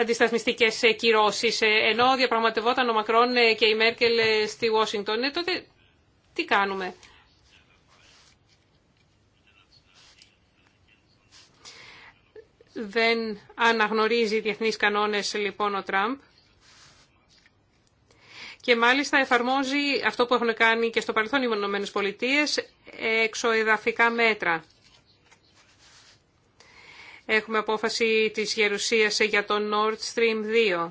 αντισταθμιστικές κυρώσεις, ενώ διαπραγματευόταν ο Μακρόν και η Μέρκελ στη Ουάσιγκτον. Ε, τότε τι κάνουμε. Δεν αναγνωρίζει διεθνείς κανόνες λοιπόν ο Τραμπ και μάλιστα εφαρμόζει αυτό που έχουν κάνει και στο παρελθόν οι Ηνωμένες Πολιτείες εξοεδαφικά μέτρα. Έχουμε απόφαση της Γερουσίας για το Nord Stream 2.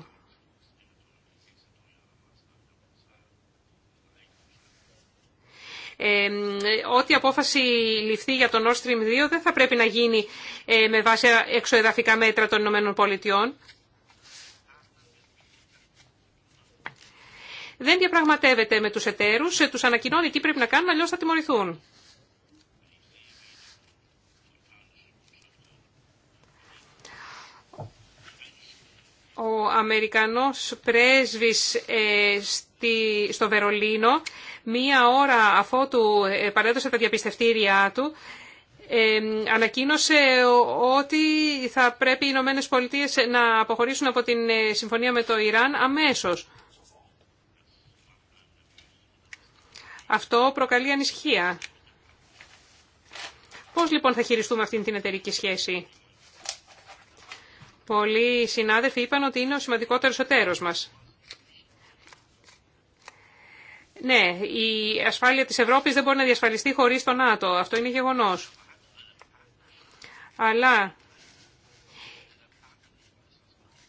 ό,τι απόφαση ληφθεί για τον Nord Stream 2 δεν θα πρέπει να γίνει ε, με βάση ε, εξωεδαφικά μέτρα των Ηνωμένων Πολιτειών. Δεν διαπραγματεύεται με τους εταίρους, ε, τους ανακοινώνει τι πρέπει να κάνουν, αλλιώς θα τιμωρηθούν. Ο Αμερικανός πρέσβης στο Βερολίνο μία ώρα αφότου ε, παρέδωσε τα διαπιστευτήριά του, ε, ανακοίνωσε ότι θα πρέπει οι Ηνωμένε Πολιτείε να αποχωρήσουν από την ε, συμφωνία με το Ιράν αμέσως. Αυτό προκαλεί ανησυχία. Πώς λοιπόν θα χειριστούμε αυτήν την εταιρική σχέση. Πολλοί συνάδελφοι είπαν ότι είναι ο σημαντικότερος εταίρος μας. Ναι, η ασφάλεια της Ευρώπης δεν μπορεί να διασφαλιστεί χωρίς το ΝΑΤΟ. Αυτό είναι γεγονός. Αλλά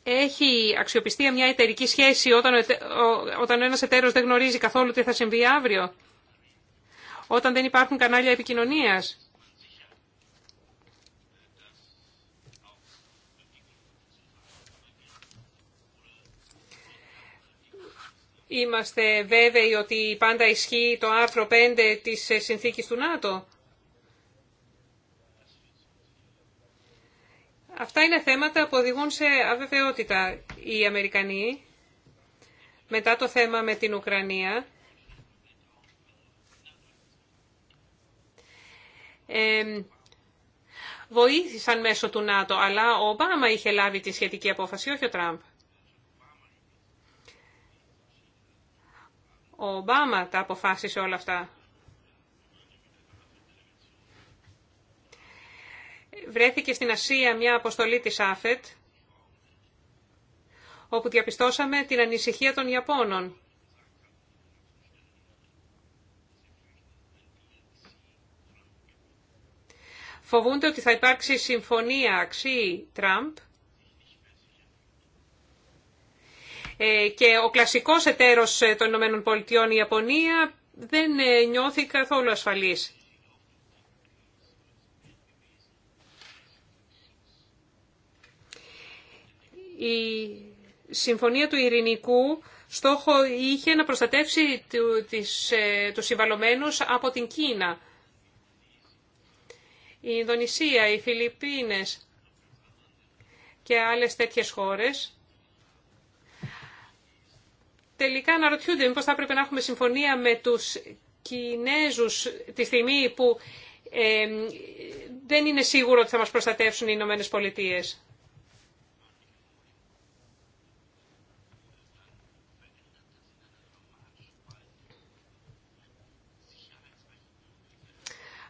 έχει αξιοπιστία μια εταιρική σχέση όταν, ο, όταν ένας εταίρος δεν γνωρίζει καθόλου τι θα συμβεί αύριο. Όταν δεν υπάρχουν κανάλια επικοινωνίας. Είμαστε βέβαιοι ότι πάντα ισχύει το άρθρο 5 της συνθήκης του ΝΑΤΟ. Αυτά είναι θέματα που οδηγούν σε αβεβαιότητα. Οι Αμερικανοί, μετά το θέμα με την Ουκρανία, βοήθησαν μέσω του ΝΑΤΟ, αλλά ο Ομπάμα είχε λάβει τη σχετική απόφαση, όχι ο Τραμπ. Ο Ομπάμα τα αποφάσισε όλα αυτά. Βρέθηκε στην Ασία μια αποστολή της ΑΦΕΤ, όπου διαπιστώσαμε την ανησυχία των Ιαπώνων. Φοβούνται ότι θα υπάρξει συμφωνία αξί Τραμπ Ε, και ο κλασικός εταίρος ε, των ΗΠΑ, η Ιαπωνία, δεν ε, νιώθει καθόλου ασφαλής. Η Συμφωνία του Ειρηνικού στόχο είχε να προστατεύσει τους συμβαλωμένους από την Κίνα. Η Ινδονησία, οι Φιλιππίνες και άλλες τέτοιες χώρες τελικά αναρωτιούνται μήπως θα πρέπει να έχουμε συμφωνία με τους Κινέζους τη στιγμή που ε, δεν είναι σίγουρο ότι θα μας προστατεύσουν οι Ηνωμένε Πολιτείε.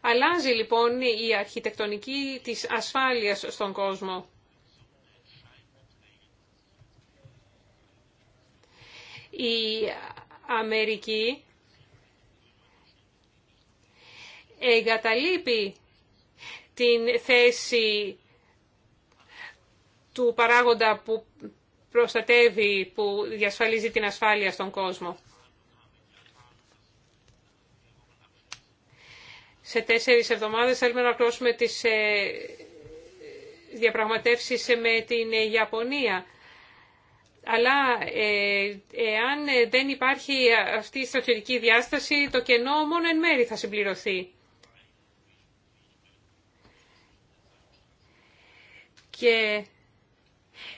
Αλλάζει λοιπόν η αρχιτεκτονική της ασφάλειας στον κόσμο. Η Αμερική εγκαταλείπει την θέση του παράγοντα που προστατεύει, που διασφαλίζει την ασφάλεια στον κόσμο. Σε τέσσερις εβδομάδες θέλουμε να κλώσουμε τις ε, διαπραγματεύσεις με την Ιαπωνία αλλά ε, εάν ε, δεν υπάρχει αυτή η στρατιωτική διάσταση, το κενό μόνο εν μέρη θα συμπληρωθεί. Και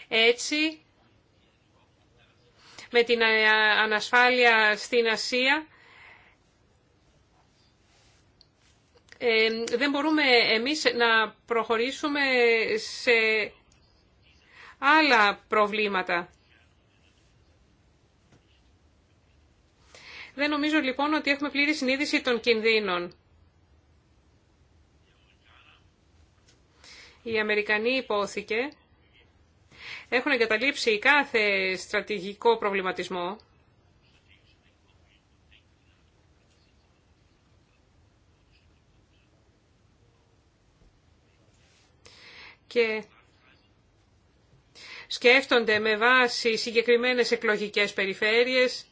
έτσι, με την ε, ανασφάλεια στην Ασία, δεν μπορούμε εμείς να προχωρήσουμε σε άλλα προβλήματα. Δεν νομίζω λοιπόν ότι έχουμε πλήρη συνείδηση των κινδύνων. Οι Αμερικανοί υπόθηκε έχουν εγκαταλείψει κάθε στρατηγικό προβληματισμό και σκέφτονται με βάση συγκεκριμένες εκλογικές περιφέρειες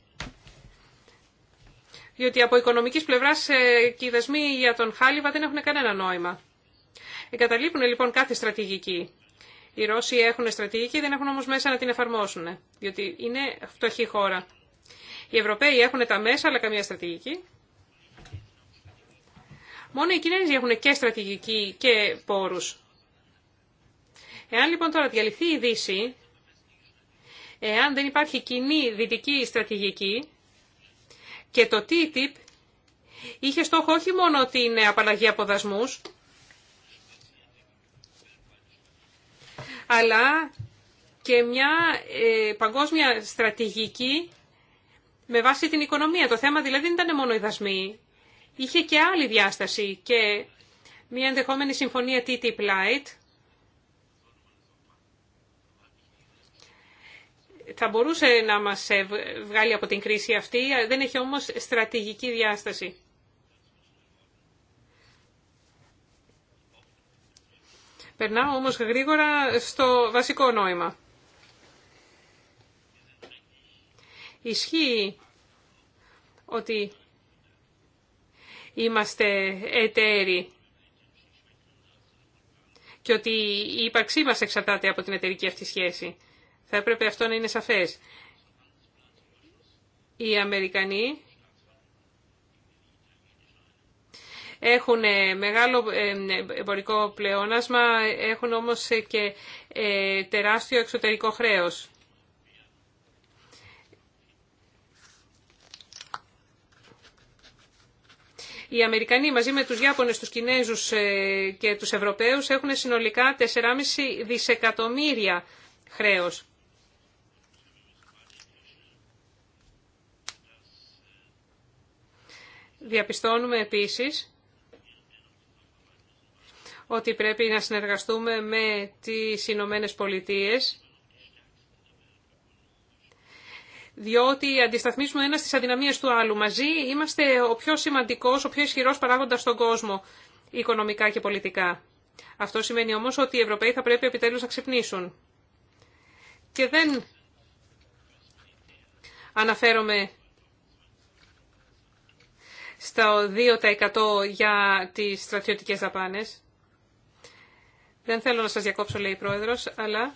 διότι από οικονομικής πλευράς ε, και οι δεσμοί για τον Χάλιβα δεν έχουν κανένα νόημα. Εγκαταλείπουν λοιπόν κάθε στρατηγική. Οι Ρώσοι έχουν στρατηγική, δεν έχουν όμως μέσα να την εφαρμόσουν, διότι είναι φτωχή χώρα. Οι Ευρωπαίοι έχουν τα μέσα, αλλά καμία στρατηγική. Μόνο οι Κινέζοι έχουν και στρατηγική και πόρους. Εάν λοιπόν τώρα διαλυθεί η Δύση, εάν δεν υπάρχει κοινή δυτική στρατηγική, και το TTIP είχε στόχο όχι μόνο την απαλλαγή από δασμούς, αλλά και μια ε, παγκόσμια στρατηγική με βάση την οικονομία. Το θέμα δηλαδή δεν ήταν μόνο οι δασμοί. Είχε και άλλη διάσταση και μια ενδεχόμενη συμφωνία TTIP Lite. θα μπορούσε να μας βγάλει από την κρίση αυτή, δεν έχει όμως στρατηγική διάσταση. Περνάω όμως γρήγορα στο βασικό νόημα. Ισχύει ότι είμαστε εταίροι και ότι η ύπαρξή μας εξαρτάται από την εταιρική αυτή σχέση. Θα έπρεπε αυτό να είναι σαφές. Οι Αμερικανοί έχουν ε, μεγάλο ε, εμπορικό πλεόνασμα, έχουν όμως ε, και τεράστιο εξωτερικό χρέος. Οι Αμερικανοί μαζί με τους Ιάπωνες, τους Κινέζους και τους Ευρωπαίους έχουν συνολικά 4,5 δισεκατομμύρια χρέος. Διαπιστώνουμε επίσης ότι πρέπει να συνεργαστούμε με τις Ηνωμένε Πολιτείες διότι αντισταθμίζουμε ένα στις αδυναμίες του άλλου. Μαζί είμαστε ο πιο σημαντικός, ο πιο ισχυρός παράγοντας στον κόσμο, οικονομικά και πολιτικά. Αυτό σημαίνει όμως ότι οι Ευρωπαίοι θα πρέπει επιτέλους να ξυπνήσουν. Και δεν αναφέρομαι στα 2% για τις στρατιωτικές δαπάνες. Δεν θέλω να σας διακόψω, λέει η Πρόεδρος, αλλά...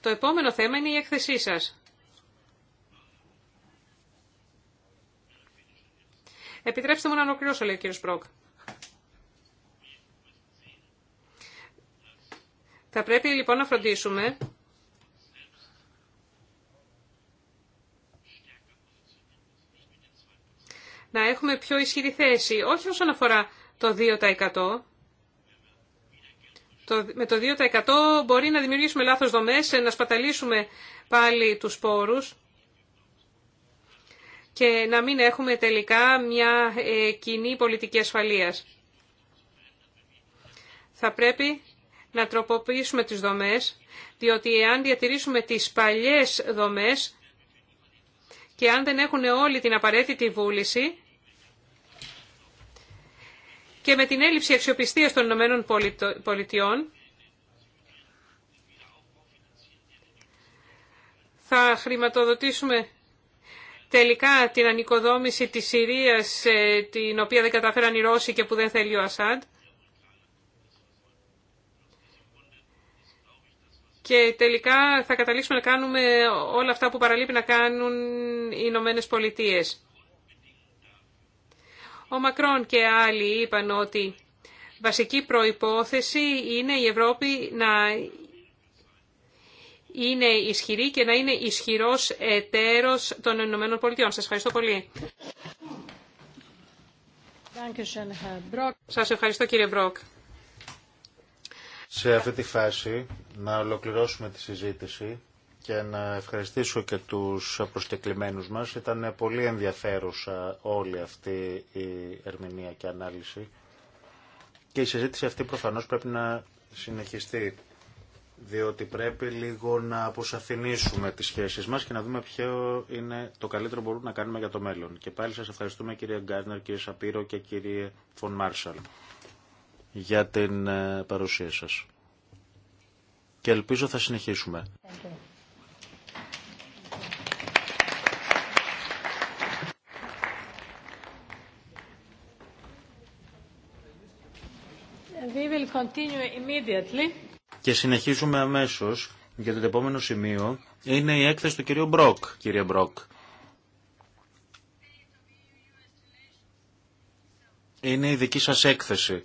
Το επόμενο θέμα είναι η έκθεσή σας. Επιτρέψτε μου να ολοκληρώσω, λέει ο κύριος Σπρόκ. Θα πρέπει λοιπόν να φροντίσουμε να έχουμε πιο ισχυρή θέση, όχι όσον αφορά το 2%. Το, με το 2% μπορεί να δημιουργήσουμε λάθος δομές, να σπαταλήσουμε πάλι τους πόρους και να μην έχουμε τελικά μια ε, κοινή πολιτική ασφαλείας. Θα πρέπει να τροποποιήσουμε τις δομές, διότι εάν διατηρήσουμε τις παλιές δομές, και αν δεν έχουν όλοι την απαραίτητη βούληση και με την έλλειψη αξιοπιστίας των Ηνωμένων Πολιτειών θα χρηματοδοτήσουμε τελικά την ανοικοδόμηση της Συρίας ε, την οποία δεν καταφέραν οι Ρώσοι και που δεν θέλει ο Ασάντ και τελικά θα καταλήξουμε να κάνουμε όλα αυτά που παραλείπει να κάνουν οι Ηνωμένε Πολιτείε. Ο Μακρόν και άλλοι είπαν ότι βασική προϋπόθεση είναι η Ευρώπη να είναι ισχυρή και να είναι ισχυρός εταίρος των Ηνωμένων Πολιτειών. Σας ευχαριστώ πολύ. Σας ευχαριστώ κύριε Μπρόκ. Σε αυτή τη φάση να ολοκληρώσουμε τη συζήτηση και να ευχαριστήσω και τους προσκεκλημένους μας. Ήταν πολύ ενδιαφέρουσα όλη αυτή η ερμηνεία και ανάλυση. Και η συζήτηση αυτή προφανώς πρέπει να συνεχιστεί, διότι πρέπει λίγο να αποσαφηνίσουμε τις σχέσεις μας και να δούμε ποιο είναι το καλύτερο που μπορούμε να κάνουμε για το μέλλον. Και πάλι σας ευχαριστούμε κύριε Γκάρνερ, κύριε Σαπύρο και κύριε Φων Μάρσαλ για την ε, παρουσία σας. Και ελπίζω θα συνεχίσουμε. Και συνεχίζουμε αμέσως για το επόμενο σημείο. Είναι η έκθεση του κυρίου Μπροκ, κύριε Μπροκ. Είναι η δική σας έκθεση